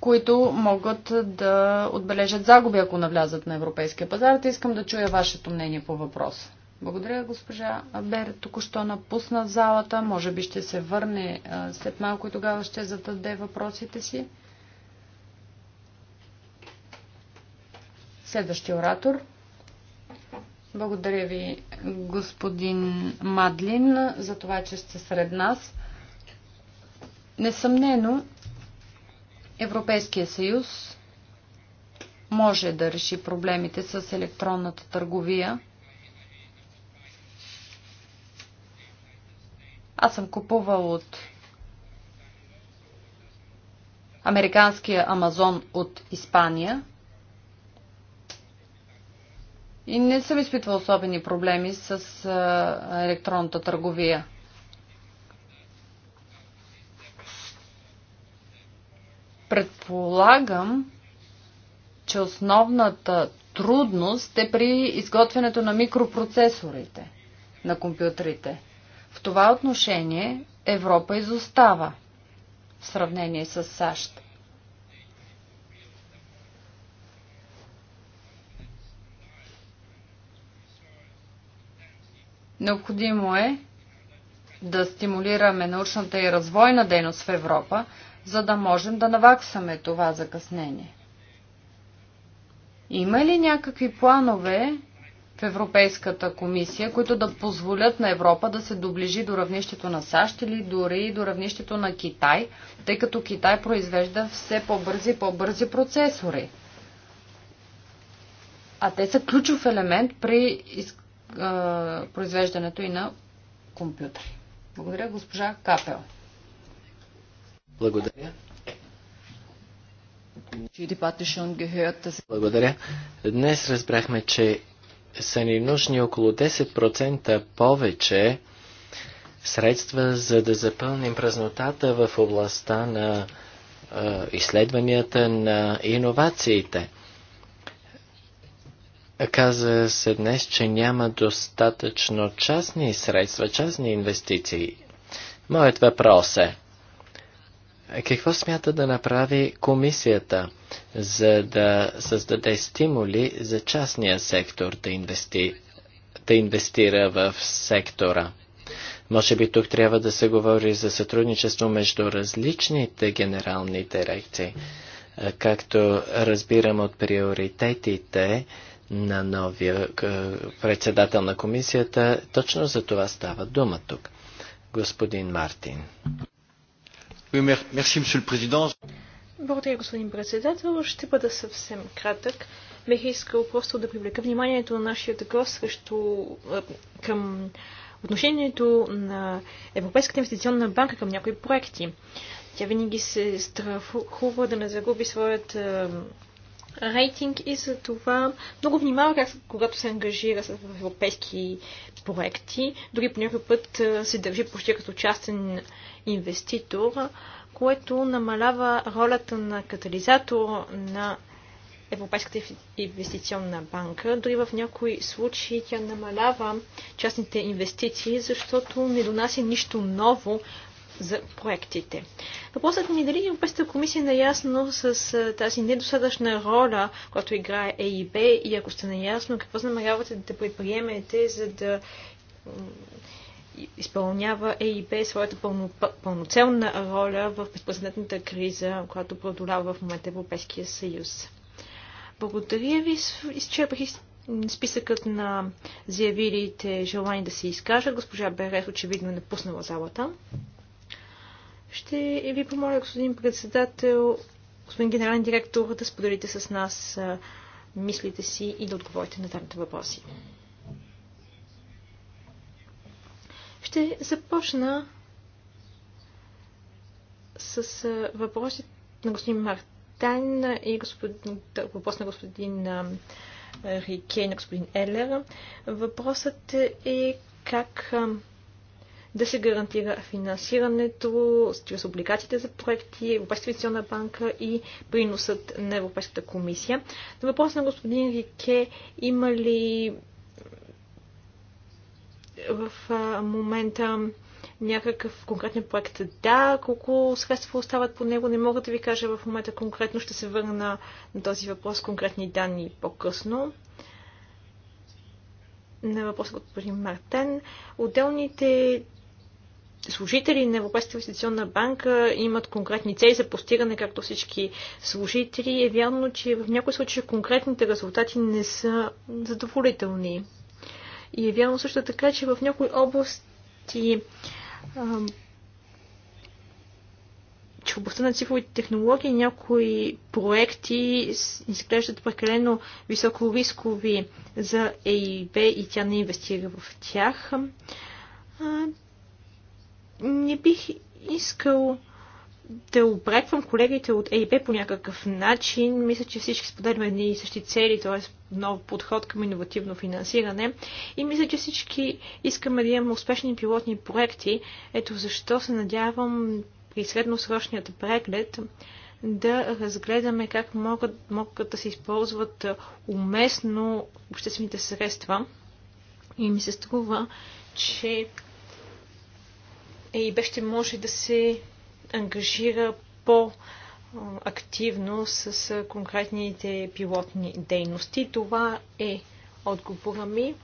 които могат да отбележат загуби, ако навлязат на европейския пазар. Та искам да чуя вашето мнение по въпроса. Благодаря, госпожа Бер. Току-що напусна залата. Може би ще се върне след малко и тогава ще зададе въпросите си. Следващия оратор. Благодаря ви, господин Мадлин, за това, че сте сред нас. Несъмнено, Европейския съюз може да реши проблемите с електронната търговия. Аз съм купувал от американския Амазон от Испания – и не съм изпитвал особени проблеми с електронната търговия. Предполагам, че основната трудност е при изготвянето на микропроцесорите на компютрите. В това отношение Европа изостава в сравнение с САЩ. Необходимо е да стимулираме научната и развойна дейност в Европа, за да можем да наваксаме това закъснение. Има ли някакви планове в Европейската комисия, които да позволят на Европа да се доближи до равнището на САЩ или дори до равнището на Китай, тъй като Китай произвежда все по-бързи и по-бързи процесори? А те са ключов елемент при произвеждането и на компютри. Благодаря, госпожа Капел. Благодаря. Благодаря. Днес разбрахме, че са ни нужни около 10% повече средства, за да запълним празнотата в областта на изследванията на иновациите. Каза се днес, че няма достатъчно частни средства, частни инвестиции. Моят въпрос е, какво смята да направи комисията, за да създаде стимули за частния сектор да, инвести... да инвестира в сектора? Може би тук трябва да се говори за сътрудничество между различните генерални дирекции. Както разбирам от приоритетите, на новия е, председател на комисията. Точно за това става дума тук. Господин Мартин. Благодаря, господин председател. Ще бъда съвсем кратък. Бех искал просто да привлека вниманието на нашия гост срещу, е, към отношението на Европейската инвестиционна банка към някои проекти. Тя винаги се страхува да не загуби своят е, рейтинг и за това много внимава, как, когато се ангажира с европейски проекти. Дори по някакъв път се държи почти като частен инвеститор, което намалява ролята на катализатор на Европейската инвестиционна банка. Дори в някои случаи тя намалява частните инвестиции, защото не донася нищо ново за проектите. Въпросът ми е дали Европейската комисия е наясно с тази недостатъчна роля, която играе ЕИБ и ако сте наясно, какво намерявате да предприемете, за да изпълнява ЕИБ своята пълно, пълноценна роля в безпредседентната криза, която продолява в момента Европейския съюз. Благодаря ви. Изчерпах списъкът на заявилите желание да се изкажат. Госпожа Берех очевидно е напуснала залата. Ще ви помоля, господин председател, господин генерален директор, да споделите с нас мислите си и да отговорите на данните въпроси. Ще започна с въпроси на господин Мартайн и господин, въпрос на господин Рике на господин Елер. Въпросът е как да се гарантира финансирането, чрез облигациите за проекти, Европейската инвестиционна банка и приносът на Европейската комисия. На въпрос на господин Рике, има ли в момента някакъв конкретен проект. Да, колко средства остават по него, не мога да ви кажа в момента конкретно. Ще се върна на този въпрос конкретни данни по-късно. На въпроса господин Мартен. Отделните служители на Европейската инвестиционна банка имат конкретни цели за постигане, както всички служители, е вярно, че в някои случаи конкретните резултати не са задоволителни. И е вярно също така, че в някои области че в областта на цифровите технологии някои проекти изглеждат прекалено високо рискови за ЕИБ и тя не инвестира в тях не бих искал да обреквам колегите от ЕИБ по някакъв начин. Мисля, че всички споделяме едни и същи цели, т.е. нов подход към иновативно финансиране. И мисля, че всички искаме да имаме успешни пилотни проекти. Ето защо се надявам при средносрочният преглед да разгледаме как могат, могат да се използват уместно обществените средства. И ми се струва, че бе ще може да се ангажира по- активно с конкретните пилотни дейности. Това е отговора ми.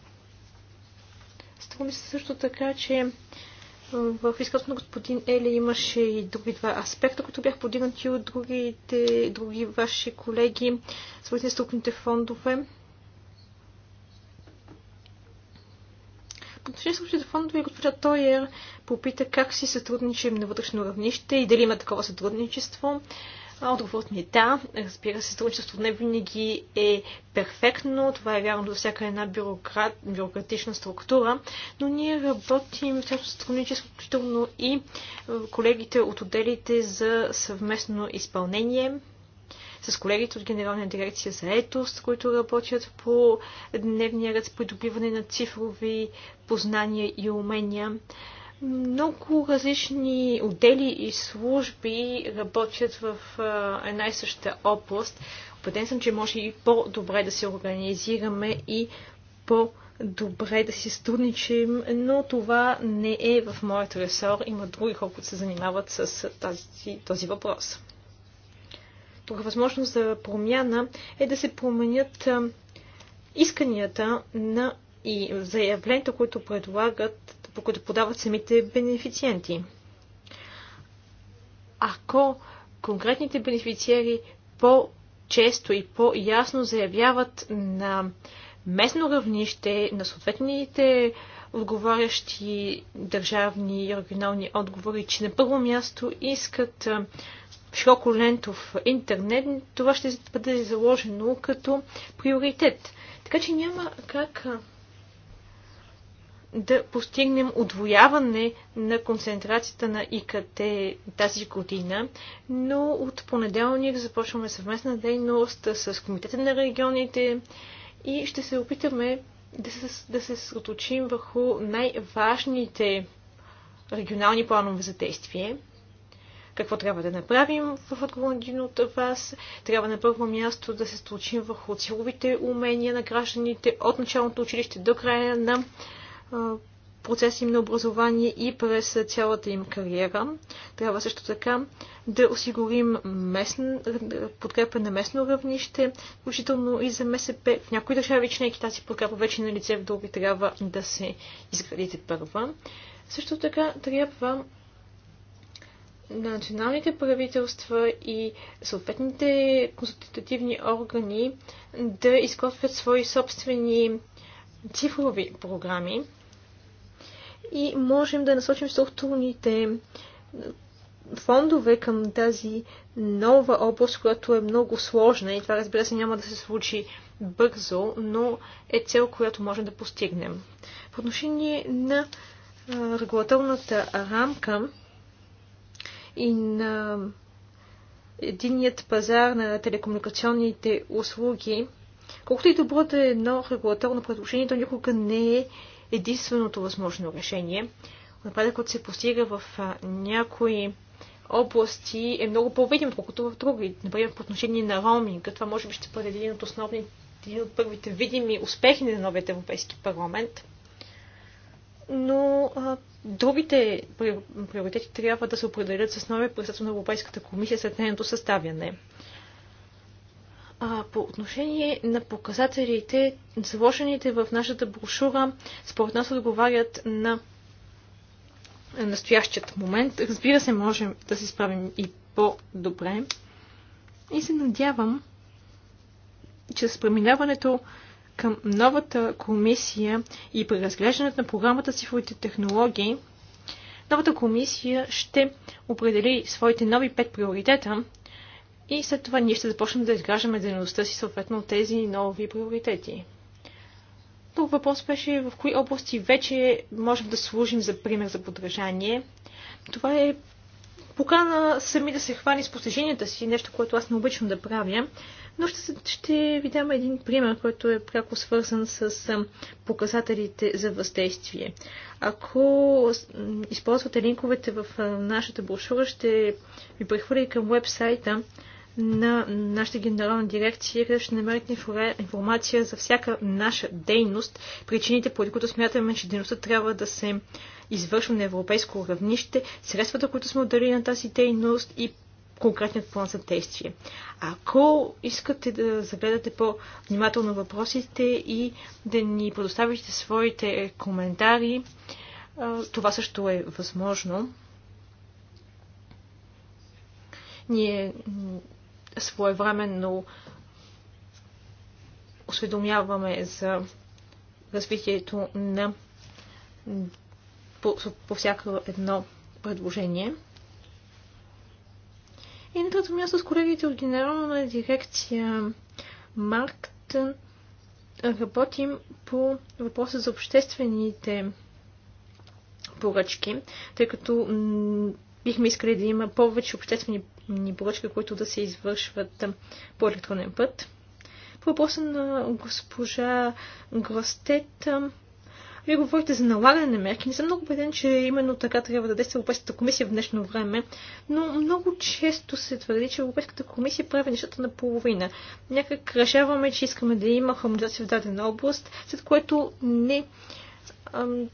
Струва ми се също така, че в изказването на господин Ели имаше и други два аспекта, които бях подигнати от другите, други ваши колеги, свързани с структурните фондове. По отношение с фондове, госпожа Тойер попита как си сътрудничим на вътрешно равнище и дали има такова сътрудничество. Отговорът ми е да. Разбира се, сътрудничеството не винаги е перфектно. Това е вярно за всяка една бюрократ, бюрократична структура. Но ние работим в цялото сътрудничество, включително и колегите от отделите за съвместно изпълнение с колегите от Генерална дирекция за етост, които работят по дневния ред с придобиване на цифрови познания и умения. Много различни отдели и служби работят в една и съща област. Убеден съм, че може и по-добре да се организираме и по-добре да си студничим, но това не е в моят ресор. Има други хора, които се занимават с тази, този въпрос друга възможност за промяна е да се променят исканията на и заявленията, които предлагат, по които подават самите бенефициенти. Ако конкретните бенефициери по-често и по-ясно заявяват на местно равнище, на съответните отговарящи държавни и регионални отговори, че на първо място искат широколентов интернет, това ще бъде заложено като приоритет. Така че няма как да постигнем отвояване на концентрацията на ИКТ тази година, но от понеделник започваме съвместна дейност с Комитета на регионите и ще се опитаме да се, да се сроточим върху най-важните регионални планове за действие. Какво трябва да направим в отговор на един от вас? Трябва на първо място да се случим върху силовите умения на гражданите от началното училище до края на процеса им на образование и през цялата им кариера. Трябва също така да осигурим местн, подкрепа на местно равнище, включително и за МСП. В някои държави членки тази подкрепа вече е на лице, в други трябва да се изградите първа. Също така трябва на националните правителства и съответните консултативни органи да изготвят свои собствени цифрови програми и можем да насочим структурните фондове към тази нова област, която е много сложна и това разбира се няма да се случи бързо, но е цел, която можем да постигнем. По отношение на регулаторната рамка, и на единният пазар на телекомуникационните услуги, колкото и добро да е едно регулаторно предложение, то никога не е единственото възможно решение. Напредък, който се постига в някои области е много по-видим, отколкото в други. Например, по отношение на роуминга, това може би ще бъде един от основните, един от първите видими успехи на новият Европейски парламент но а, другите приоритети трябва да се определят с новия председател на Европейската комисия след нейното съставяне. А, по отношение на показателите, заложените в нашата брошура, според нас отговарят на настоящият момент. Разбира се, можем да се справим и по-добре. И се надявам, че с преминаването към новата комисия и при разглеждането на програмата цифровите технологии, новата комисия ще определи своите нови пет приоритета и след това ние ще започнем да изграждаме дейността си съответно от тези нови приоритети. Тук въпрос беше в кои области вече можем да служим за пример за подражание. Това е покана сами да се хвани с постиженията си, нещо, което аз не обичам да правя, но ще, ще ви дам един пример, който е пряко свързан с показателите за въздействие. Ако използвате линковете в нашата брошура, ще ви прехвърля към вебсайта на нашата генерална дирекция, където ще намерите информация за всяка наша дейност, причините, по които смятаме, че дейността трябва да се извършва на европейско равнище, средствата, които сме отдали на тази дейност и конкретният план за действие. Ако искате да загледате по-внимателно въпросите и да ни предоставите своите коментари, това също е възможно. Ние своевременно осведомяваме за развитието на по, по всяко едно предложение. И на трето място с колегите от Генерална дирекция Маркт работим по въпроса за обществените поръчки, тъй като бихме искали да има повече обществени поръчки, които да се извършват по електронен път. По въпроса на госпожа Гростет, вие говорите за налагане на мерки. Не съм много убеден, че именно така трябва да действа Европейската комисия в днешно време, но много често се твърди, че Европейската комисия прави нещата наполовина. Някак решаваме, че искаме да има хармонизация в дадена област, след което не ам,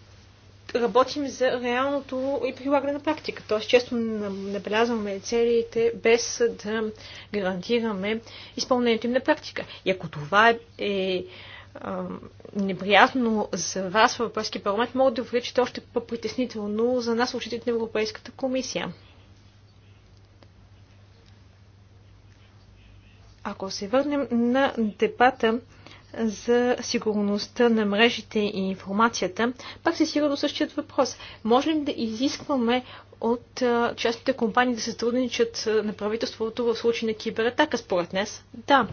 работим за реалното и прилагане на практика. Т.е. често набелязваме целите без да гарантираме изпълнението им на практика. И ако това е, е неприятно за вас в Европейския парламент, могат да увеличите е още по-притеснително за нас, учителите на Европейската комисия. Ако се върнем на дебата за сигурността на мрежите и информацията, пак се сигурно същият въпрос. Можем да изискваме от частните компании да се трудничат на правителството в случай на кибератака, според нас? Да.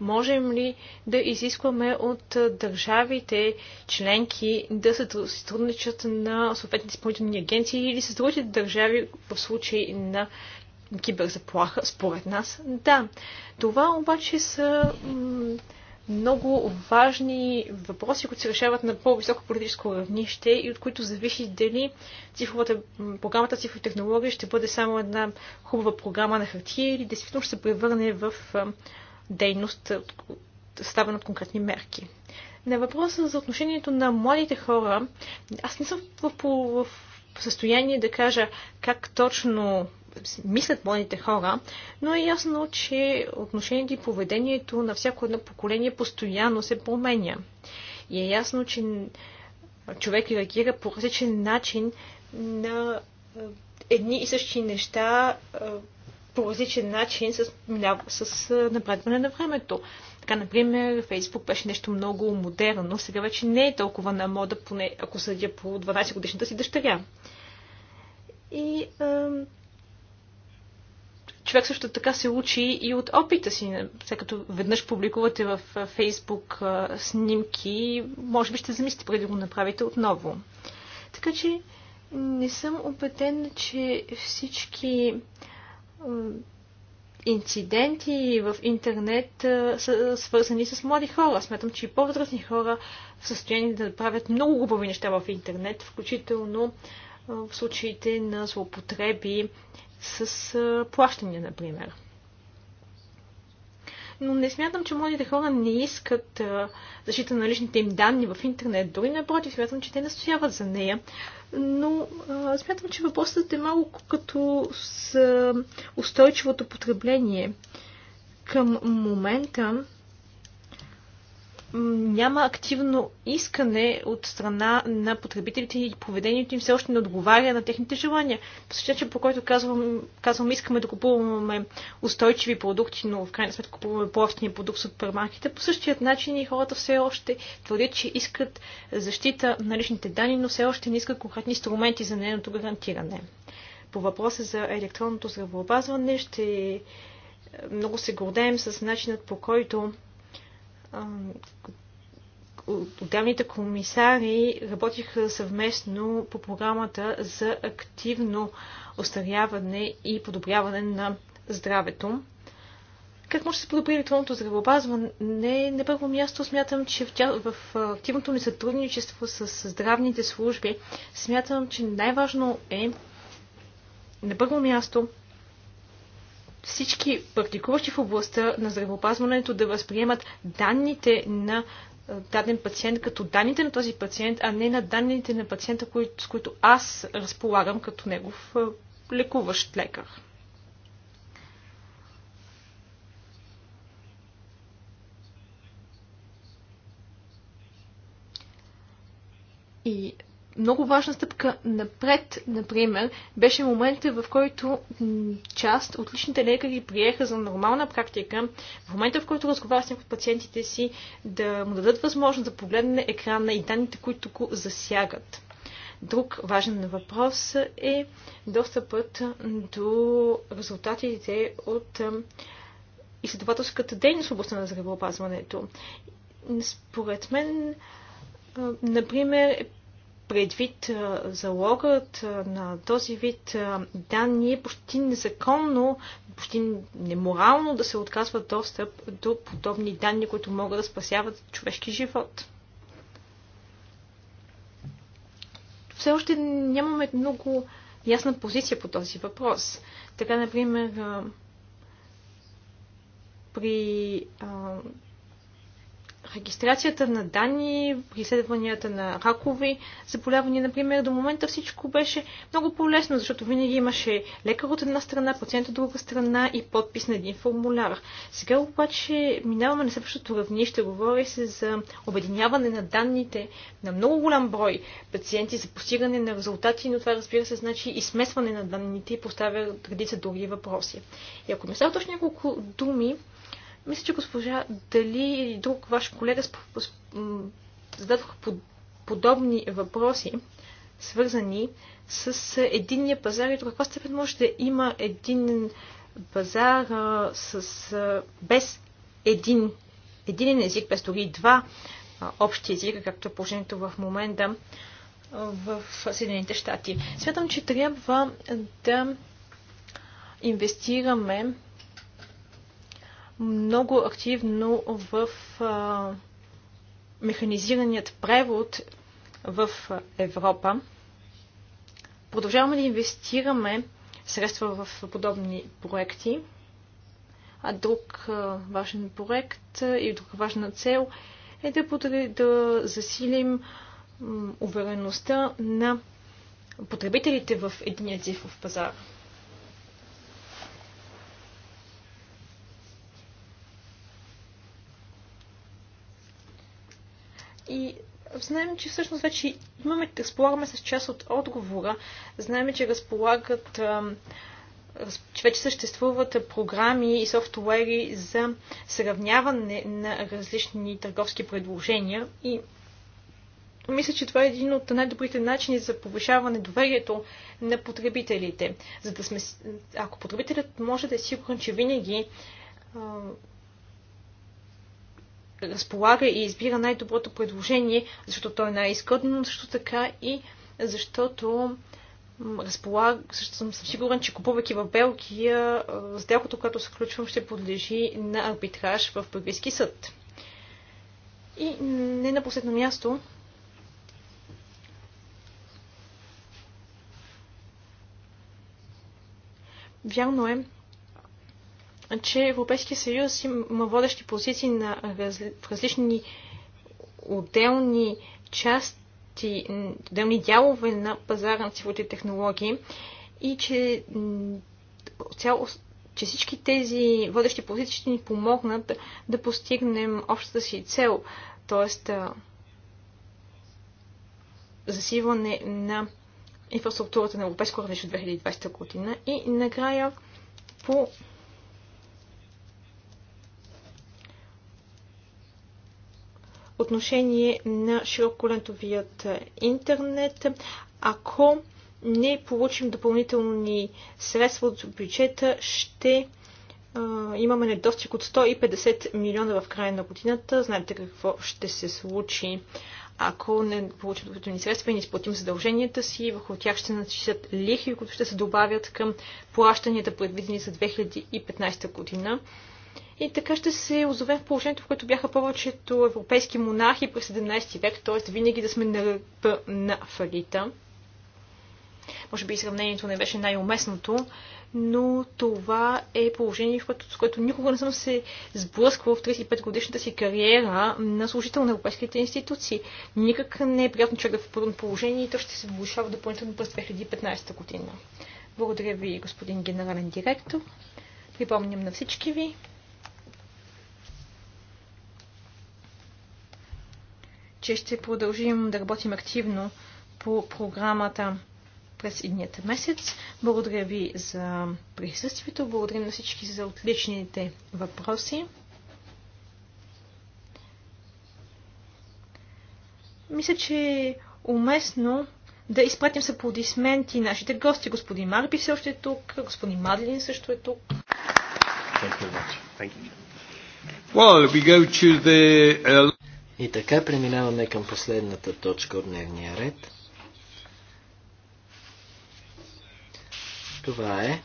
Можем ли да изискваме от държавите членки да се трудничат на съответните изпълнителни агенции или с другите държави в случай на киберзаплаха? Според нас, да. Това обаче са много важни въпроси, които се решават на по-високо политическо равнище и от които зависи дали цифровата, програмата цифрови технологии ще бъде само една хубава програма на хартия или действително ще се превърне в дейност, съставена от конкретни мерки. На въпроса за отношението на младите хора, аз не съм в, в, в състояние да кажа как точно мислят младите хора, но е ясно, че отношението и поведението на всяко едно поколение постоянно се променя. И е ясно, че човек реагира по различен начин на е, едни и същи неща е, по различен начин с, с е, напредване на времето. Така, например, Фейсбук беше нещо много модерно, сега вече не е толкова на мода, поне ако съдя по 12 годишната си дъщеря. И Човек също така се учи и от опита си, след като веднъж публикувате в Фейсбук снимки, може би ще замислите преди да го направите отново. Така че не съм убеден, че всички инциденти в интернет са свързани с млади хора. Смятам, че и по-възрастни хора в състояние да правят много глупави неща в интернет, включително в случаите на злоупотреби с плащания, например. Но не смятам, че младите хора не искат защита на личните им данни в интернет. Дори напротив, смятам, че те настояват за нея. Но а, смятам, че въпросът е малко като с устойчивото потребление. Към момента няма активно искане от страна на потребителите и поведението им все още не отговаря на техните желания. По същия начин, по който казвам, казвам, искаме да купуваме устойчиви продукти, но в крайна сметка купуваме по-ефтини продукт от супермаркета, по същия начин и хората все още твърдят, че искат защита на личните данни, но все още не искат конкретни инструменти за нейното гарантиране. По въпроса за електронното здравеопазване ще е, много се гордеем с начинът по който отделните комисари работиха съвместно по програмата за активно остаряване и подобряване на здравето. Как може да се подобри електронното здравеопазване? На първо място смятам, че в, активното ни сътрудничество с здравните служби смятам, че най-важно е на първо място всички практикуващи в областта на здравеопазването да възприемат данните на е, даден пациент като данните на този пациент, а не на данните на пациента, с които аз разполагам като негов е, лекуващ лекар. И много важна стъпка напред, например, беше момента, в който част от личните лекари приеха за нормална практика, в момента, в който разговаря с някои от пациентите си, да му дадат възможност да погледне екрана и данните, които го засягат. Друг важен въпрос е достъпът до резултатите от изследователската дейност в областта на здравеопазването. Според мен, например, предвид залогът на този вид данни е почти незаконно, почти неморално да се отказва достъп до подобни данни, които могат да спасяват човешки живот. Все още нямаме много ясна позиция по този въпрос. Така, например, при регистрацията на данни, изследванията на ракови заболявания, например, до момента всичко беше много по-лесно, защото винаги имаше лекар от една страна, пациент от друга страна и подпис на един формуляр. Сега обаче минаваме на следващото равнище. Говори се за обединяване на данните на много голям брой пациенти за постигане на резултати, но това разбира се значи и смесване на данните и поставя редица други въпроси. И ако ми остават още няколко думи, мисля, че госпожа Дали или друг ваш колега зададоха подобни въпроси, свързани с единния пазар и до каква степен може да има един пазар а, с, а, без един, един език, без дори два а, общи езика, както е положението в момента в Съединените щати. Смятам, че трябва да инвестираме много активно в а, механизираният превод в Европа. Продължаваме да инвестираме средства в подобни проекти. А друг а, важен проект и друга важна цел е да, подали, да засилим увереността на потребителите в единия цифров пазар. и знаем, че всъщност вече имаме, разполагаме с част от отговора. Знаем, че разполагат че вече съществуват програми и софтуери за сравняване на различни търговски предложения и мисля, че това е един от най-добрите начини за повишаване доверието на потребителите. За да сме, ако потребителят може да е сигурен, че винаги разполага и избира най-доброто предложение, защото той е най-изгодно, но също така и защото разполага, защото съм сигурен, че купувайки в Белгия, сделката, която включвам, ще подлежи на арбитраж в Бългийски съд. И не на последно място, вярно е, че Европейския съюз има водещи позиции на в различни отделни части, отделни дялове на пазара на цифровите технологии и че, цяло, че всички тези водещи позиции ще ни помогнат да постигнем общата си цел, т.е. засилване на инфраструктурата на европейско равнище 2020 година и накрая по отношение на широколентовият интернет, ако не получим допълнителни средства от бюджета, ще имаме недостиг от 150 милиона в края на годината. Знаете какво ще се случи, ако не получим допълнителни средства и не изплатим задълженията си. Върху тях ще начислят лихви, които ще се добавят към плащанията, предвидени за 2015 година. И така ще се озовем в положението, в което бяха повечето европейски монархи през 17 век, т.е. винаги да сме на ръба на фалита. Може би сравнението не беше най-уместното, но това е положение, в което, с което никога не съм се сблъсквал в 35 годишната си кариера на служител на европейските институции. Никак не е приятно човек да е в подобно положение и то ще се влушава допълнително през 2015 година. Благодаря ви, господин генерален директор. Припомням на всички ви, че ще продължим да работим активно по програмата през едният месец. Благодаря ви за присъствието. благодаря на всички за отличните въпроси. Мисля, че е уместно да изпратим с аплодисменти нашите гости. Господин Марби все още е тук, господин Мадлин също е тук. Thank you. Well, we go to the, uh... И така преминаваме към последната точка от дневния ред. Това е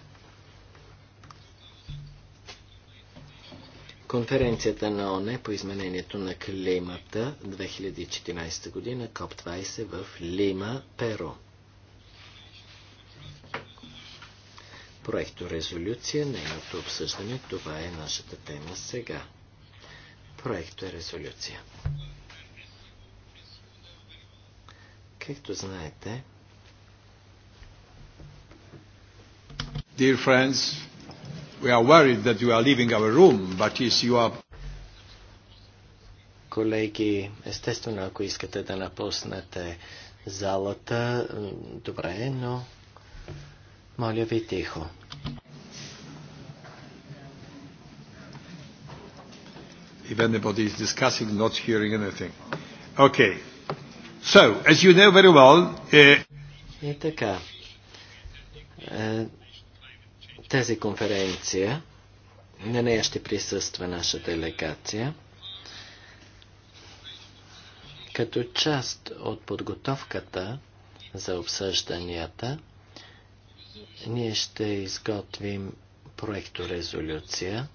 конференцията на ОНЕ по изменението на климата 2014 година КОП-20 в Лима, Перо. Проекто резолюция, нейното обсъждане, това е нашата тема сега проекта е резолюция. Както знаете, Dear friends, we are worried that you are leaving our room, but yes, you are колеги, естествено, ако искате да напуснете залата, добре, е, но моля ви тихо. if anybody is discussing, not hearing anything. Okay. So, as you know very well... Uh... така. uh, тази конференция, на нея ще присъства наша делегация. Като част от подготовката за обсъжданията, ние ще изготвим проекторезолюция резолюция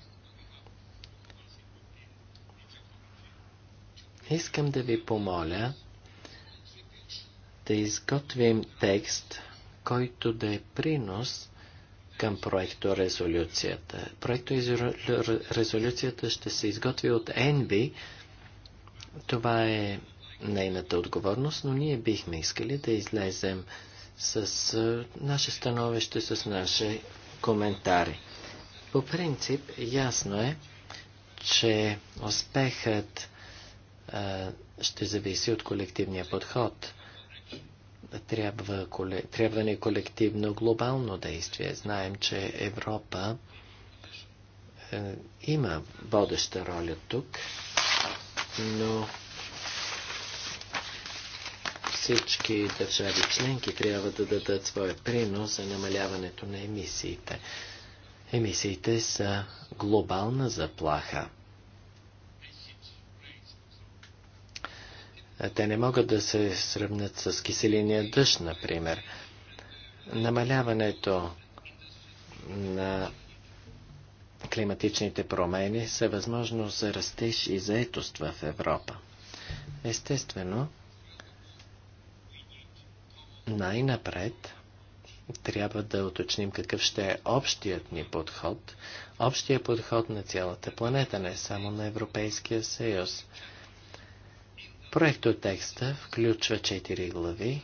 Искам да ви помоля да изготвим текст, който да е принос към проекто резолюцията. Проекто резолюцията ще се изготви от ЕНБИ. Това е нейната отговорност, но ние бихме искали да излезем с наше становище, с наши коментари. По принцип, ясно е, че успехът ще зависи от колективния подход. Трябва, трябва ни колективно глобално действие. Знаем, че Европа има водеща роля тук, но всички държави членки трябва да дадат своя принос за намаляването на емисиите. Емисиите са глобална заплаха. Те не могат да се сравнят с киселиния дъжд, например. Намаляването на климатичните промени са възможно за растеж и заетост в Европа. Естествено, най-напред трябва да уточним какъв ще е общият ни подход, общия подход на цялата планета, не само на Европейския съюз. Проектотекста включва четири глави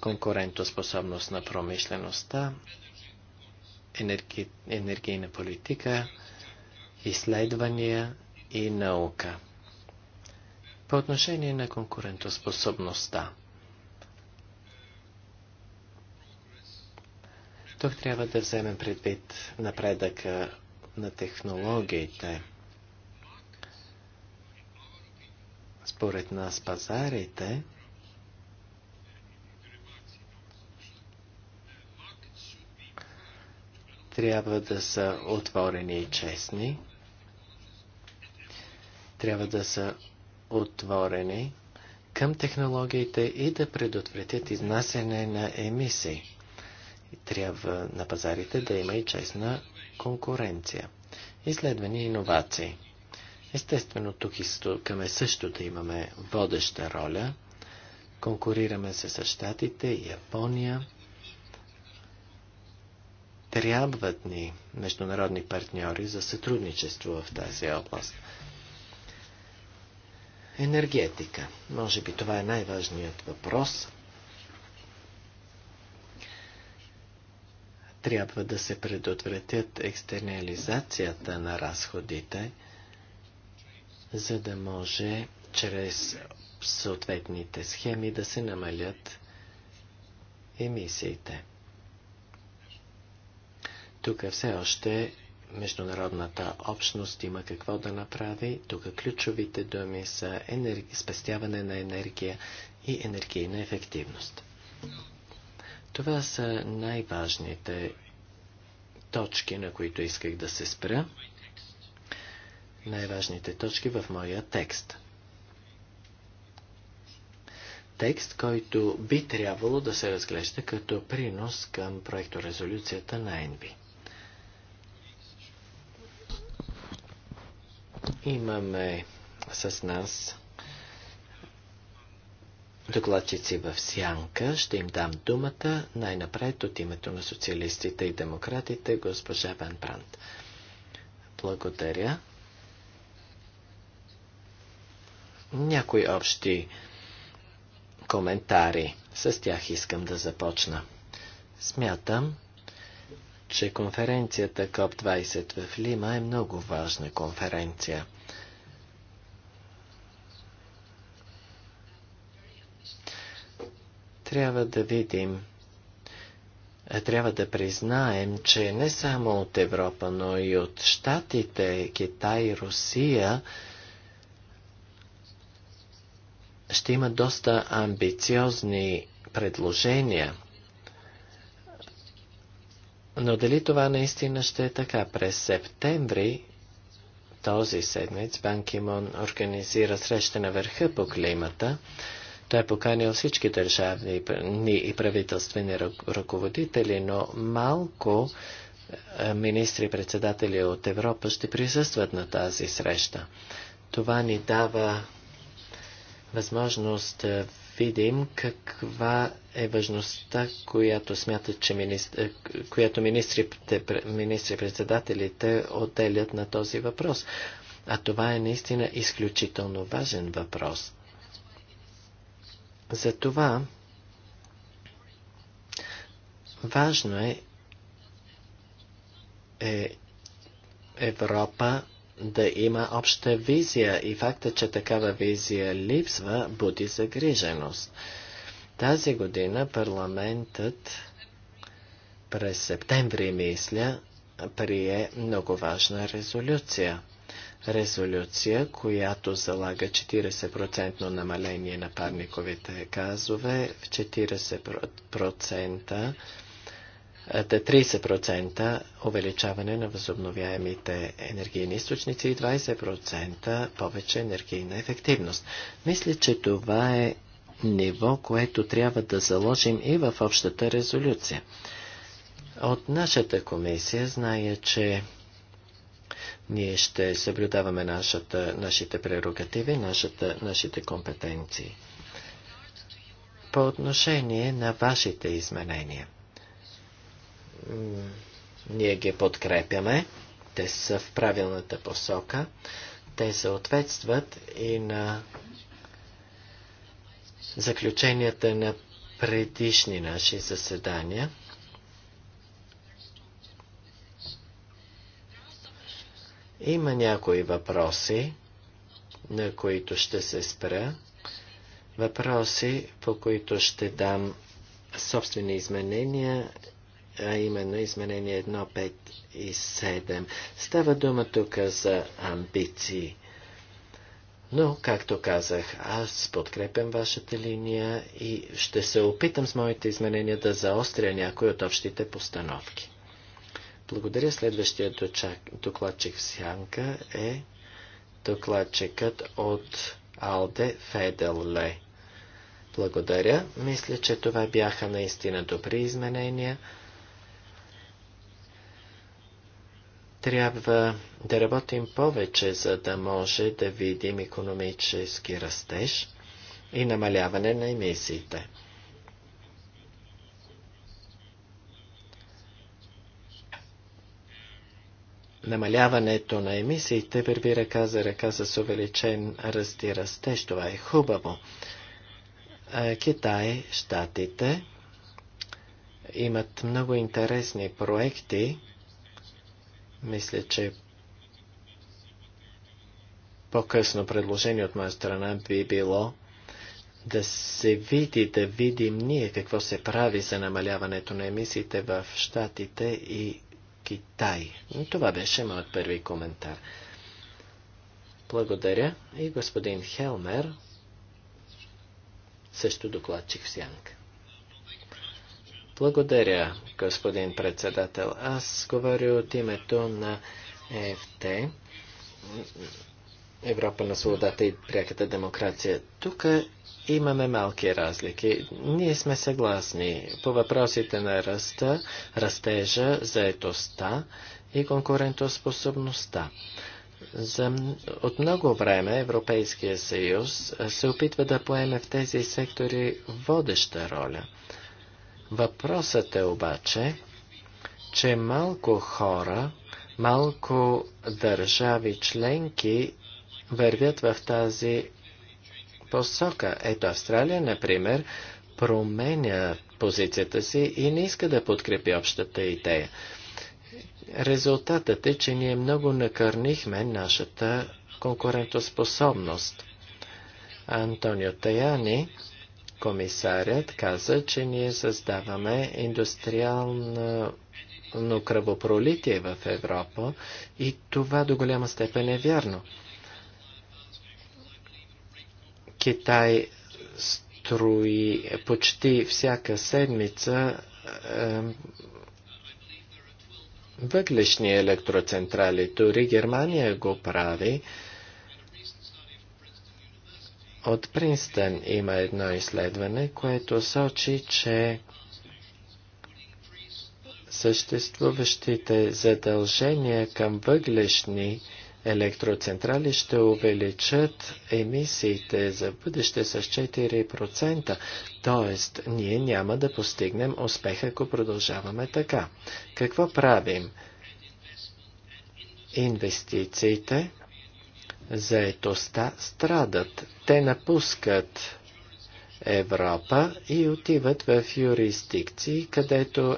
конкурентоспособност на промишлеността, енерги, енергийна политика, изследвания и наука. По отношение на конкурентоспособността, тук трябва да вземем предвид напредъка на технологиите – Според нас пазарите трябва да са отворени и честни. Трябва да са отворени към технологиите и да предотвратят изнасяне на емисии. Трябва на пазарите да има и честна конкуренция. Изследвани и иновации. Естествено, тук искаме също да имаме водеща роля. Конкурираме се с Штатите и Япония. Трябват ни международни партньори за сътрудничество в тази област. Енергетика. Може би това е най-важният въпрос. Трябва да се предотвратят екстернализацията на разходите – за да може чрез съответните схеми да се намалят емисиите. Тук все още международната общност има какво да направи. Тук ключовите думи са енерги... спестяване на енергия и енергийна ефективност. Това са най-важните точки, на които исках да се спра най-важните точки в моя текст. Текст, който би трябвало да се разглежда като принос към проекторезолюцията на НБ. имаме с нас докладчици в Сянка. Ще им дам думата най-напред от името на социалистите и демократите, госпожа Бен Брандт. Благодаря. Някои общи коментари. С тях искам да започна. Смятам, че конференцията КОП-20 в Лима е много важна конференция. Трябва да видим, трябва да признаем, че не само от Европа, но и от Штатите, Китай и Русия – ще има доста амбициозни предложения. Но дали това наистина ще е така? През септември този седмиц Бан Кимон организира среща на върха по климата. Той е поканил всички държавни и правителствени ръководители, но малко е, министри-председатели и от Европа ще присъстват на тази среща. Това ни дава възможност да видим каква е важността, която смятат, че министр, е, която министрите, министри-председателите отделят на този въпрос. А това е наистина изключително важен въпрос. Затова важно е, е Европа да има обща визия и факта, че такава визия липсва, буди загриженост. Тази година парламентът през септември, мисля, прие много важна резолюция. Резолюция, която залага 40% намаление на парниковите газове, в 40% 30% е, увеличаване на възобновяемите енергийни източници и 20% повече енергийна ефективност. Мисля, че това е ниво, което трябва да заложим и в общата резолюция. От нашата комисия зная, че ние ще съблюдаваме нашата, нашите прерогативи, нашата, нашите компетенции. По отношение на вашите изменения ние ги подкрепяме. Те са в правилната посока. Те съответстват и на заключенията на предишни наши заседания. Има някои въпроси, на които ще се спра. Въпроси, по които ще дам собствени изменения а именно изменение 1, 5 и 7. Става дума тук за амбиции. Но, както казах, аз подкрепям вашата линия и ще се опитам с моите изменения да заостря някои от общите постановки. Благодаря. Следващия докладчик в сянка е докладчикът от Алде Федерле. Благодаря. Мисля, че това бяха наистина добри изменения. Трябва да работим повече, за да може да видим економически растеж и намаляване на емисиите. Намаляването на емисиите върви ръка за ръка с увеличен ръст и растеж. Това е хубаво. Китай, Штатите имат много интересни проекти мисля, че по-късно предложение от моя страна би било да се види, да видим ние какво се прави за намаляването на емисиите в Штатите и Китай. Това беше моят първи коментар. Благодаря и господин Хелмер, също докладчик в Сянка. Благодаря, господин председател. Аз говоря от името на ЕФТ, Европа на свободата и пряката демокрация. Тук имаме малки разлики. Ние сме съгласни по въпросите на ръста, растежа, заетостта и конкурентоспособността. За, от много време Европейския съюз се опитва да поеме в тези сектори водеща роля – Въпросът е обаче, че малко хора, малко държави членки вървят в тази посока. Ето Австралия, например, променя позицията си и не иска да подкрепи общата идея. Резултатът е, че ние много накърнихме нашата конкурентоспособност. Антонио Таяни комисарят каза, че ние създаваме индустриална но кръвопролитие в Европа и това до голяма степен е вярно. Китай строи почти всяка седмица е, въглешни електроцентрали. Дори Германия го прави. От Принстън има едно изследване, което сочи, че съществуващите задължения към въглешни електроцентрали ще увеличат емисиите за бъдеще с 4%, т.е. ние няма да постигнем успех, ако продължаваме така. Какво правим? Инвестициите заетостта страдат. Те напускат Европа и отиват в юрисдикции, където е,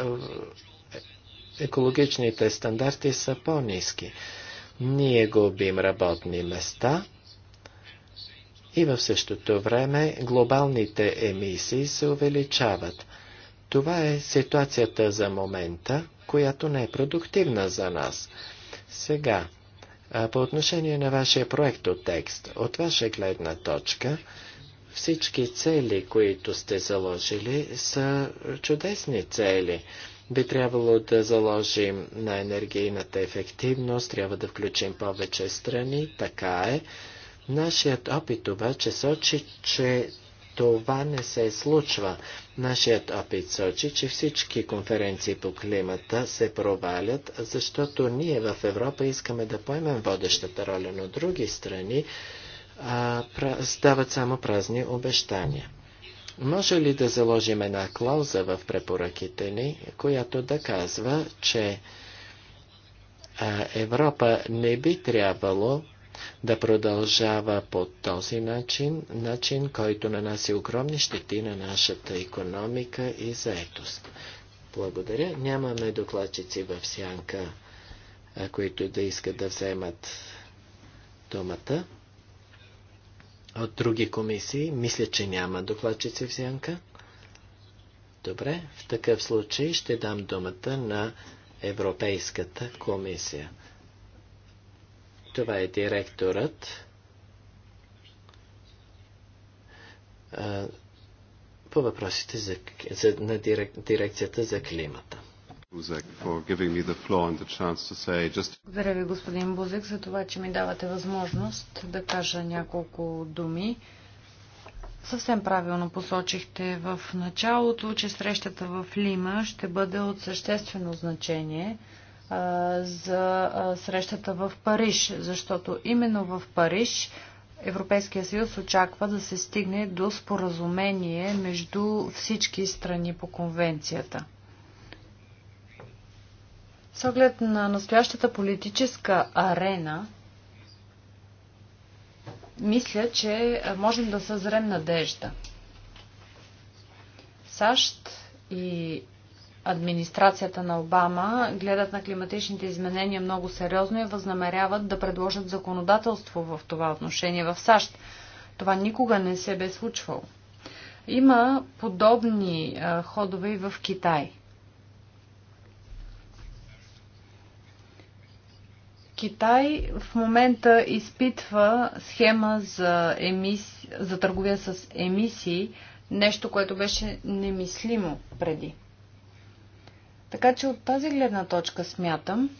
е, екологичните стандарти са по-низки. Ние губим работни места и в същото време глобалните емисии се увеличават. Това е ситуацията за момента, която не е продуктивна за нас. Сега, по отношение на вашия проект от текст, от ваша гледна точка, всички цели, които сте заложили, са чудесни цели. Би трябвало да заложим на енергийната ефективност, трябва да включим повече страни, така е. Нашият опит обаче сочи, че това не се случва. Нашият опит сочи, че всички конференции по климата се провалят, защото ние в Европа искаме да поемем водещата роля, но други страни а, стават само празни обещания. Може ли да заложим една клауза в препоръките ни, която да казва, че Европа не би трябвало да продължава по този начин, начин, който нанася огромни щети на нашата економика и заетост. Благодаря. Нямаме докладчици в сянка, които да искат да вземат думата. От други комисии, мисля, че няма докладчици в сянка. Добре, в такъв случай ще дам думата на Европейската комисия. Това е директорът. по въпросите за, за, на дирек, дирекцията за климата. Благодаря ви, господин Бузек, за това, че ми давате възможност да кажа няколко думи. Съвсем правилно посочихте в началото, че срещата в Лима ще бъде от съществено значение – за срещата в Париж, защото именно в Париж Европейския съюз очаква да се стигне до споразумение между всички страни по конвенцията. С оглед на настоящата политическа арена, мисля, че можем да съзрем надежда. САЩ и администрацията на Обама гледат на климатичните изменения много сериозно и възнамеряват да предложат законодателство в това отношение в САЩ. Това никога не се бе случвало. Има подобни ходове и в Китай. Китай в момента изпитва схема за, емис... за търговия с емисии, нещо, което беше немислимо преди. Така че от тази гледна точка смятам,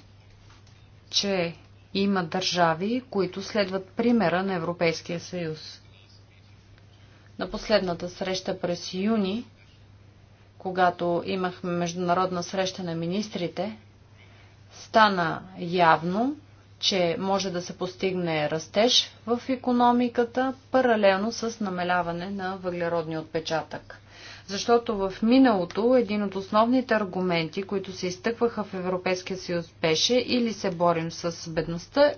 че има държави, които следват примера на Европейския съюз. На последната среща през юни, когато имахме международна среща на министрите, стана явно, че може да се постигне растеж в економиката паралелно с намаляване на въглеродния отпечатък. Защото в миналото един от основните аргументи, които се изтъкваха в Европейския съюз беше или се борим с бедността,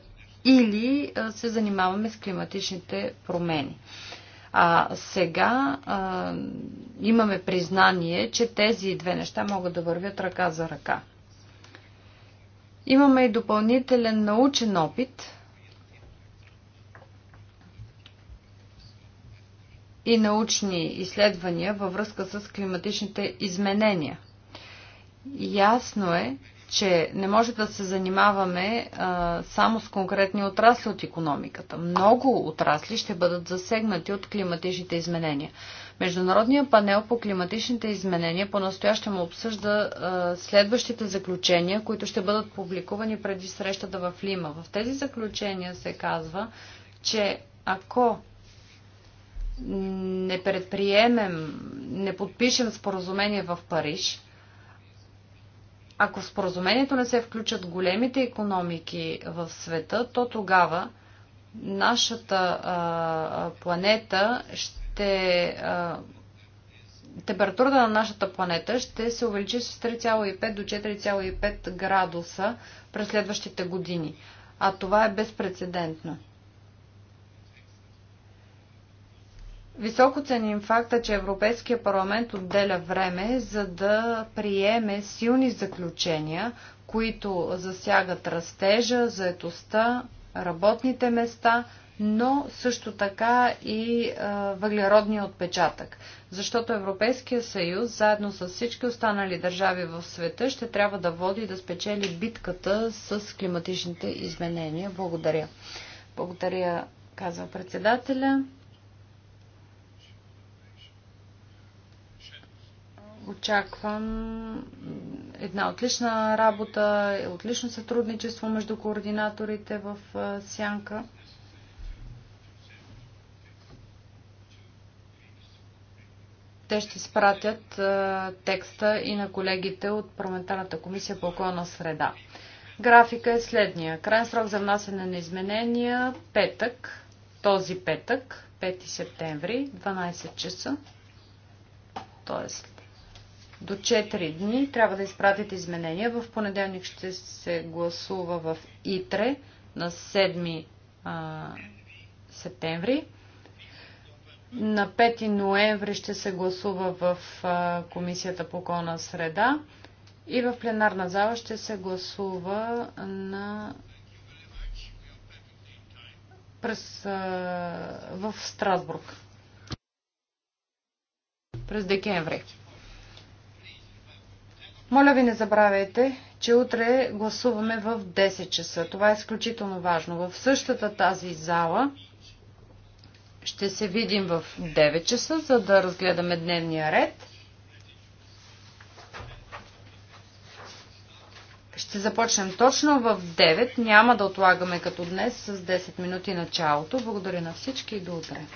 или се занимаваме с климатичните промени. А сега а, имаме признание, че тези две неща могат да вървят ръка за ръка. Имаме и допълнителен научен опит, и научни изследвания във връзка с климатичните изменения. Ясно е, че не може да се занимаваме а, само с конкретни отрасли от економиката. Много отрасли ще бъдат засегнати от климатичните изменения. Международният панел по климатичните изменения по-настоящем обсъжда а, следващите заключения, които ще бъдат публикувани преди срещата в Лима. В тези заключения се казва, че ако не предприемем, не подпишем споразумение в Париж, ако в споразумението не се включат големите економики в света, то тогава нашата а, планета ще. А, температурата на нашата планета ще се увеличи с 3,5 до 4,5 градуса през следващите години. А това е безпредседентно. Високо ценим факта, че Европейския парламент отделя време, за да приеме силни заключения, които засягат растежа, заетостта, работните места, но също така и въглеродния отпечатък. Защото Европейския съюз, заедно с всички останали държави в света, ще трябва да води и да спечели битката с климатичните изменения. Благодаря. Благодаря, казва председателя. Очаквам една отлична работа, отлично сътрудничество между координаторите в Сянка. Те ще спратят текста и на колегите от парламентарната комисия по околна среда. Графика е следния. Крайен срок за внасяне на изменения петък, този петък, 5 септември, 12 часа, т.е до 4 дни трябва да изпратите изменения. В понеделник ще се гласува в ИТРЕ на 7 септември. На 5 ноември ще се гласува в Комисията по околна среда и в пленарна зала ще се гласува на през, в Страсбург през декември. Моля ви не забравяйте, че утре гласуваме в 10 часа. Това е изключително важно. В същата тази зала ще се видим в 9 часа, за да разгледаме дневния ред. Ще започнем точно в 9. Няма да отлагаме като днес с 10 минути началото. Благодаря на всички и до утре.